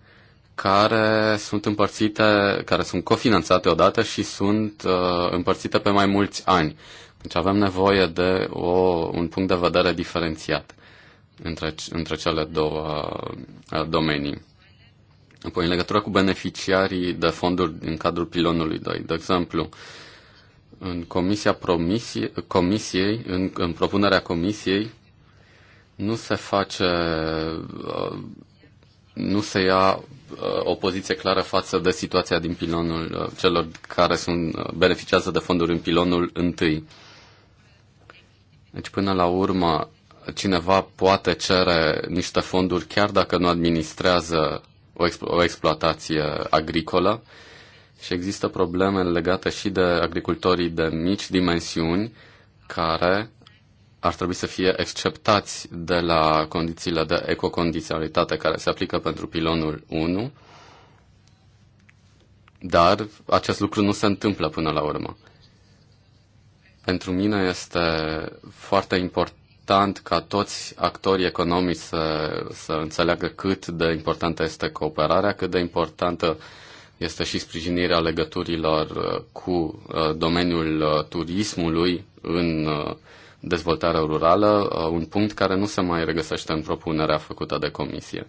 care sunt împărțite, care sunt cofinanțate odată și sunt uh, împărțite pe mai mulți ani. Deci avem nevoie de o, un punct de vedere diferențiat între, între cele două uh, domenii. Apoi, în legătură cu beneficiarii de fonduri din cadrul pilonului 2, de exemplu, în comisia promisie, comisiei, în, în propunerea comisiei, nu se face, uh, nu se ia uh, o poziție clară față de situația din pilonul celor care sunt beneficiază de fonduri în pilonul întâi. Deci, până la urmă, cineva poate cere niște fonduri chiar dacă nu administrează o, exp- o exploatație agricolă și există probleme legate și de agricultorii de mici dimensiuni care ar trebui să fie exceptați de la condițiile de ecocondiționalitate care se aplică pentru pilonul 1, dar acest lucru nu se întâmplă până la urmă. Pentru mine este foarte important ca toți actorii economici să, să înțeleagă cât de importantă este cooperarea, cât de importantă este și sprijinirea legăturilor uh, cu uh, domeniul uh, turismului în dezvoltarea rurală, un punct care nu se mai regăsește în propunerea făcută de comisie.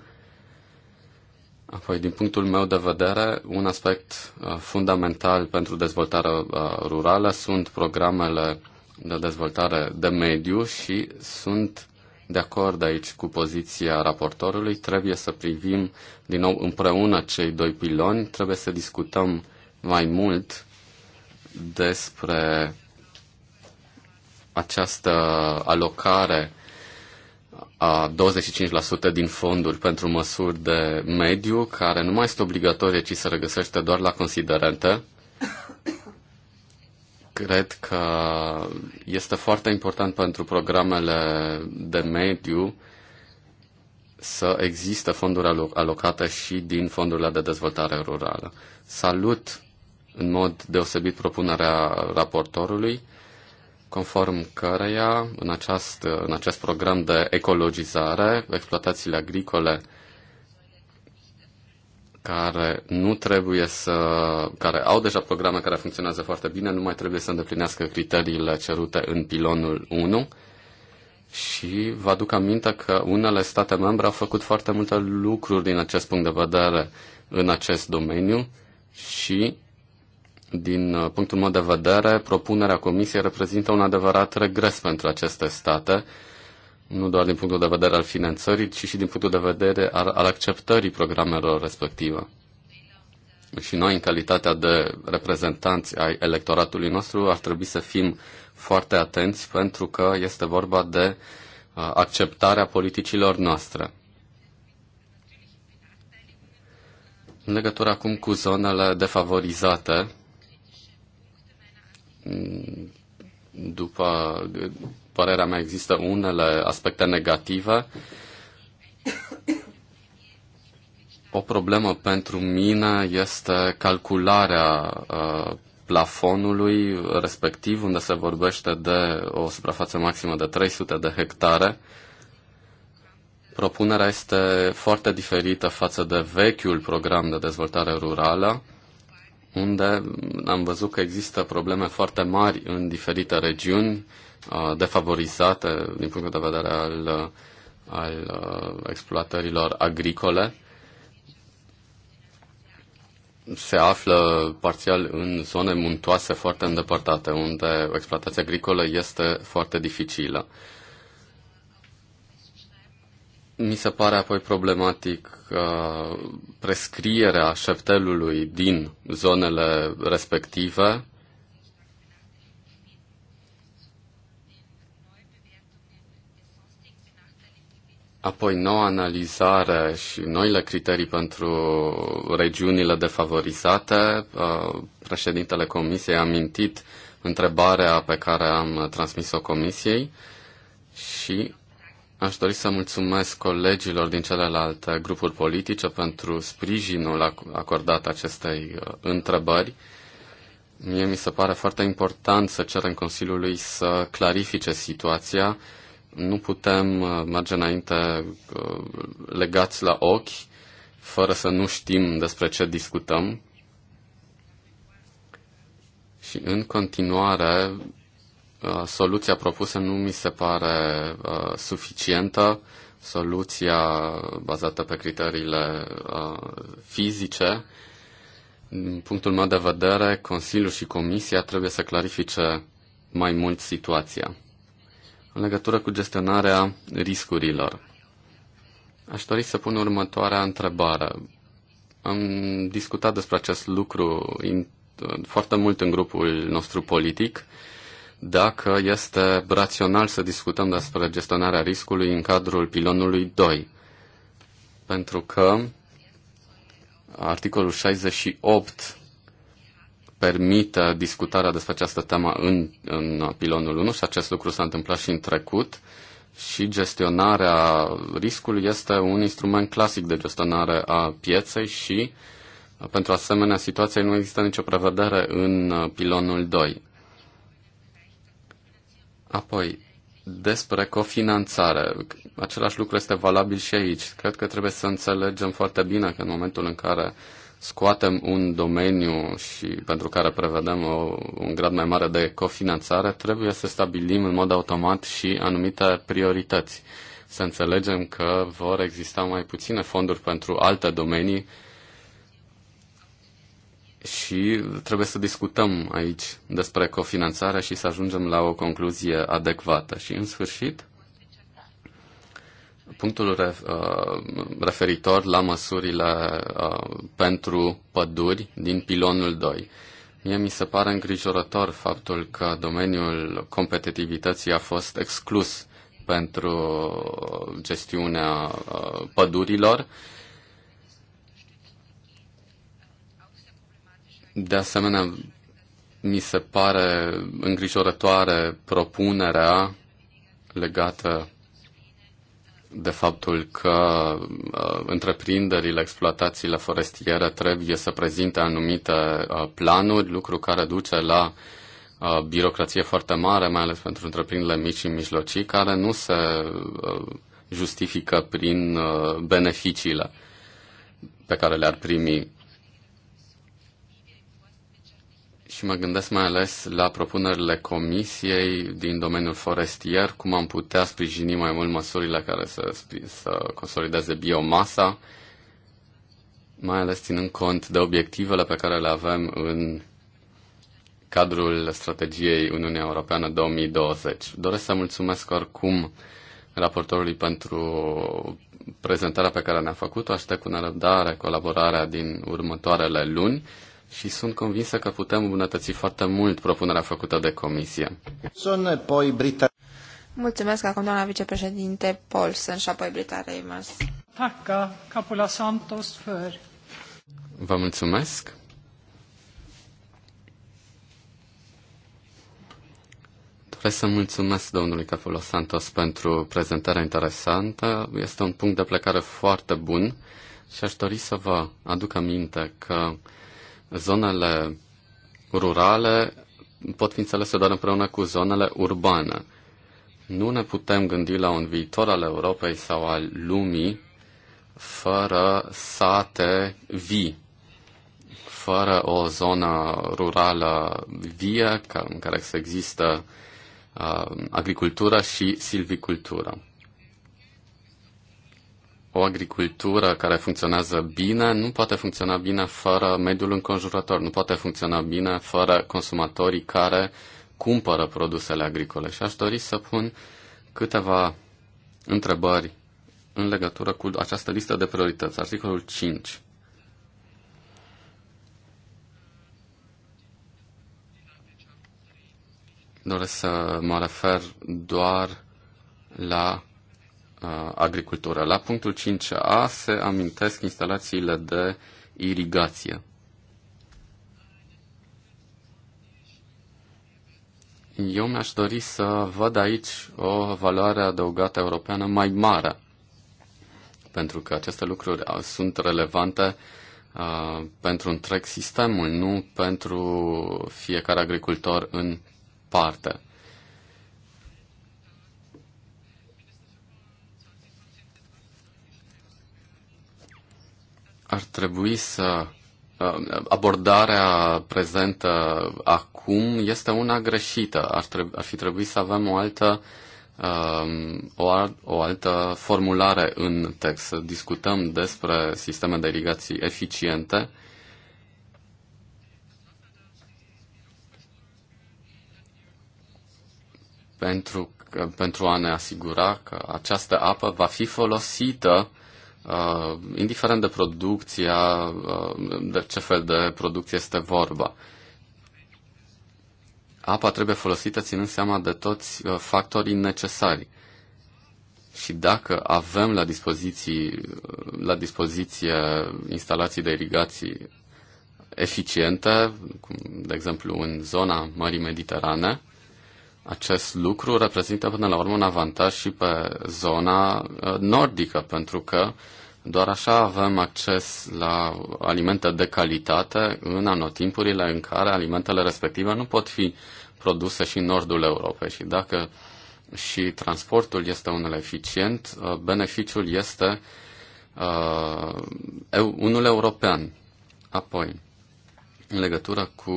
Apoi, din punctul meu de vedere, un aspect uh, fundamental pentru dezvoltarea uh, rurală sunt programele de dezvoltare de mediu și sunt de acord aici cu poziția raportorului. Trebuie să privim din nou împreună cei doi piloni, trebuie să discutăm mai mult despre această alocare a 25% din fonduri pentru măsuri de mediu, care nu mai este obligatorie, ci se regăsește doar la considerente. Cred că este foarte important pentru programele de mediu să există fonduri alocate și din fondurile de dezvoltare rurală. Salut în mod deosebit propunerea raportorului conform căreia în acest, în acest program de ecologizare, exploatațiile agricole care nu trebuie să, care au deja programe care funcționează foarte bine, nu mai trebuie să îndeplinească criteriile cerute în pilonul 1 și vă aduc aminte că unele state membre au făcut foarte multe lucruri din acest punct de vedere în acest domeniu și din uh, punctul meu de vedere, propunerea Comisiei reprezintă un adevărat regres pentru aceste state, nu doar din punctul de vedere al finanțării, ci și din punctul de vedere al, al acceptării programelor respective. Și noi, în calitatea de reprezentanți ai electoratului nostru, ar trebui să fim foarte atenți pentru că este vorba de uh, acceptarea politicilor noastre. În legătură acum cu zonele defavorizate, după părerea mea, există unele aspecte negative. O problemă pentru mine este calcularea uh, plafonului respectiv, unde se vorbește de o suprafață maximă de 300 de hectare. Propunerea este foarte diferită față de vechiul program de dezvoltare rurală, unde am văzut că există probleme foarte mari în diferite regiuni uh, defavorizate din punct de vedere al, uh, al uh, exploatărilor agricole. Se află parțial în zone muntoase foarte îndepărtate, unde exploatația agricolă este foarte dificilă. Mi se pare apoi problematic uh, prescrierea șeptelului din zonele respective. Apoi noua analizare și noile criterii pentru regiunile defavorizate. Uh, președintele Comisiei a mintit întrebarea pe care am transmis-o Comisiei și Aș dori să mulțumesc colegilor din celelalte grupuri politice pentru sprijinul acordat acestei uh, întrebări. Mie mi se pare foarte important să cerem Consiliului să clarifice situația. Nu putem uh, merge înainte uh, legați la ochi, fără să nu știm despre ce discutăm. Și în continuare Uh, soluția propusă nu mi se pare uh, suficientă. Soluția bazată pe criteriile uh, fizice, din punctul meu de vedere, Consiliul și Comisia trebuie să clarifice mai mult situația. În legătură cu gestionarea riscurilor, aș dori să pun următoarea întrebare. Am discutat despre acest lucru foarte mult în grupul nostru politic dacă este rațional să discutăm despre gestionarea riscului în cadrul pilonului 2. Pentru că articolul 68 permită discutarea despre această temă în, în pilonul 1 și acest lucru s-a întâmplat și în trecut și gestionarea riscului este un instrument clasic de gestionare a pieței și pentru asemenea situație nu există nicio prevedere în pilonul 2. Apoi, despre cofinanțare. Același lucru este valabil și aici. Cred că trebuie să înțelegem foarte bine că în momentul în care scoatem un domeniu și pentru care prevedem o, un grad mai mare de cofinanțare, trebuie să stabilim în mod automat și anumite priorități. Să înțelegem că vor exista mai puține fonduri pentru alte domenii și trebuie să discutăm aici despre cofinanțare și să ajungem la o concluzie adecvată. Și în sfârșit, punctul uh, referitor la măsurile uh, pentru păduri din pilonul 2. Mie mi se pare îngrijorător faptul că domeniul competitivității a fost exclus pentru gestiunea uh, pădurilor De asemenea, mi se pare îngrijorătoare propunerea legată de faptul că uh, întreprinderile, exploatațiile forestiere trebuie să prezinte anumite uh, planuri, lucru care duce la uh, birocrație foarte mare, mai ales pentru întreprinderile mici și mijlocii, care nu se uh, justifică prin uh, beneficiile pe care le-ar primi Și mă gândesc mai ales la propunerile comisiei din domeniul forestier, cum am putea sprijini mai mult măsurile care să, să consolideze biomasa, mai ales ținând cont de obiectivele pe care le avem în cadrul strategiei Uniunea Europeană 2020. Doresc să mulțumesc oricum raportorului pentru prezentarea pe care ne-a făcut-o. Aștept cu nerăbdare colaborarea din următoarele luni și sunt convinsă că putem îmbunătăți foarte mult propunerea făcută de comisie. Sunt poi Brita. Mulțumesc acum doamna vicepreședinte Paulsen și apoi Brita Reimers. Capula Santos Vă mulțumesc. Vreau să mulțumesc domnului Capula Santos pentru prezentarea interesantă. Este un punct de plecare foarte bun și aș dori să vă aduc aminte că zonele rurale pot fi înțelese doar împreună cu zonele urbane. Nu ne putem gândi la un viitor al Europei sau al lumii fără sate vii, fără o zonă rurală vie în care să există uh, agricultură și silvicultură o agricultură care funcționează bine nu poate funcționa bine fără mediul înconjurător, nu poate funcționa bine fără consumatorii care cumpără produsele agricole. Și aș dori să pun câteva întrebări în legătură cu această listă de priorități, articolul 5. Doresc să mă refer doar la Uh, agricultură. La punctul 5a se amintesc instalațiile de irigație. Eu mi-aș dori să văd aici o valoare adăugată europeană mai mare, pentru că aceste lucruri sunt relevante uh, pentru întreg sistemul, nu pentru fiecare agricultor în parte. Ar trebui să uh, abordarea prezentă acum este una greșită. Ar, trebui, ar fi trebuit să avem o altă, um, o, o altă formulare în text. Să discutăm despre sisteme de irigații eficiente. Pentru, pentru a ne asigura că această apă va fi folosită uh, indiferent de producția, uh, de ce fel de producție este vorba. Apa trebuie folosită ținând seama de toți uh, factorii necesari. Și dacă avem la dispoziție, uh, la dispoziție instalații de irigații eficiente, cum de exemplu în zona Mării Mediterane, acest lucru reprezintă până la urmă un avantaj și pe zona uh, nordică, pentru că doar așa avem acces la alimente de calitate în anotimpurile în care alimentele respective nu pot fi produse și în nordul Europei. Și dacă și transportul este unul eficient, uh, beneficiul este uh, unul european. Apoi, în legătură cu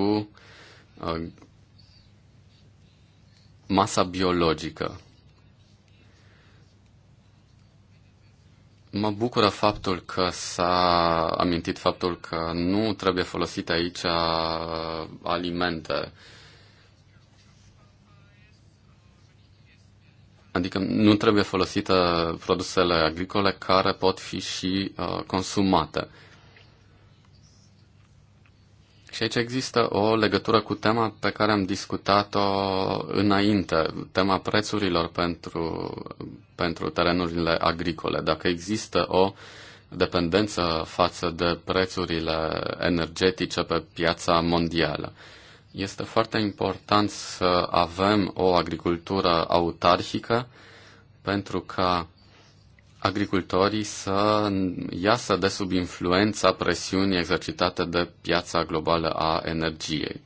uh, masa biologică. Mă bucură faptul că s-a amintit faptul că nu trebuie folosit aici alimente. Adică nu trebuie folosite produsele agricole care pot fi și uh, consumate. Uh, și aici există o legătură cu tema pe care am discutat-o înainte, tema prețurilor pentru, pentru terenurile agricole. Dacă există o dependență față de prețurile energetice pe piața mondială. Este foarte important să avem o agricultură autarhică pentru ca agricultorii să iasă de sub influența presiunii exercitate de piața globală a energiei.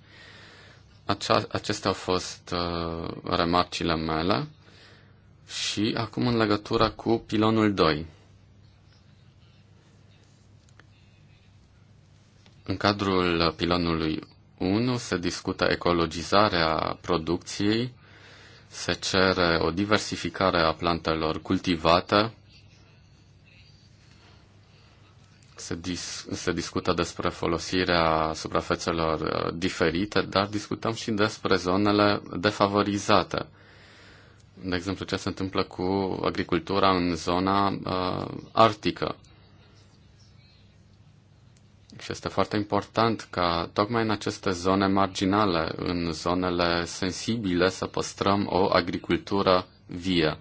acestea au fost uh, remarcile mele și acum în legătură cu pilonul 2. În cadrul pilonului 1 se discută ecologizarea producției, se cere o diversificare a plantelor cultivate, se, dis- se discută despre folosirea suprafețelor uh, diferite, dar discutăm și despre zonele defavorizate. De exemplu, ce se întâmplă cu agricultura în zona uh, arctică. Și este foarte important ca tocmai în aceste zone marginale, în zonele sensibile, să păstrăm o agricultură vie.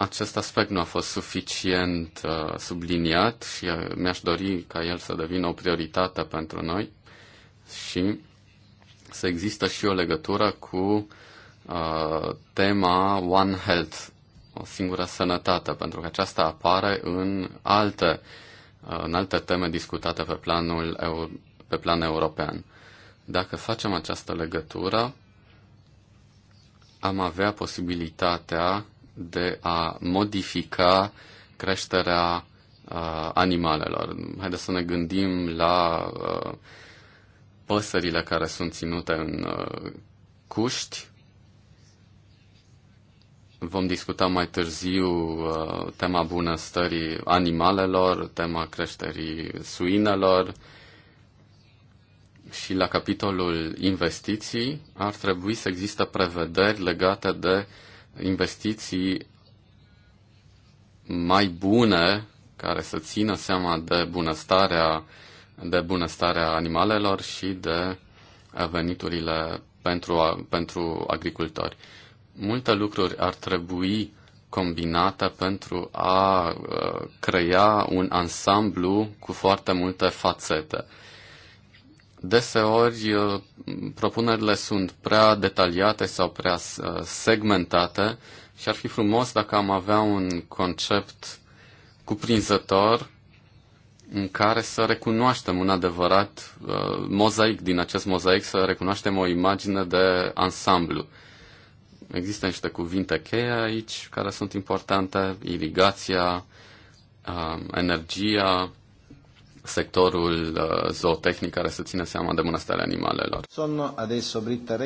Acest aspect nu a fost suficient uh, subliniat și uh, mi-aș dori ca el să devină o prioritate pentru noi și să există și o legătură cu uh, tema One Health, o singură sănătate, pentru că aceasta apare în alte, uh, în alte teme discutate pe, planul, pe plan european. Dacă facem această legătură, am avea posibilitatea de a modifica creșterea uh, animalelor. Haideți să ne gândim la uh, păsările care sunt ținute în uh, cuști. Vom discuta mai târziu uh, tema bunăstării animalelor, tema creșterii suinelor și la capitolul investiții ar trebui să există prevederi legate de uh, investiții mai bune care să țină seama de bunăstarea, de bunăstarea animalelor și de veniturile pentru, pentru agricultori. Multe lucruri ar trebui combinate pentru a uh, crea un ansamblu cu foarte multe fațete. Deseori, uh, propunerile sunt prea detaliate sau prea uh, segmentate și ar fi frumos dacă am avea un concept cuprinzător în care să recunoaștem un adevărat uh, mozaic, din acest mozaic să recunoaștem o imagine de ansamblu. Există niște cuvinte cheie aici care sunt importante, irigația, uh, energia, sectorul uh, zootehnic care să țină seama de bunăstarea animalelor. Sono adesso Britta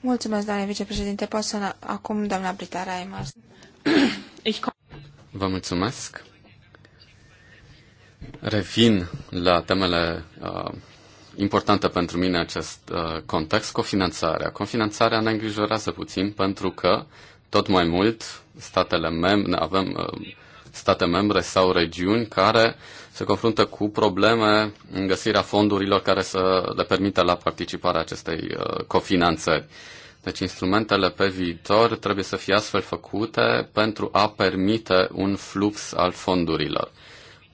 Mulțumesc, doamne vicepreședinte. Poți să acum, doamna Brita Reimers. Vă mulțumesc. Revin la temele uh, importante pentru mine acest uh, context, cofinanțarea. Cofinanțarea ne îngrijorează puțin pentru că tot mai mult statele membre avem uh, state membre sau regiuni care se confruntă cu probleme în găsirea fondurilor care să le permită la participarea acestei uh, cofinanțări. Deci instrumentele pe viitor trebuie să fie astfel făcute pentru a permite un flux al fondurilor.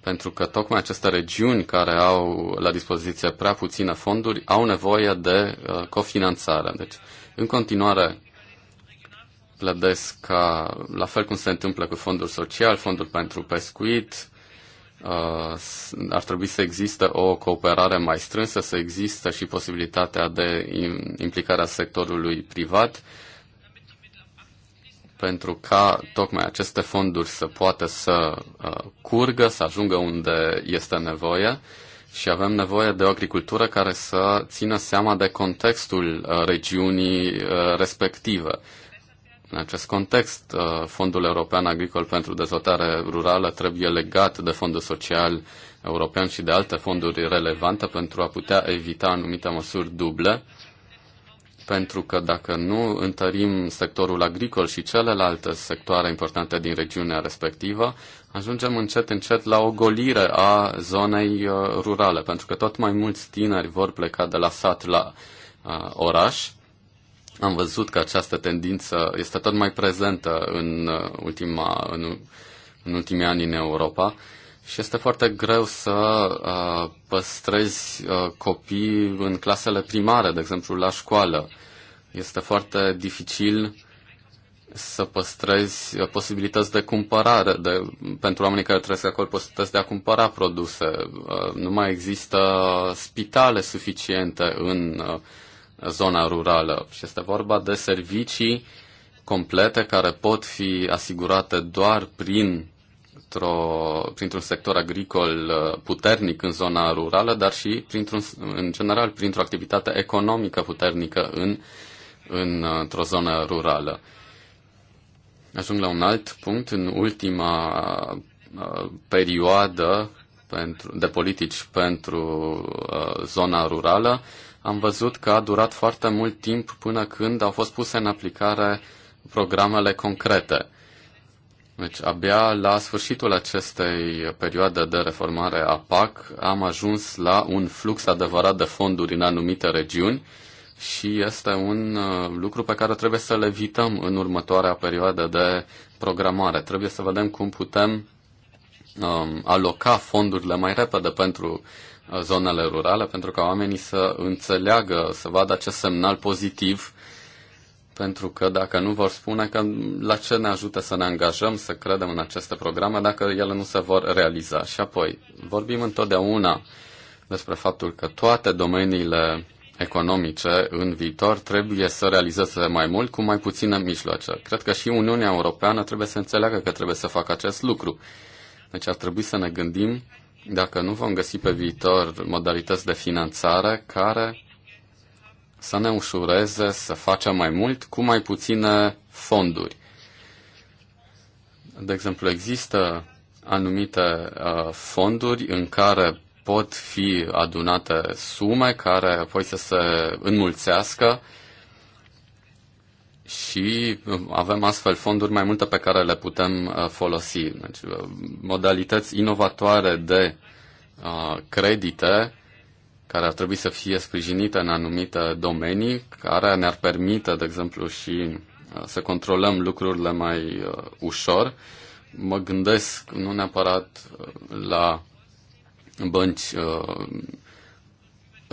Pentru că tocmai aceste regiuni care au la dispoziție prea puține fonduri au nevoie de uh, cofinanțare. Deci, în continuare, plădesc ca, la fel cum se întâmplă cu fondul social, fondul pentru pescuit, uh, ar trebui să existe o cooperare mai strânsă, să există și posibilitatea de implicarea sectorului privat, pentru ca tocmai aceste fonduri să poată să uh, curgă, să ajungă unde este nevoie și avem nevoie de o agricultură care să țină seama de contextul uh, regiunii respective în acest context, uh, Fondul European Agricol pentru Dezvoltare Rurală trebuie legat de Fondul Social European și de alte fonduri relevante pentru a putea evita anumite măsuri duble, pentru că dacă nu întărim sectorul agricol și celelalte sectoare importante din regiunea respectivă, ajungem încet încet la o golire a zonei uh, rurale, pentru că tot mai mulți tineri vor pleca de la sat la uh, oraș am văzut că această tendință este tot mai prezentă în, uh, ultima, în, în ultimii ani în Europa și este foarte greu să uh, păstrezi uh, copii în clasele primare, de exemplu la școală. Este foarte dificil să păstrezi uh, posibilități de cumpărare de, pentru oamenii care trăiesc acolo, posibilități de a cumpăra produse. Uh, nu mai există spitale suficiente în uh, zona rurală și este vorba de servicii complete care pot fi asigurate doar prin printr-un sector agricol uh, puternic în zona rurală, dar și, printr-un, în general, printr-o activitate economică puternică în, în, uh, într-o zonă rurală. Ajung la un alt punct. În ultima uh, perioadă pentru, de politici pentru uh, zona rurală, am văzut că a durat foarte mult timp până când au fost puse în aplicare programele concrete. Deci, abia la sfârșitul acestei perioade de reformare a PAC am ajuns la un flux adevărat de fonduri în anumite regiuni și este un uh, lucru pe care trebuie să-l evităm în următoarea perioadă de programare. Trebuie să vedem cum putem um, aloca fondurile mai repede pentru zonele rurale, pentru ca oamenii să înțeleagă, să vadă acest semnal pozitiv, pentru că dacă nu vor spune că la ce ne ajută să ne angajăm, să credem în aceste programe, dacă ele nu se vor realiza. Și apoi, vorbim întotdeauna despre faptul că toate domeniile economice în viitor trebuie să realizeze mai mult cu mai puține mijloace. Cred că și Uniunea Europeană trebuie să înțeleagă că trebuie să facă acest lucru. Deci ar trebui să ne gândim dacă nu vom găsi pe viitor modalități de finanțare care să ne ușureze să facem mai mult cu mai puține fonduri. De exemplu, există anumite uh, fonduri în care pot fi adunate sume care apoi să se înmulțească și um, avem astfel fonduri mai multe pe care le putem uh, folosi. Deci, uh, modalități inovatoare de uh, credite care ar trebui să fie sprijinite în anumite domenii, care ne-ar permite, de exemplu, și să controlăm lucrurile mai ușor. Mă gândesc nu neapărat la bănci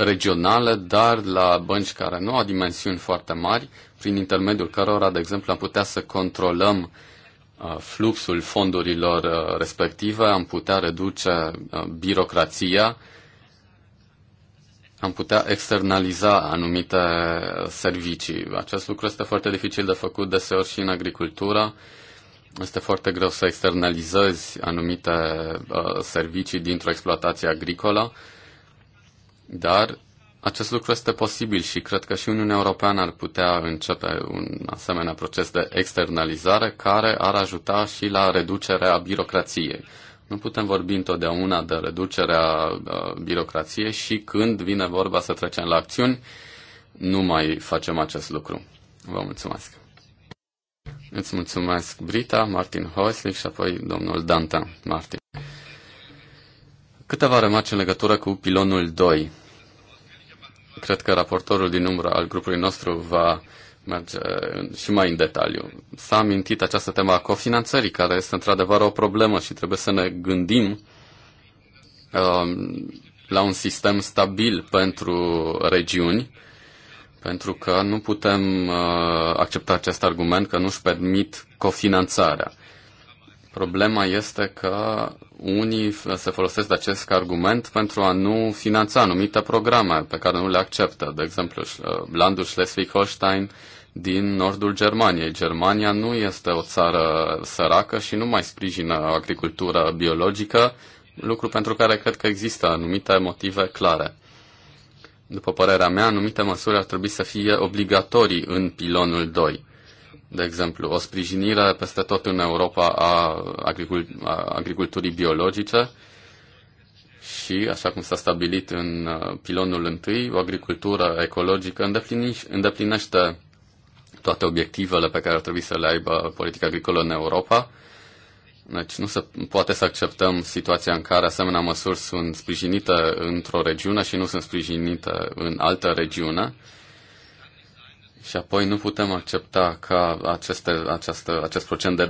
regională, dar la bănci care nu au dimensiuni foarte mari, prin intermediul cărora, de exemplu, am putea să controlăm uh, fluxul fondurilor uh, respective, am putea reduce uh, birocrația, am putea externaliza anumite servicii. Acest lucru este foarte dificil de făcut deseori și în agricultură. Este foarte greu să externalizezi anumite servicii dintr-o exploatație agricolă. Dar acest lucru este posibil și cred că și Uniunea Europeană ar putea începe un asemenea proces de externalizare care ar ajuta și la reducerea birocrației. Nu putem vorbi întotdeauna de reducerea uh, birocrației și când vine vorba să trecem la acțiuni, nu mai facem acest lucru. Vă mulțumesc. Îți mulțumesc Brita, Martin Hoislich și apoi domnul Danta, Martin. Câteva remarci în legătură cu pilonul 2 cred că raportorul din umbră al grupului nostru va merge și mai în detaliu. S-a amintit această temă a cofinanțării, care este într-adevăr o problemă și trebuie să ne gândim um, la un sistem stabil pentru regiuni, pentru că nu putem uh, accepta acest argument că nu-și permit cofinanțarea. Problema este că unii se folosesc de acest argument pentru a nu finanța anumite programe pe care nu le acceptă. De exemplu, landul Schleswig-Holstein din nordul Germaniei. Germania nu este o țară săracă și nu mai sprijină agricultura biologică, lucru pentru care cred că există anumite motive clare. După părerea mea, anumite măsuri ar trebui să fie obligatorii în pilonul 2 de exemplu, o sprijinire peste tot în Europa a, agriculturii biologice și, așa cum s-a stabilit în uh, pilonul întâi, o agricultură ecologică îndeplinește toate obiectivele pe care ar trebui să le aibă politica agricolă în Europa. Deci nu se poate să acceptăm situația în care asemenea măsuri sunt sprijinite într-o regiune și nu sunt sprijinite în altă regiune. Și apoi nu putem accepta ca aceste, această, acest procent de 25%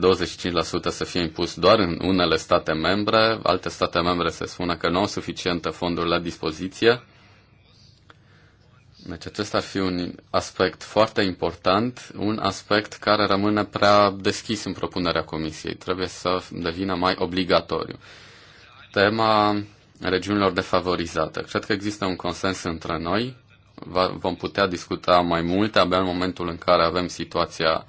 să fie impus doar în unele state membre. Alte state membre se spune că nu au suficientă fonduri la dispoziție. Deci acesta ar fi un aspect foarte important, un aspect care rămâne prea deschis în propunerea Comisiei. Trebuie să devină mai obligatoriu. Tema regiunilor defavorizate. Cred că există un consens între noi vom putea discuta mai multe abia în momentul în care avem situația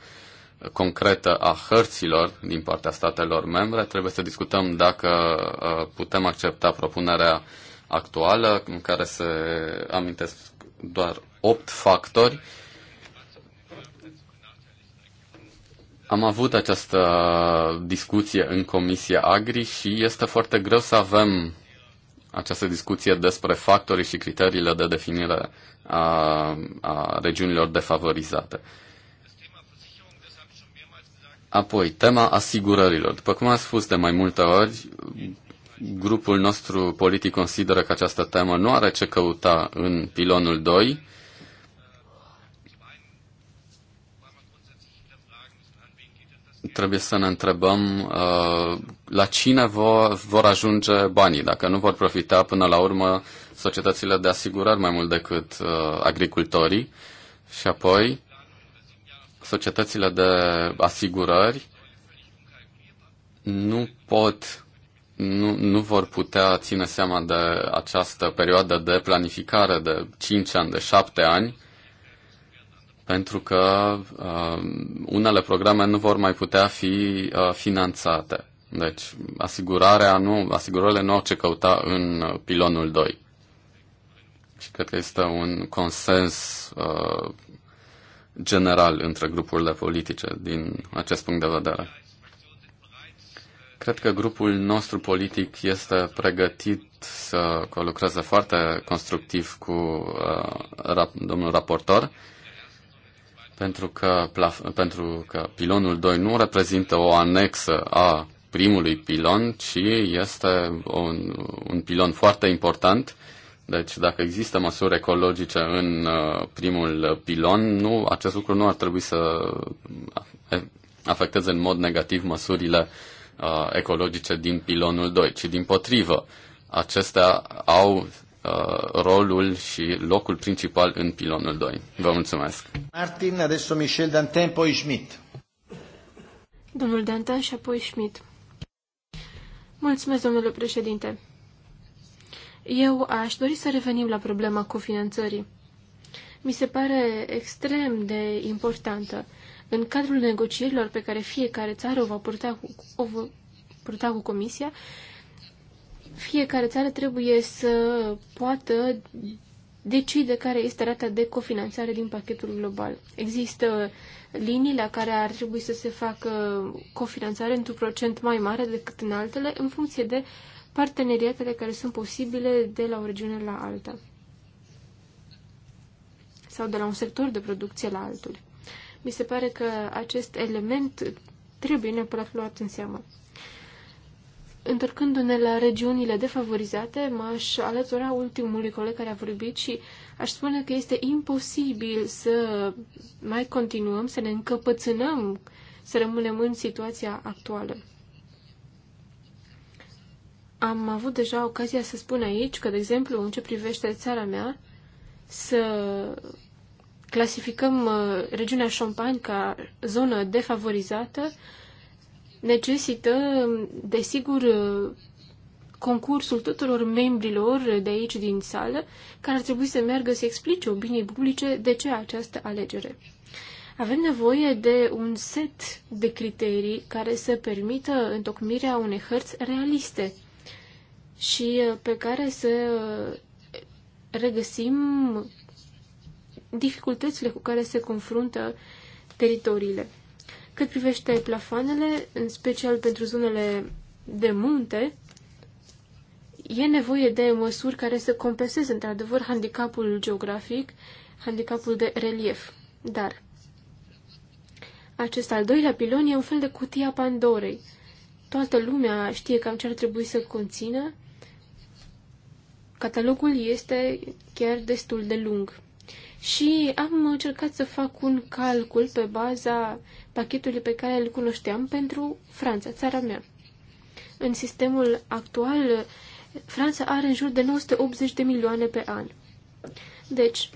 concretă a hărților din partea statelor membre. Trebuie să discutăm dacă uh, putem accepta propunerea actuală, în care se amintesc doar opt factori. Am avut această discuție în Comisia Agri și este foarte greu să avem această discuție despre factorii și criteriile de definire a, a regiunilor defavorizate. Apoi, tema asigurărilor. După cum am spus de mai multe ori, grupul nostru politic consideră că această temă nu are ce căuta în pilonul 2, trebuie să ne întrebăm uh, la cine vor, vor ajunge banii, dacă nu vor profita până la urmă societățile de asigurări mai mult decât uh, agricultorii și apoi societățile de asigurări nu pot, nu, nu vor putea ține seama de această perioadă de planificare de 5 ani, de 7 ani, pentru că uh, unele programe nu vor mai putea fi uh, finanțate. Deci, asigurarea nu, asigurările nu au ce căuta în pilonul 2 și cred că este un consens uh, general între grupurile politice din acest punct de vedere. Cred că grupul nostru politic este pregătit să colucreze foarte constructiv cu uh, rap, domnul raportor, pentru că, plaf, pentru că pilonul 2 nu reprezintă o anexă a primului pilon, ci este un, un pilon foarte important deci dacă există măsuri ecologice în uh, primul pilon, nu, acest lucru nu ar trebui să afecteze în mod negativ măsurile uh, ecologice din pilonul 2, ci din potrivă. Acestea au uh, rolul și locul principal în pilonul 2. Vă mulțumesc. Martin, adesso Michel Dantin, poi Schmidt. Domnul Dantin și apoi Schmidt. Mulțumesc, domnule președinte. Eu aș dori să revenim la problema cofinanțării. Mi se pare extrem de importantă. În cadrul negocierilor pe care fiecare țară o va purta cu, o va purta cu Comisia, fiecare țară trebuie să poată decide care este rata de cofinanțare din pachetul global. Există linii la care ar trebui să se facă cofinanțare într-un procent mai mare decât în altele, în funcție de parteneriatele care sunt posibile de la o regiune la alta sau de la un sector de producție la altul. Mi se pare că acest element trebuie neapărat luat în seamă. Întorcându-ne la regiunile defavorizate, m-aș alătura ultimului coleg care a vorbit și aș spune că este imposibil să mai continuăm, să ne încăpățânăm, să rămânem în situația actuală am avut deja ocazia să spun aici că, de exemplu, în ce privește țara mea, să clasificăm uh, regiunea Champagne ca zonă defavorizată necesită, desigur, uh, concursul tuturor membrilor de aici din sală, care ar trebui să meargă să explice opiniei publice de ce această alegere. Avem nevoie de un set de criterii care să permită întocmirea unei hărți realiste și uh, pe care să uh, regăsim dificultățile cu care se confruntă teritoriile. Cât privește plafoanele, în special pentru zonele de munte, e nevoie de măsuri care să compenseze într-adevăr handicapul geografic, handicapul de relief. Dar acest al doilea pilon e un fel de cutia Pandorei. Toată lumea știe cam ce ar trebui să conțină, Catalogul este chiar destul de lung. Și am încercat să fac un calcul pe baza pachetului pe care îl cunoșteam pentru Franța, țara mea. În sistemul actual, Franța are în jur de 980 de milioane pe an. Deci,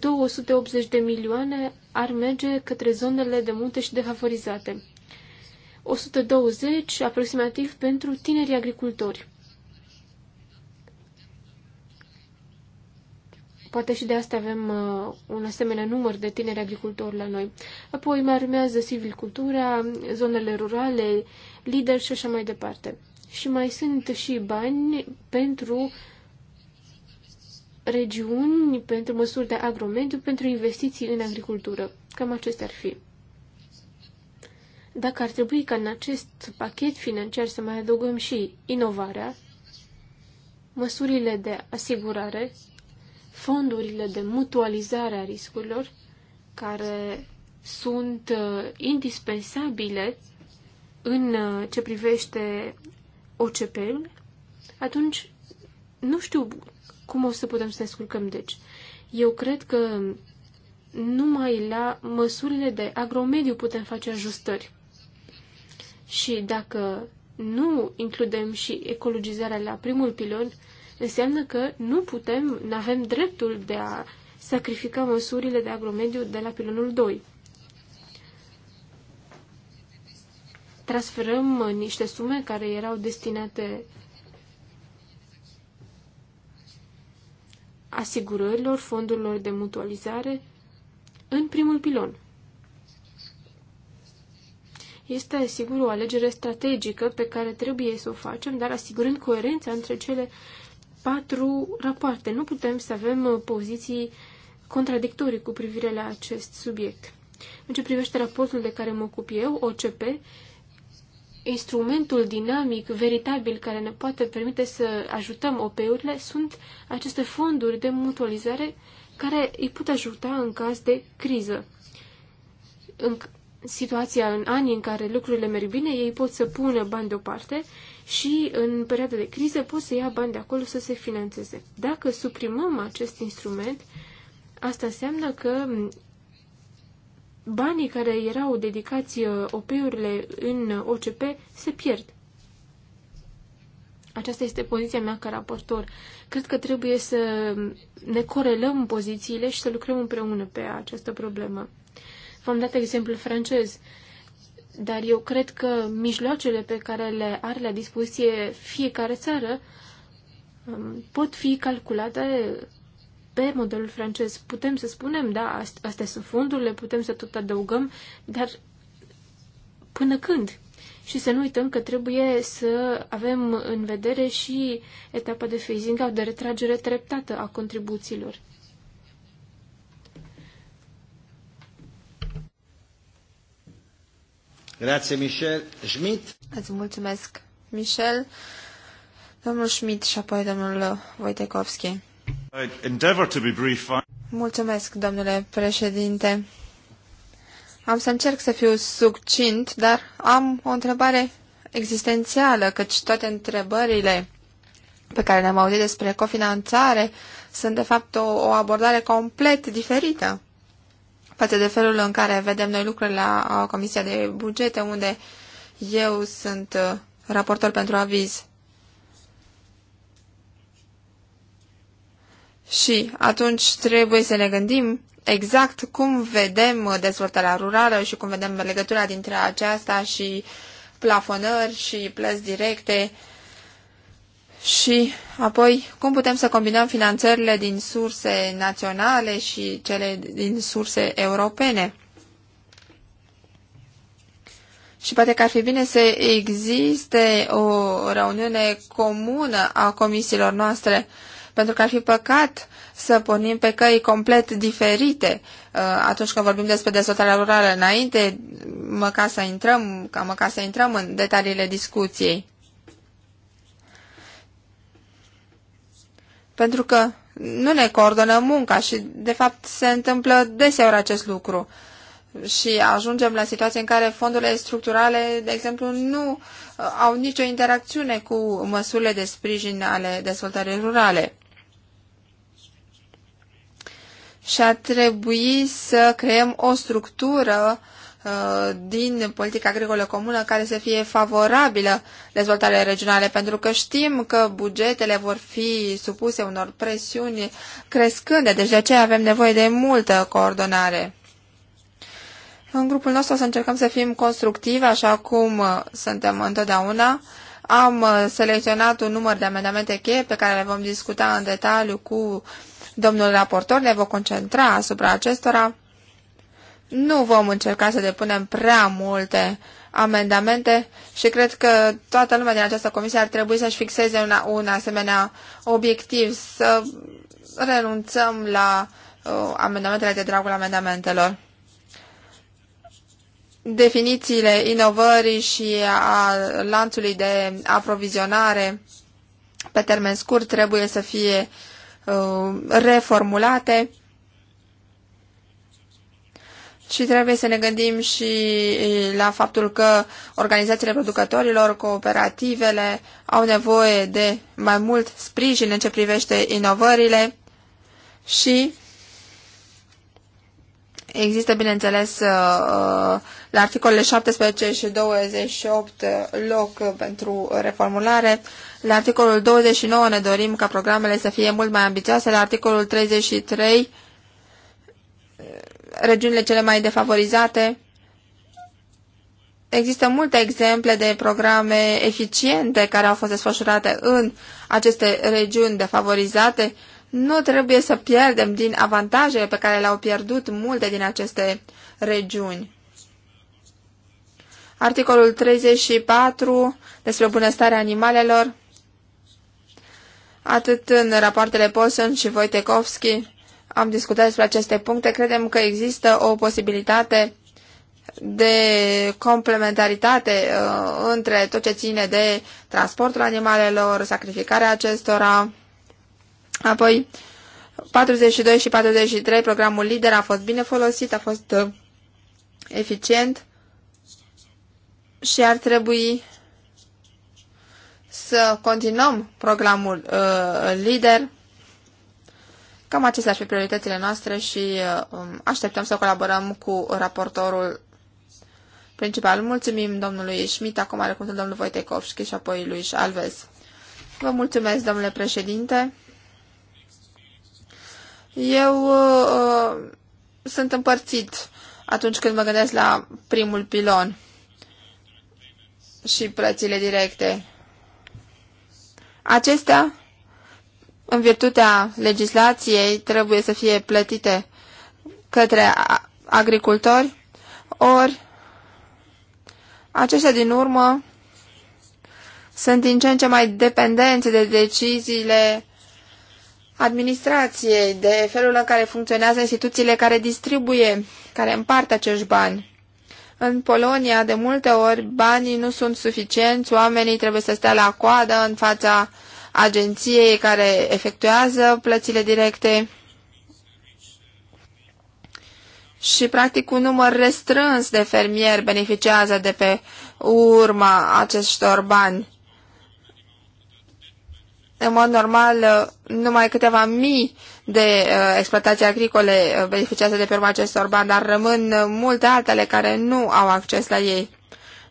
280 de milioane ar merge către zonele de munte și defavorizate. 120 aproximativ pentru tineri agricultori. Poate și de asta avem uh, un asemenea număr de tineri agricultori la noi. Apoi mai urmează civilcultura, zonele rurale, lideri și așa mai departe. Și mai sunt și bani pentru regiuni, pentru măsuri de agromediu, pentru investiții în agricultură. Cam acestea ar fi. Dacă ar trebui ca în acest pachet financiar să mai adăugăm și inovarea, măsurile de asigurare, fondurile de mutualizare a riscurilor, care sunt uh, indispensabile în uh, ce privește OCP-ul, atunci nu știu cum o să putem să ne scurcăm. Deci, eu cred că numai la măsurile de agromediu putem face ajustări. Și dacă nu includem și ecologizarea la primul pilon, înseamnă că nu putem, nu avem dreptul de a sacrifica măsurile de agromediu de la pilonul 2. Transferăm niște sume care erau destinate asigurărilor, fondurilor de mutualizare în primul pilon. Este, sigur, o alegere strategică pe care trebuie să o facem, dar asigurând coerența între cele patru rapoarte. Nu putem să avem uh, poziții contradictorii cu privire la acest subiect. În ce privește raportul de care mă ocup eu, OCP, instrumentul dinamic, veritabil, care ne poate permite să ajutăm OP-urile sunt aceste fonduri de mutualizare care îi pot ajuta în caz de criză. În situația în anii în care lucrurile merg bine, ei pot să pună bani deoparte și în perioada de criză pot să ia bani de acolo să se financeze. Dacă suprimăm acest instrument, asta înseamnă că banii care erau dedicați uh, OP-urile în OCP se pierd. Aceasta este poziția mea ca raportor. Cred că trebuie să ne corelăm pozițiile și să lucrăm împreună pe această problemă. V-am dat exemplu francez. Uh, dar eu cred că mijloacele pe care le are la dispoziție fiecare țară um, pot fi calculate pe modelul francez. Putem să spunem, da, astea sunt fondurile, putem să tot adăugăm, dar până când? Și să nu uităm că trebuie să avem în vedere și etapa de phasing out, de retragere treptată a contribuțiilor. Grazie, Michel. Schmidt. Îți mulțumesc, Michel. Domnul Schmidt și apoi domnul Wojtekowski. Mulțumesc, domnule președinte. Am să încerc să fiu succint, dar am o întrebare existențială, căci toate întrebările pe care le-am auzit despre cofinanțare sunt de fapt o, o abordare complet diferită față de felul în care vedem noi lucrurile la Comisia de Bugete, unde eu sunt uh, raportor pentru aviz. Și atunci trebuie să ne gândim exact cum vedem dezvoltarea rurală și cum vedem legătura dintre aceasta și plafonări și plăți directe și apoi, cum putem să combinăm finanțările din surse naționale și cele din surse europene? Și poate că ar fi bine să existe o reuniune comună a comisiilor noastre, pentru că ar fi păcat să pornim pe căi complet diferite uh, atunci când vorbim despre dezvoltarea rurală înainte, măcar să intrăm, ca măcar să intrăm în detaliile discuției. pentru că nu ne coordonăm munca și, de fapt, se întâmplă deseori acest lucru. Și ajungem la situații în care fondurile structurale, de exemplu, nu uh, au nicio interacțiune cu măsurile de sprijin ale dezvoltării rurale. Și a trebui să creăm o structură uh, Uh, din politica agricolă comună care să fie favorabilă dezvoltarea regionale, pentru că știm că bugetele vor fi supuse unor presiuni crescânde, deci de aceea avem nevoie de multă coordonare. În grupul nostru o să încercăm să fim constructivi, așa cum suntem întotdeauna. Am selecționat un număr de amendamente cheie pe care le vom discuta în detaliu cu domnul raportor, ne vom concentra asupra acestora. Nu vom încerca să depunem prea multe amendamente și cred că toată lumea din această comisie ar trebui să-și fixeze una, un asemenea obiectiv, să renunțăm la uh, amendamentele de dragul amendamentelor. Definițiile inovării și a lanțului de aprovizionare pe termen scurt trebuie să fie uh, reformulate și trebuie să ne gândim și la faptul că organizațiile producătorilor, cooperativele au nevoie de mai mult sprijin în ce privește inovările și există, bineînțeles, la articolele 17 și 28 loc pentru reformulare. La articolul 29 ne dorim ca programele să fie mult mai ambițioase. La articolul 33 regiunile cele mai defavorizate. Există multe exemple de programe eficiente care au fost desfășurate în aceste regiuni defavorizate. Nu trebuie să pierdem din avantajele pe care le-au pierdut multe din aceste regiuni. Articolul 34 despre bunăstarea animalelor, atât în rapoartele Poson și Wojtekowski, am discutat despre aceste puncte, credem că există o posibilitate de complementaritate uh, între tot ce ține de transportul animalelor, sacrificarea acestora. Apoi, 42 și 43, programul LIDER a fost bine folosit, a fost uh, eficient și ar trebui să continuăm programul uh, LIDER Cam acestea ar fi prioritățile noastre și uh, um, așteptăm să colaborăm cu raportorul principal. Mulțumim domnului Schmidt, acum are cuvântul domnul Voitecovski și apoi lui Alves. Vă mulțumesc, domnule președinte. Eu uh, uh, sunt împărțit atunci când mă gândesc la primul pilon și plățile directe. Acestea în virtutea legislației, trebuie să fie plătite către agricultori, ori aceștia din urmă sunt din ce în ce mai dependenți de deciziile administrației, de felul în care funcționează instituțiile care distribuie, care împart acești bani. În Polonia, de multe ori, banii nu sunt suficienți, oamenii trebuie să stea la coadă în fața agenției care efectuează plățile directe și practic un număr restrâns de fermieri beneficiază de pe urma acestor bani. În mod normal, numai câteva mii de uh, exploatații agricole uh, beneficiază de pe urma acestor bani, dar rămân multe altele care nu au acces la ei.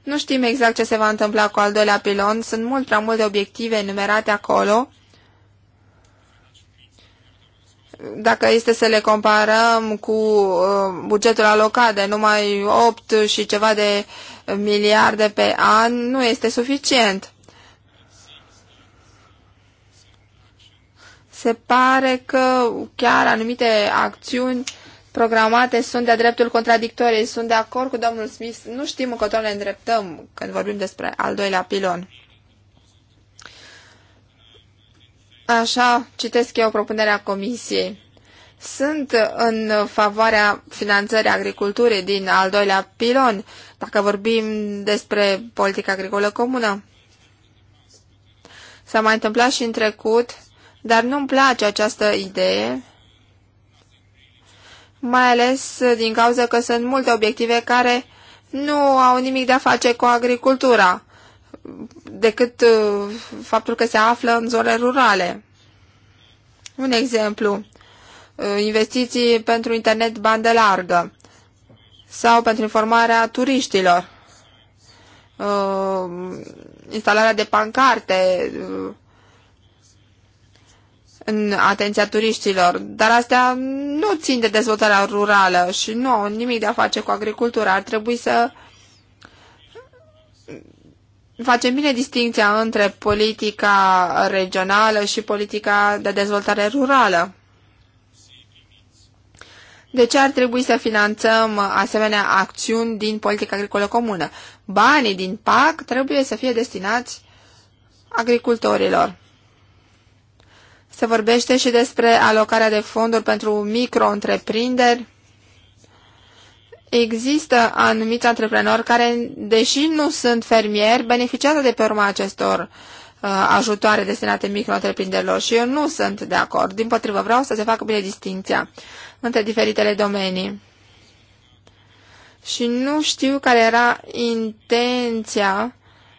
Nu știm exact ce se va întâmpla cu al doilea pilon, sunt mult prea multe obiective enumerate acolo. Dacă este să le comparăm cu uh, bugetul alocat de numai 8 și ceva de miliarde pe an, nu este suficient. Se pare că chiar anumite acțiuni programate sunt de-a dreptul contradictorii. Sunt de acord cu domnul Smith. Nu știm încotro ne îndreptăm când vorbim despre al doilea pilon. Așa citesc eu propunerea comisiei. Sunt în favoarea finanțării agriculturii din al doilea pilon, dacă vorbim despre politica agricolă comună. S-a mai întâmplat și în trecut, dar nu-mi place această idee mai ales din cauza că sunt multe obiective care nu au nimic de a face cu agricultura, decât uh, faptul că se află în zone rurale. Un exemplu, uh, investiții pentru internet bandă largă sau pentru informarea turiștilor, uh, instalarea de pancarte, în atenția turiștilor, dar astea nu țin de dezvoltarea rurală și nu au nimic de a face cu agricultura. Ar trebui să facem bine distinția între politica regională și politica de dezvoltare rurală. De ce ar trebui să finanțăm asemenea acțiuni din politica agricolă comună? Banii din PAC trebuie să fie destinați agricultorilor. Se vorbește și despre alocarea de fonduri pentru micro-întreprinderi. Există anumiți antreprenori care, deși nu sunt fermieri, beneficiază de pe urma acestor uh, ajutoare destinate micro-întreprinderilor și eu nu sunt de acord. Din potrivă, vreau să se facă bine distinția între diferitele domenii. Și nu știu care era intenția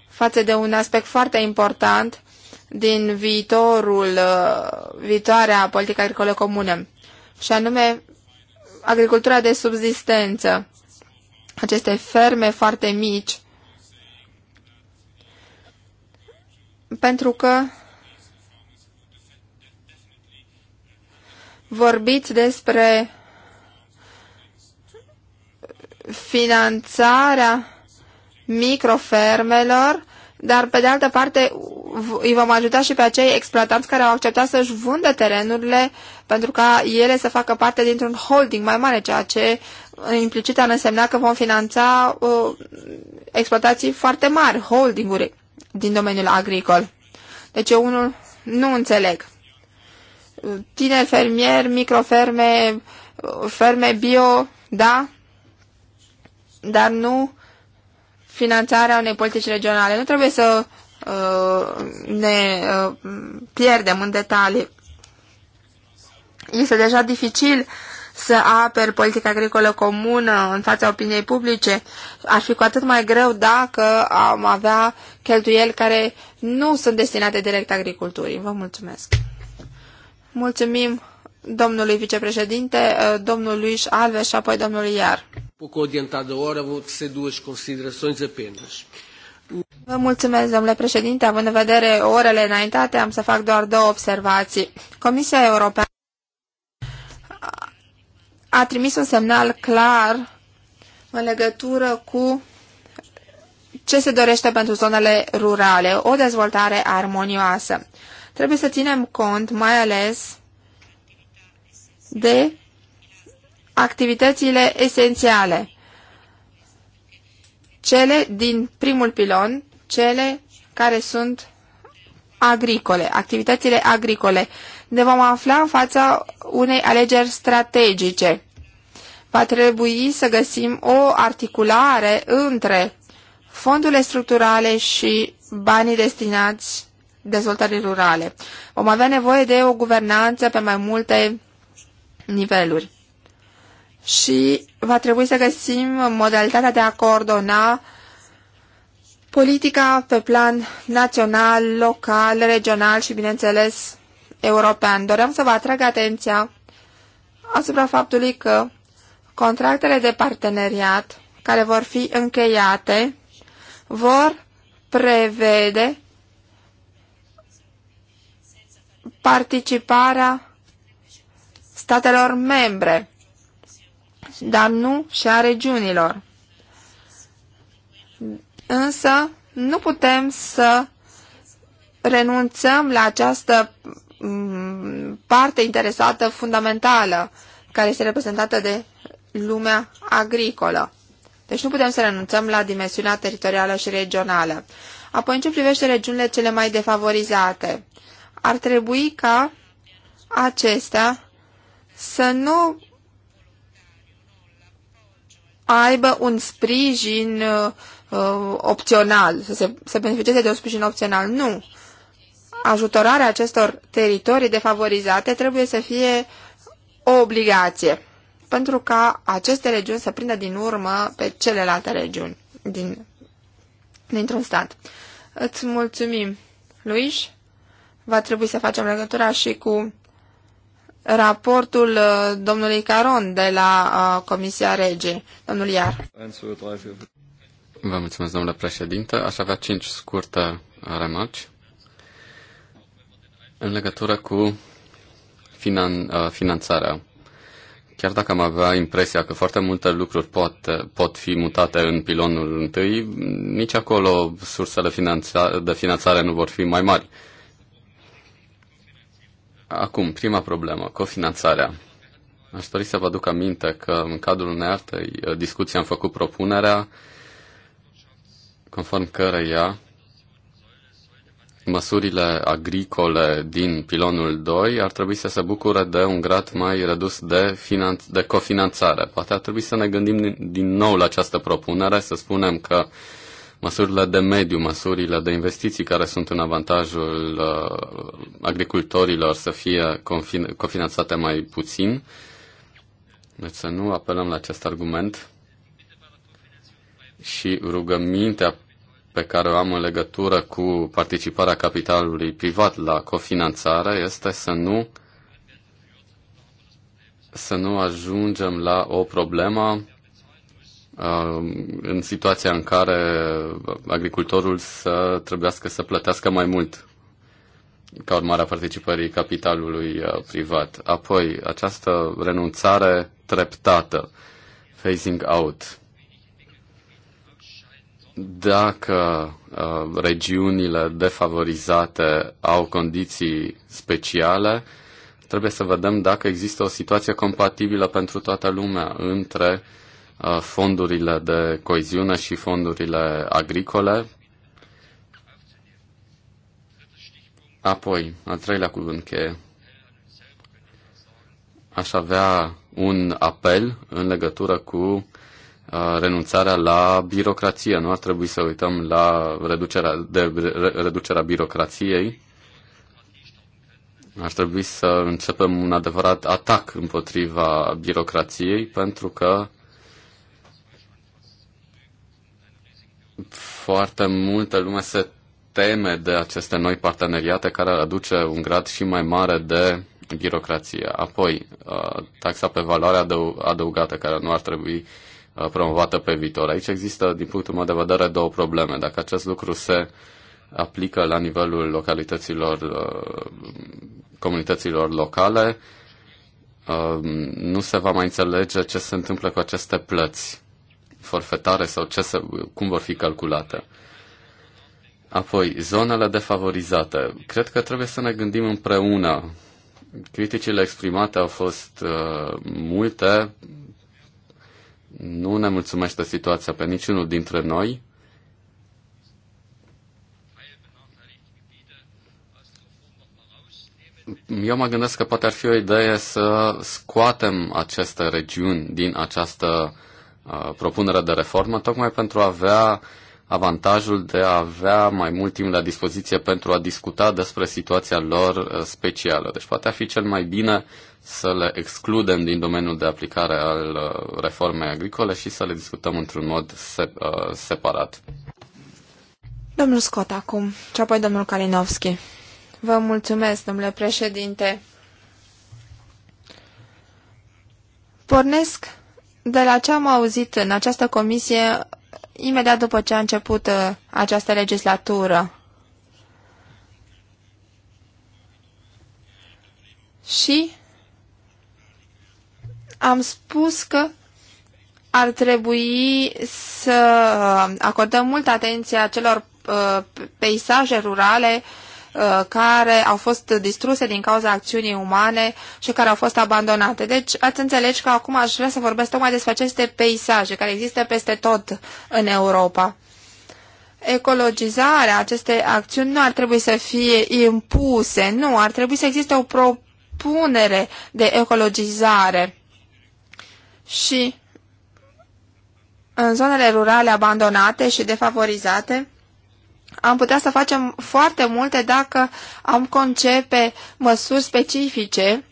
față de un aspect foarte important din viitorul, uh, viitoarea politică agricolă comună, și anume agricultura de subzistență, aceste ferme foarte mici, pentru că vorbiți despre finanțarea microfermelor dar pe de altă parte îi vom ajuta și pe acei exploatanți care au acceptat să-și vândă terenurile pentru ca ele să facă parte dintr-un holding mai mare, ceea ce implicit ar însemna că vom finanța uh, exploatații foarte mari, holdinguri din domeniul agricol. Deci eu unul nu înțeleg. Tineri fermieri, microferme, uh, ferme bio, da, dar nu finanțarea unei politici regionale. Nu trebuie să uh, ne uh, pierdem în detalii. Este deja dificil să aper politica agricolă comună în fața opiniei publice. Ar fi cu atât mai greu dacă am avea cheltuieli care nu sunt destinate direct agriculturii. Vă mulțumesc! Mulțumim domnului vicepreședinte, uh, domnului Luis Alves și apoi domnului Iar. Pouco adiantada a hora, vou tecer duas considerações apenas. Vă mulțumesc, domnule președinte. Având în vedere orele înaintate, am să fac doar două observații. Comisia Europeană a trimis un semnal clar în legătură cu ce se dorește pentru zonele rurale, o dezvoltare armonioasă. Trebuie să ținem cont mai ales de activitățile esențiale, cele din primul pilon, cele care sunt agricole, activitățile agricole. Ne vom afla în fața unei alegeri strategice. Va trebui să găsim o articulare între fondurile structurale și banii destinați dezvoltării rurale. Vom avea nevoie de o guvernanță pe mai multe niveluri și va trebui să găsim modalitatea de a coordona politica pe plan național, local, regional și, bineînțeles, european. Doream să vă atrag atenția asupra faptului că contractele de parteneriat care vor fi încheiate vor prevede participarea statelor membre dar nu și a regiunilor. Însă nu putem să renunțăm la această mm, parte interesată fundamentală care este reprezentată de lumea agricolă. Deci nu putem să renunțăm la dimensiunea teritorială și regională. Apoi, în ce privește regiunile cele mai defavorizate, ar trebui ca acestea să nu aibă un sprijin uh, uh opțional, să, se, să beneficieze de un sprijin opțional. Nu. Ajutorarea acestor teritorii defavorizate trebuie să fie o obligație pentru ca aceste regiuni să prindă din urmă pe celelalte regiuni din, dintr-un stat. Îți mulțumim, Luis. Va trebui să facem legătura și cu raportul uh, domnului Caron de la uh, Comisia Rege. Domnul Iar. Vă mulțumesc, domnule președinte. Aș avea cinci scurte remarci în legătură cu finan- uh, finanțarea. Chiar dacă am avea impresia că foarte multe lucruri pot, pot fi mutate în pilonul întâi, nici acolo sursele finanța- de finanțare nu vor fi mai mari. Uh, Acum, prima problemă, cofinanțarea. Aș dori să vă aduc aminte că în cadrul unei arte uh, discuții am făcut propunerea conform căreia măsurile agricole din pilonul 2 ar trebui să se bucure de un grad mai redus de, finanț- de cofinanțare. Poate ar trebui să ne gândim din nou la această propunere, să spunem că uh, măsurile de mediu, măsurile de investiții care sunt în avantajul uh, agricultorilor să fie cofinanțate mai puțin. Deci să nu apelăm la acest argument și rugămintea pe care o am în legătură cu participarea capitalului privat la cofinanțare este să nu să nu ajungem la o problemă Um, în situația în care agricultorul să trebuiască să plătească mai mult ca urmare a participării capitalului uh, privat. Apoi, această renunțare treptată, phasing out. Dacă uh, regiunile defavorizate au condiții speciale, trebuie să vedem dacă există o situație compatibilă pentru toată lumea între Uh, fondurile de coeziune și fondurile agricole. Apoi, al treilea cuvânt cheie, aș avea un apel în legătură cu uh, renunțarea la birocrație. Nu ar trebui să uităm la reducerea, de, reducerea birocrației. Ar trebui să începem un adevărat atac împotriva birocrației, pentru că foarte multă lume se teme de aceste noi parteneriate care ar aduce un grad și mai mare de birocrație. Apoi, uh, taxa pe valoare adăugată care nu ar trebui uh, promovată pe viitor. Aici există, din punctul meu de vedere, două probleme. Dacă acest lucru se aplică la nivelul localităților, uh, comunităților locale, nu se va mai înțelege ce se întâmplă cu aceste plăți forfetare sau ce să cum vor fi calculate. Apoi, zonele defavorizate. Cred că trebuie să ne gândim împreună. Criticile exprimate au fost uh, multe. Nu ne mulțumește situația pe niciunul dintre noi. Eu mă gândesc că poate ar fi o idee să scoatem aceste regiuni din această uh, Uh, propunere de reformă, tocmai pentru a avea avantajul de a avea mai mult timp la dispoziție pentru a discuta despre situația lor uh, specială. Deci poate a fi cel mai bine să le excludem din domeniul de aplicare al uh, reformei agricole și să le discutăm într-un mod separat. Domnul Scott acum și apoi domnul Kalinowski. Vă mulțumesc, domnule președinte. Pornesc de la ce am auzit în această comisie imediat după ce a început uh, această legislatură. Și am spus că ar trebui să uh, acordăm multă atenție acelor uh, peisaje rurale uh, Uh, care au fost distruse din cauza acțiunii umane și care au fost abandonate. Deci ați înțelege că acum aș vrea să vorbesc tocmai despre aceste peisaje care există peste tot în Europa. Ecologizarea acestei acțiuni nu ar trebui să fie impuse, nu, ar trebui să existe o propunere de ecologizare. Și în zonele rurale abandonate și defavorizate, am putea să facem foarte multe dacă am concepe măsuri specifice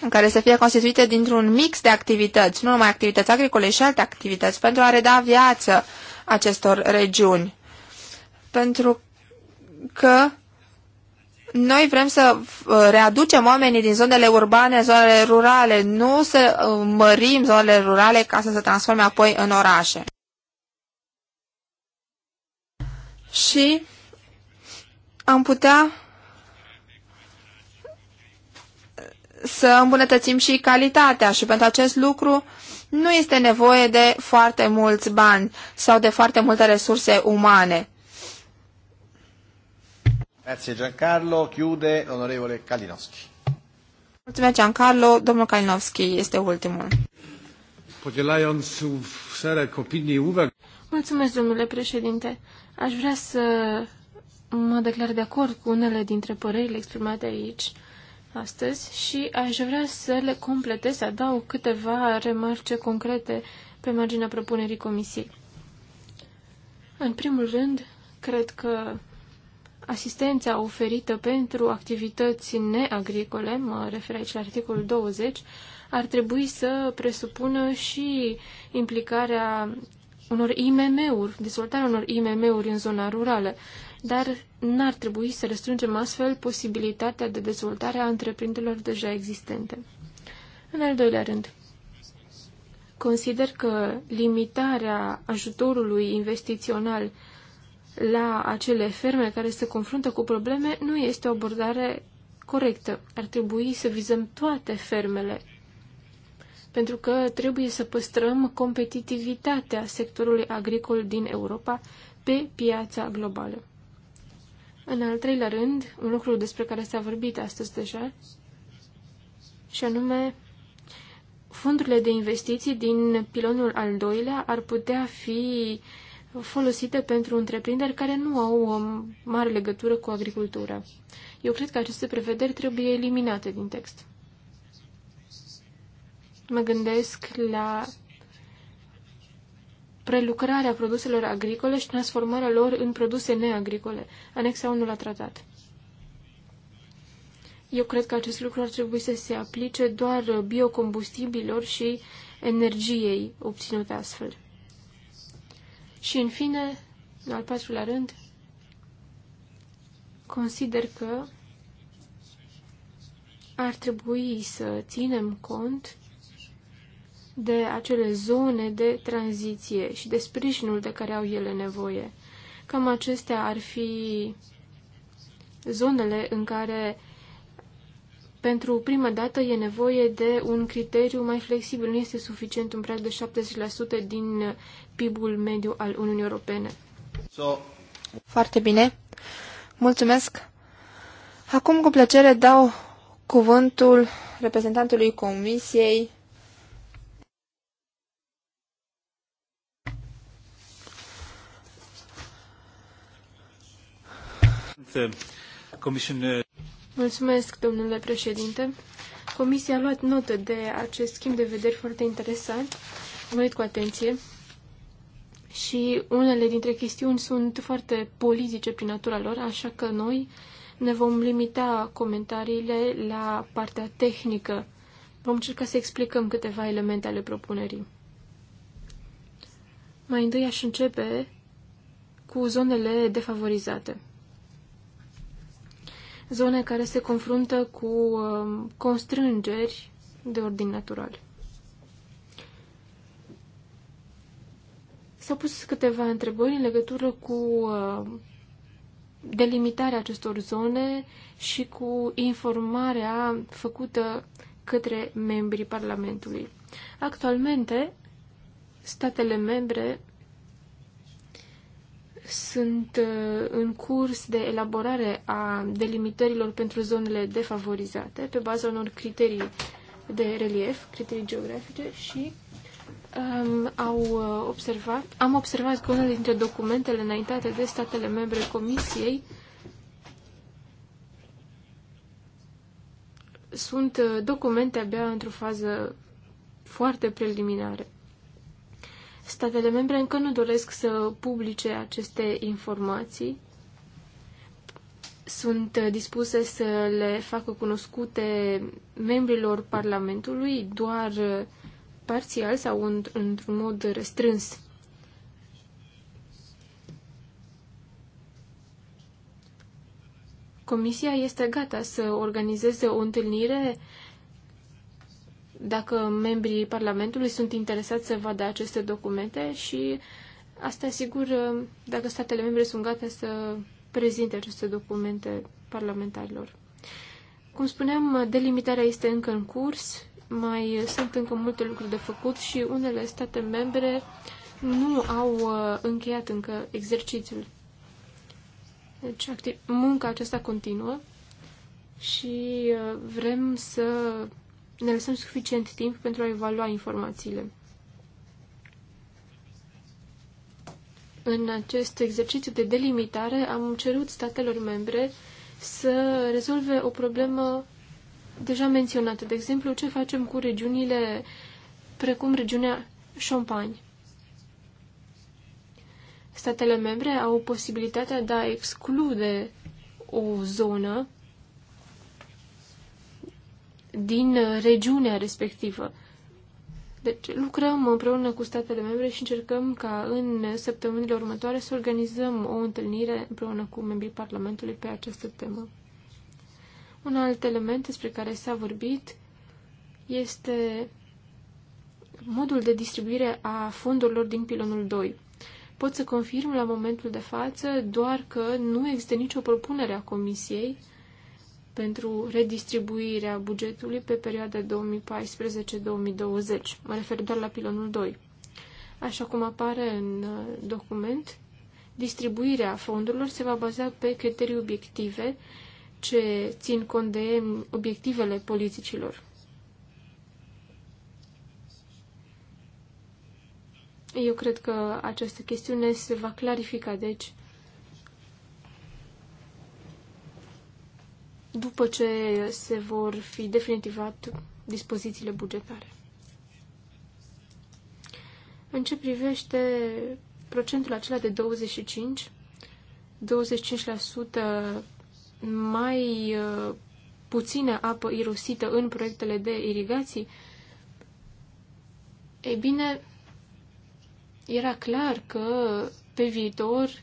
în care să fie constituite dintr-un mix de activități, nu numai activități agricole și alte activități, pentru a reda viață acestor regiuni. Pentru că noi vrem să uh, readucem oamenii din zonele urbane, zonele rurale, nu să uh, mărim zonele rurale ca să se transforme apoi în orașe. și am putea să îmbunătățim și calitatea și pentru acest lucru nu este nevoie de foarte mulți bani sau de foarte multe resurse umane. Grazie Giancarlo, chiude onorevole Kalinowski. Mulțumesc Giancarlo, domnul Kalinowski este ultimul. Podzielając szereg opinii i uwag Mulțumesc, domnule președinte. Aș vrea să mă declar de acord cu unele dintre părerile exprimate aici astăzi și aș vrea să le completez, să adaug câteva remarce concrete pe marginea propunerii comisiei. În primul rând, cred că asistența oferită pentru activități neagricole, mă refer aici la articolul 20, ar trebui să presupună și implicarea unor IMM-uri, dezvoltarea unor IMM-uri în zona rurală, dar n-ar trebui să restrângem astfel posibilitatea de dezvoltare a întreprinderilor deja existente. În al doilea rând, consider că limitarea ajutorului investițional la acele ferme care se confruntă cu probleme nu este o abordare corectă. Ar trebui să vizăm toate fermele pentru că trebuie să păstrăm competitivitatea sectorului agricol din Europa pe piața globală. În al treilea rând, un lucru despre care s-a vorbit astăzi deja, și anume fondurile de investiții din pilonul al doilea ar putea fi folosite pentru întreprinderi care nu au o mare legătură cu agricultura. Eu cred că aceste prevederi trebuie eliminate din text. Mă gândesc la prelucrarea produselor agricole și transformarea lor în produse neagricole. Anexa 1 la tratat. Eu cred că acest lucru ar trebui să se aplice doar biocombustibilor și energiei obținute astfel. Și în fine, în al patrulea rând, consider că ar trebui să ținem cont de acele zone de tranziție și de sprijinul de care au ele nevoie. Cam acestea ar fi zonele în care pentru prima dată e nevoie de un criteriu mai flexibil. Nu este suficient un preț de 70% din PIB-ul mediu al Uniunii Europene. So... Foarte bine. Mulțumesc. Acum, cu plăcere, dau cuvântul reprezentantului Comisiei, Mulțumesc, domnule președinte. Comisia a luat notă de acest schimb de vederi foarte interesant. Am luat cu atenție. Și unele dintre chestiuni sunt foarte politice prin natura lor, așa că noi ne vom limita comentariile la partea tehnică. Vom încerca să explicăm câteva elemente ale propunerii. Mai întâi aș începe cu zonele defavorizate zone care se confruntă cu um, constrângeri de ordin natural. S-au pus câteva întrebări în legătură cu um, delimitarea acestor zone și cu informarea făcută către membrii Parlamentului. Actualmente, statele membre sunt uh, în curs de elaborare a delimitărilor pentru zonele defavorizate pe baza unor criterii de relief, criterii geografice și um, au uh, observat, am observat că unul dintre documentele înaintate de statele membre Comisiei sunt uh, documente abia într-o fază foarte preliminară. Statele membre încă nu doresc să publice aceste informații. Sunt dispuse să le facă cunoscute membrilor Parlamentului doar parțial sau într-un mod restrâns. Comisia este gata să organizeze o întâlnire dacă membrii Parlamentului sunt interesați să vadă aceste documente și asta sigur dacă statele membre sunt gata să prezinte aceste documente parlamentarilor. Cum spuneam, delimitarea este încă în curs, mai sunt încă multe lucruri de făcut și unele state membre nu au uh, încheiat încă exercițiul. Deci activ, munca aceasta continuă și uh, vrem să ne lăsăm suficient timp pentru a evalua informațiile. În acest exercițiu de delimitare am cerut statelor membre să rezolve o problemă deja menționată. De exemplu, ce facem cu regiunile precum regiunea Champagne. Statele membre au posibilitatea de a exclude o zonă din uh, regiunea respectivă. Deci lucrăm împreună cu statele membre și încercăm ca în săptămânile următoare să organizăm o întâlnire împreună cu membrii Parlamentului pe această temă. Un alt element despre care s-a vorbit este modul de distribuire a fondurilor din pilonul 2. Pot să confirm la momentul de față doar că nu există nicio propunere a Comisiei pentru redistribuirea bugetului pe perioada 2014-2020. Mă refer doar la pilonul 2. Așa cum apare în uh, document, distribuirea fondurilor se va baza pe criterii obiective ce țin cont de obiectivele politicilor. Eu cred că această chestiune se va clarifica, deci, după ce se vor fi definitivat dispozițiile bugetare. În ce privește procentul acela de 25, 25% mai uh, puțină apă irosită în proiectele de irigații, ei bine, era clar că pe viitor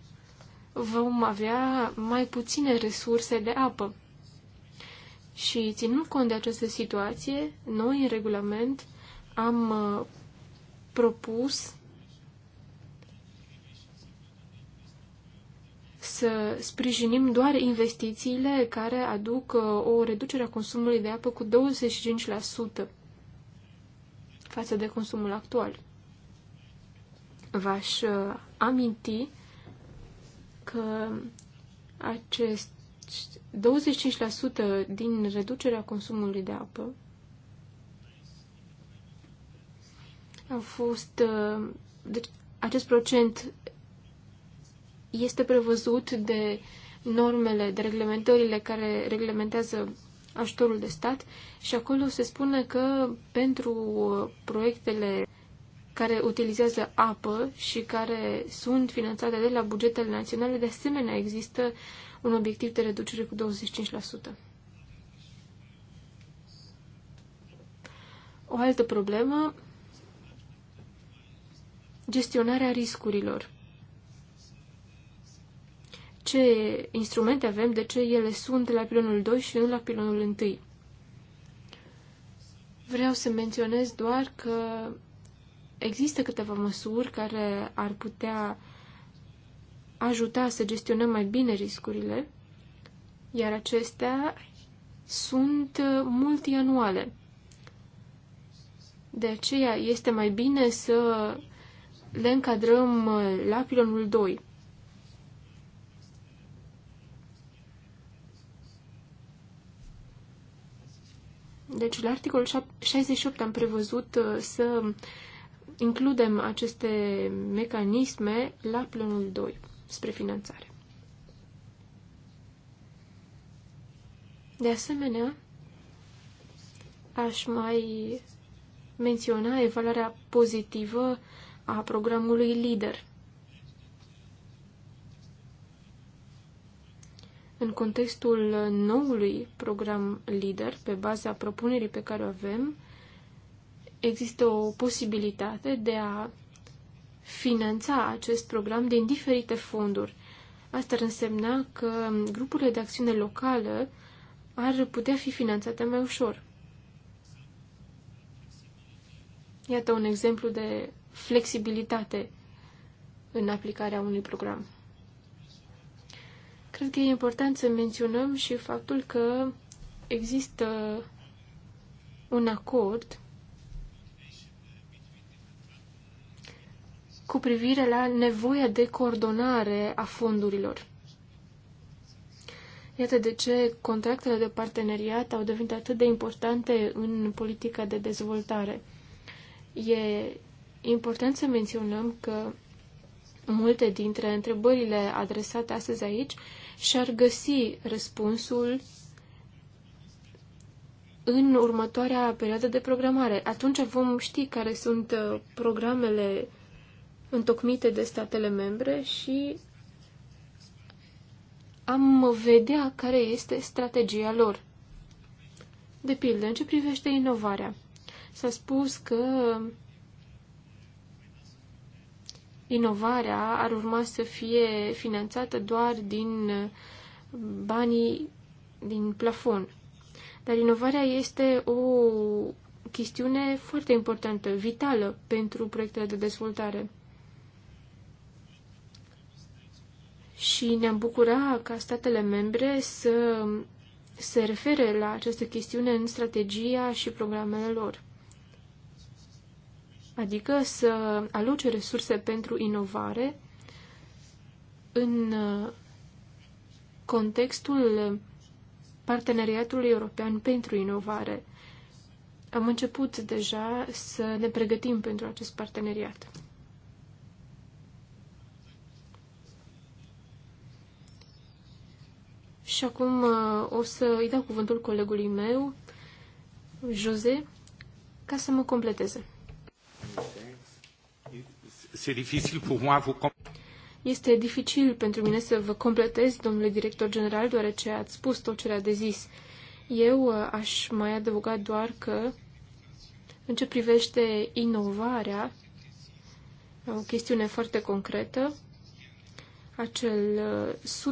vom avea mai puține resurse de apă. Și ținând cont de această situație, noi în regulament am uh, propus să sprijinim doar investițiile care aduc uh, o reducere a consumului de apă cu 25% față de consumul actual. V-aș uh, aminti că acest 25% din reducerea consumului de apă a fost. Uh, deci, acest procent este prevăzut de normele, de reglementările care reglementează ajutorul de stat și acolo se spune că pentru proiectele care utilizează apă și care sunt finanțate de la bugetele naționale, de asemenea există uh, un obiectiv de reducere cu 25%. O altă problemă, gestionarea riscurilor. Ce instrumente avem, de ce ele sunt la pilonul 2 și nu la pilonul 1? Vreau să menționez doar că există câteva măsuri care ar putea uh, ajuta să gestionăm mai bine riscurile, iar acestea sunt multianuale. De aceea este mai bine să le încadrăm la pilonul 2. Deci la articolul 68 am prevăzut uh, să includem aceste mecanisme la planul 2 spre finanțare. De asemenea, aș mai menționa evaluarea pozitivă a programului LIDER. În contextul noului program LIDER, pe baza propunerii pe care o avem, există o posibilitate de a finanța acest program din diferite fonduri. Asta ar însemna că grupurile de acțiune locală ar putea fi finanțate mai ușor. Iată un exemplu de flexibilitate în aplicarea unui program. Cred că e important să menționăm și faptul că există un acord cu privire la nevoia de coordonare a fondurilor. Iată de ce contractele de parteneriat au devenit atât de importante în politica de dezvoltare. E important să menționăm că multe dintre întrebările adresate astăzi aici și-ar găsi răspunsul în următoarea perioadă de programare. Atunci vom ști care sunt uh, programele întocmite de statele membre și am vedea care este strategia lor. De pildă, în ce privește inovarea, s-a spus că inovarea ar urma să fie finanțată doar din banii din plafon. Dar inovarea este o chestiune foarte importantă, vitală pentru proiectele de dezvoltare. și ne-am bucura ca statele membre să se refere la această chestiune în strategia și programele lor. Adică să aloce resurse pentru inovare în uh, contextul Parteneriatului European pentru Inovare. Am început deja să ne pregătim pentru acest parteneriat. Și acum uh, o să îi dau cuvântul colegului meu, Jose, ca să mă completeze. Este dificil pentru mine să vă completez, domnule director general, deoarece ați spus tot ce era de zis. Eu uh, aș mai adăuga doar că, în ce privește inovarea, o chestiune foarte concretă, acel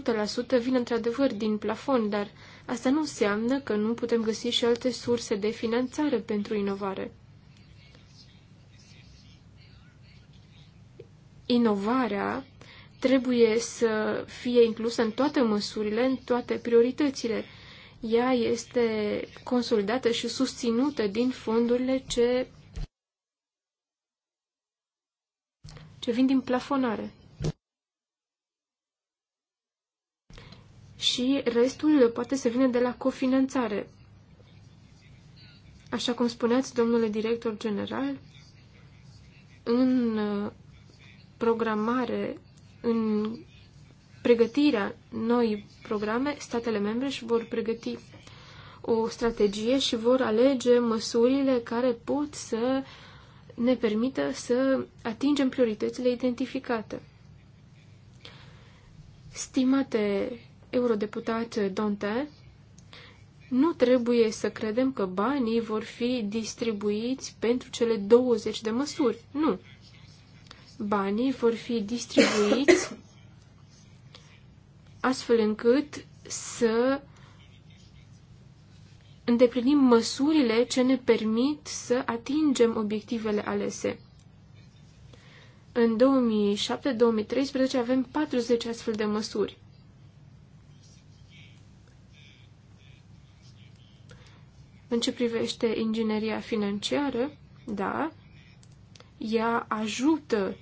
uh, 100% vine într-adevăr din plafon, dar asta nu înseamnă că nu putem găsi și alte surse de finanțare pentru inovare. Inovarea trebuie să fie inclusă în toate măsurile, în toate prioritățile. Ea este consolidată și susținută din fondurile ce, ce vin din plafonare. și restul poate să vină de la cofinanțare. Așa cum spuneați, domnule director general, în uh, programare, în pregătirea noi programe, statele membre își vor pregăti o strategie și vor alege măsurile care pot să ne permită să atingem prioritățile identificate. Stimate eurodeputat Dante, nu trebuie să credem că banii vor fi distribuiți pentru cele 20 de măsuri. Nu. Banii vor fi distribuiți astfel încât să îndeplinim măsurile ce ne permit să atingem obiectivele alese. În 2007-2013 avem 40 astfel de măsuri. În ce privește ingineria financiară, da, ea ajută,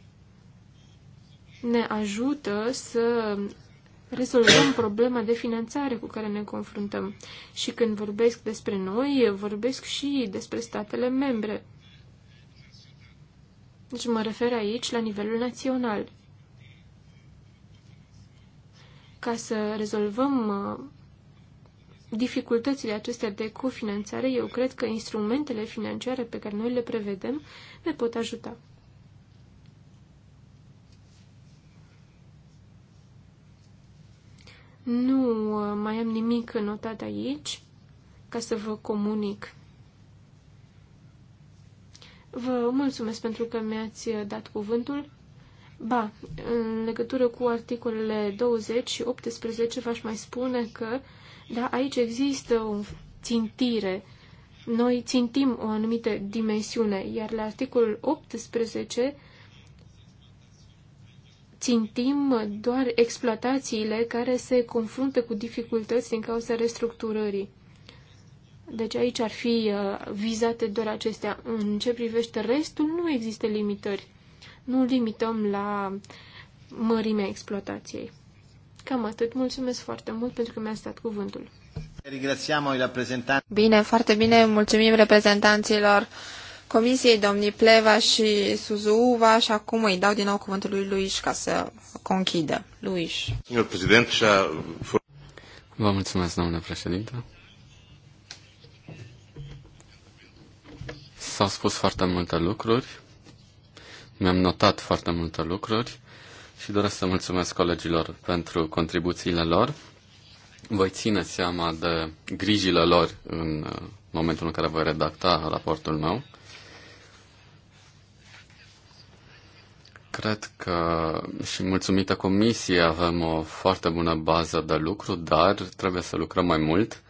ne ajută să rezolvăm problema de finanțare cu care ne confruntăm. Și când vorbesc despre noi, vorbesc și despre statele membre. Deci mă refer aici la nivelul național. Ca să rezolvăm uh, dificultățile acestea de cofinanțare, eu cred că instrumentele financiare pe care noi le prevedem ne pot ajuta. Nu uh, mai am nimic notat aici ca să vă comunic. Vă mulțumesc pentru că mi-ați uh, dat cuvântul. Ba, în legătură cu articolele 20 și 18 v-aș mai spune că da, aici există o țintire. Noi țintim o anumită dimensiune, iar la articolul 18 țintim doar exploatațiile care se confruntă cu dificultăți din cauza restructurării. Deci aici ar fi uh, vizate doar acestea. În ce privește restul, nu există limitări. Nu limităm la mărimea exploatației. Cam atât. Mulțumesc foarte mult pentru că mi-ați dat cuvântul. Bine, foarte bine. Mulțumim reprezentanților Comisiei, domnii Pleva și Suzuva și acum îi dau din nou cuvântul lui Luis ca să conchidă. Luis. Vă mulțumesc, domnule președinte. S-au spus foarte multe lucruri. Mi-am notat foarte multe lucruri și doresc să mulțumesc colegilor pentru contribuțiile lor. Voi ține seama de grijile lor în uh, momentul în care voi redacta raportul meu. Cred că și mulțumită comisiei avem o foarte bună bază de lucru, dar trebuie să lucrăm mai mult.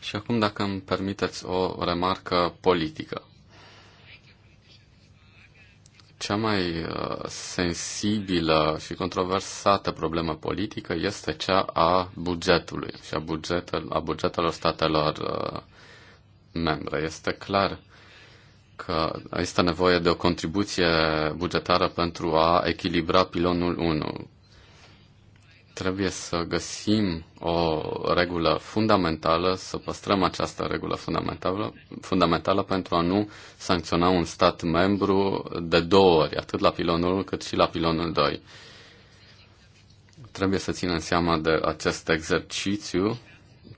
Și acum, dacă îmi permiteți o remarcă politică. Cea mai uh, sensibilă și controversată problemă politică este cea a bugetului și a, bugetel, a bugetelor statelor uh, membre. Este clar că este nevoie de o contribuție bugetară pentru a echilibra pilonul 1 trebuie să găsim o regulă fundamentală, să păstrăm această regulă fundamentală, fundamentală pentru a nu sancționa un stat membru de două ori, atât la pilonul 1 cât și la pilonul 2. Trebuie să ținem seama de acest exercițiu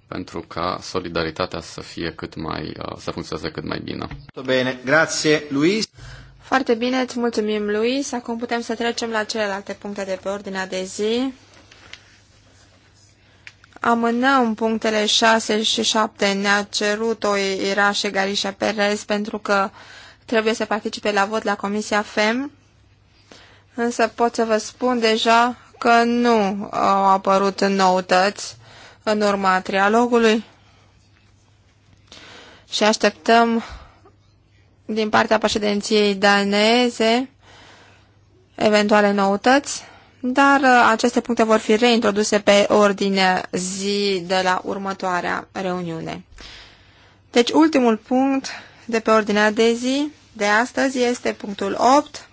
pentru ca solidaritatea să fie cât mai, uh, să funcționeze cât mai bine. Bine, grație, Luis. Foarte bine, îți mulțumim, Luis. Acum putem să trecem la celelalte puncte de pe ordinea de zi amânăm punctele 6 și 7. Ne-a cerut-o era și Garișa Perez pentru că trebuie să participe la vot la Comisia FEM, însă pot să vă spun deja că nu au apărut noutăți în urma trialogului și așteptăm din partea președinției daneze eventuale noutăți dar uh, aceste puncte vor fi reintroduse pe ordine zi de la următoarea reuniune. Deci ultimul punct de pe ordinea de zi de astăzi este punctul 8.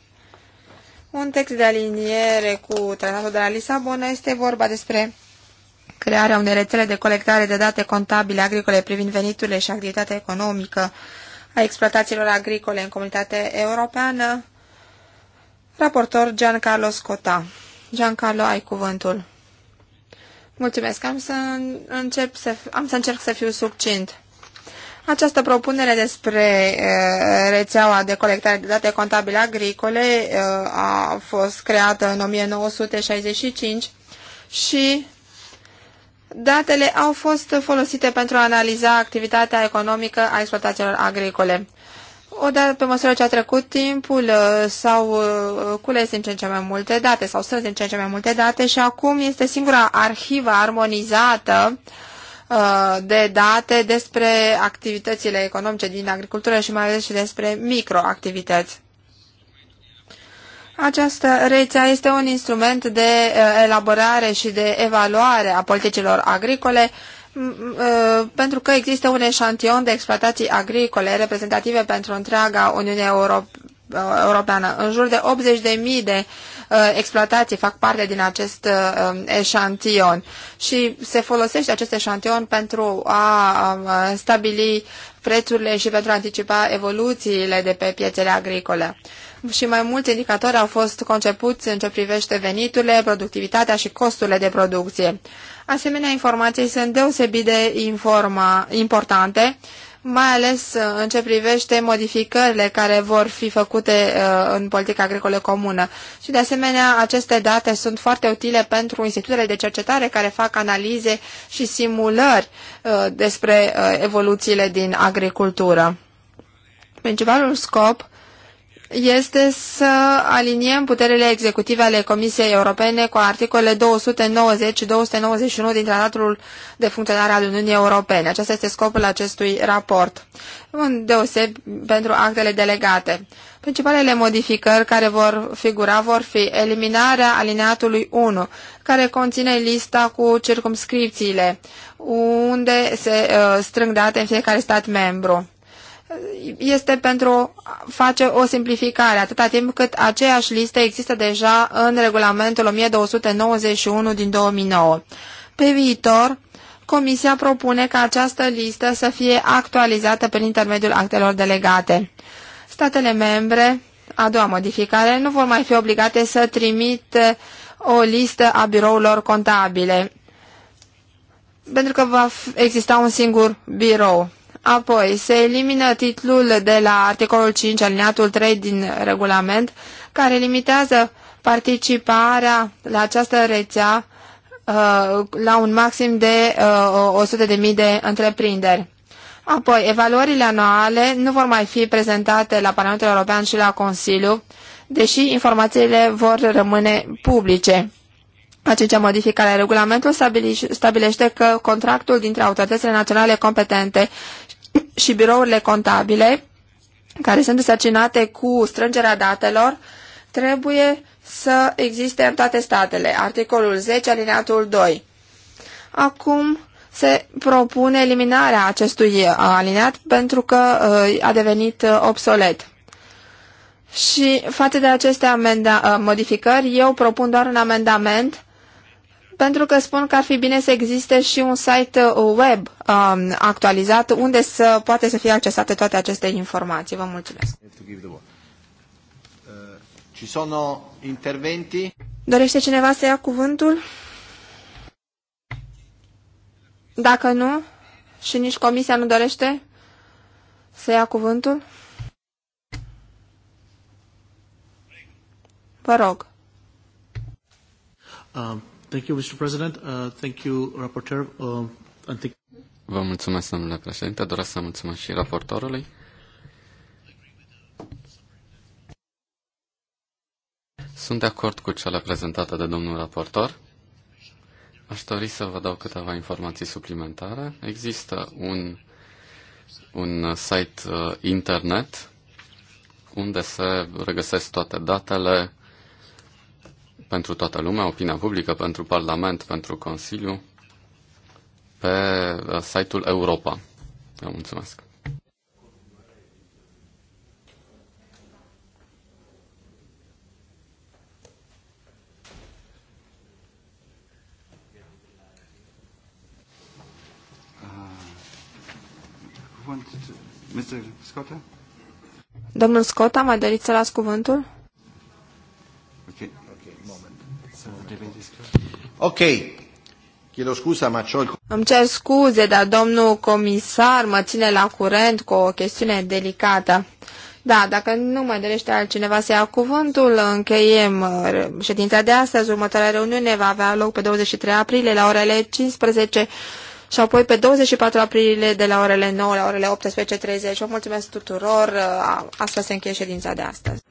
Un text de aliniere cu tratatul de la Lisabona este vorba despre crearea unei rețele de colectare de date contabile agricole privind veniturile și activitatea economică a exploatațiilor agricole în comunitatea europeană, raportor Gian Carlos Cota. Giancarlo, ai cuvântul. Mulțumesc, am să, încep să, am să încerc să fiu succint. Această propunere despre rețeaua de colectare de date contabile agricole a fost creată în 1965 și datele au fost folosite pentru a analiza activitatea economică a exploatațiilor agricole. Odată pe măsură ce a trecut timpul, uh, s-au uh, uh, cules în ce în ce mai multe date, sau au strâns în ce în ce mai multe date și acum este singura arhivă armonizată de date despre activitățile economice din agricultură și mai ales și despre microactivități. Această rețea este un instrument de elaborare și de evaluare a politicilor agricole Mm, mm, uh, pentru că există un eșantion de exploatații agricole reprezentative pentru întreaga Uniune Europeană uh, europeană. În jur de 80.000 de uh, exploatații fac parte din acest uh, eșantion și se folosește acest eșantion pentru a uh, stabili prețurile și pentru a anticipa evoluțiile de pe piețele agricole. Și mai mulți indicatori au fost concepuți în ce privește veniturile, productivitatea și costurile de producție. Asemenea, informații sunt deosebit de informa, importante, mai ales uh, în ce privește modificările care vor fi făcute uh, în politica agricolă comună. Și de asemenea, aceste date sunt foarte utile pentru institutele de cercetare care fac analize și simulări uh, despre evoluțiile din agricultură. Principalul scop este să aliniem puterile executive ale Comisiei Europene cu articolele 290 și 291 din Tratatul de Funcționare al Uniunii Europene. Acesta este scopul acestui raport, un deoseb pentru actele delegate. Principalele modificări care vor figura vor fi eliminarea alineatului 1, care conține lista cu circumscripțiile, unde se uh, strâng date în fiecare stat membru este pentru a face o simplificare, atâta timp cât aceeași listă există deja în regulamentul 1291 din 2009. Pe viitor, Comisia propune ca această listă să fie actualizată prin intermediul actelor delegate. Statele membre, a doua modificare, nu vor mai fi obligate să trimit o listă a birourilor contabile, pentru că va exista un singur birou. Apoi, se elimină titlul de la articolul 5, alineatul 3 din regulament, care limitează participarea la această rețea uh, la un maxim de uh, 100.000 de întreprinderi. Apoi, evaluările anuale nu vor mai fi prezentate la Parlamentul European și la Consiliu, deși informațiile vor rămâne publice. Această modificare a regulamentului stabilește că contractul dintre autoritățile naționale competente și birourile contabile, care sunt însărcinate cu strângerea datelor, trebuie să existe în toate statele. Articolul 10, alineatul 2. Acum se propune eliminarea acestui uh, alineat pentru că uh, a devenit uh, obsolet. Și față de aceste amenda modificări, eu propun doar un amendament pentru că spun că ar fi bine să existe și un site uh, web um, actualizat unde să poate să fie accesate toate aceste informații. Vă mulțumesc. Uh, ci sono interventi? Dorește cineva să ia cuvântul? Dacă nu, și nici comisia nu dorește să ia cuvântul? Vă rog. Um. Thank you, Mr. President. Uh, thank you, Rapporteur. Uh, and thank Vă mulțumesc, domnule președinte. Doresc să mulțumesc și raportorului. Sunt de acord cu cele prezentate de domnul raportor. Aș dori să vă dau câteva informații suplimentare. Există un, un site uh, internet unde se regăsesc toate datele, pentru toată lumea, opinia publică, pentru Parlament, pentru Consiliu, pe uh, site-ul Europa. Vă mulțumesc! Ah, Domnul Scota, mai doriți să las cuvântul? Ok. Chiedo scusa, ma c'ho il... Îmi cer scuze, dar domnul comisar mă ține la curent cu o chestiune delicată. Da, dacă nu mai dorește altcineva să ia cuvântul, încheiem uh, ședința de astăzi. Următoarea reuniune va avea loc pe 23 aprilie la orele 15 și apoi pe 24 aprilie de la orele 9 la orele 18.30. Vă mulțumesc tuturor. Uh, asta se încheie ședința de astăzi.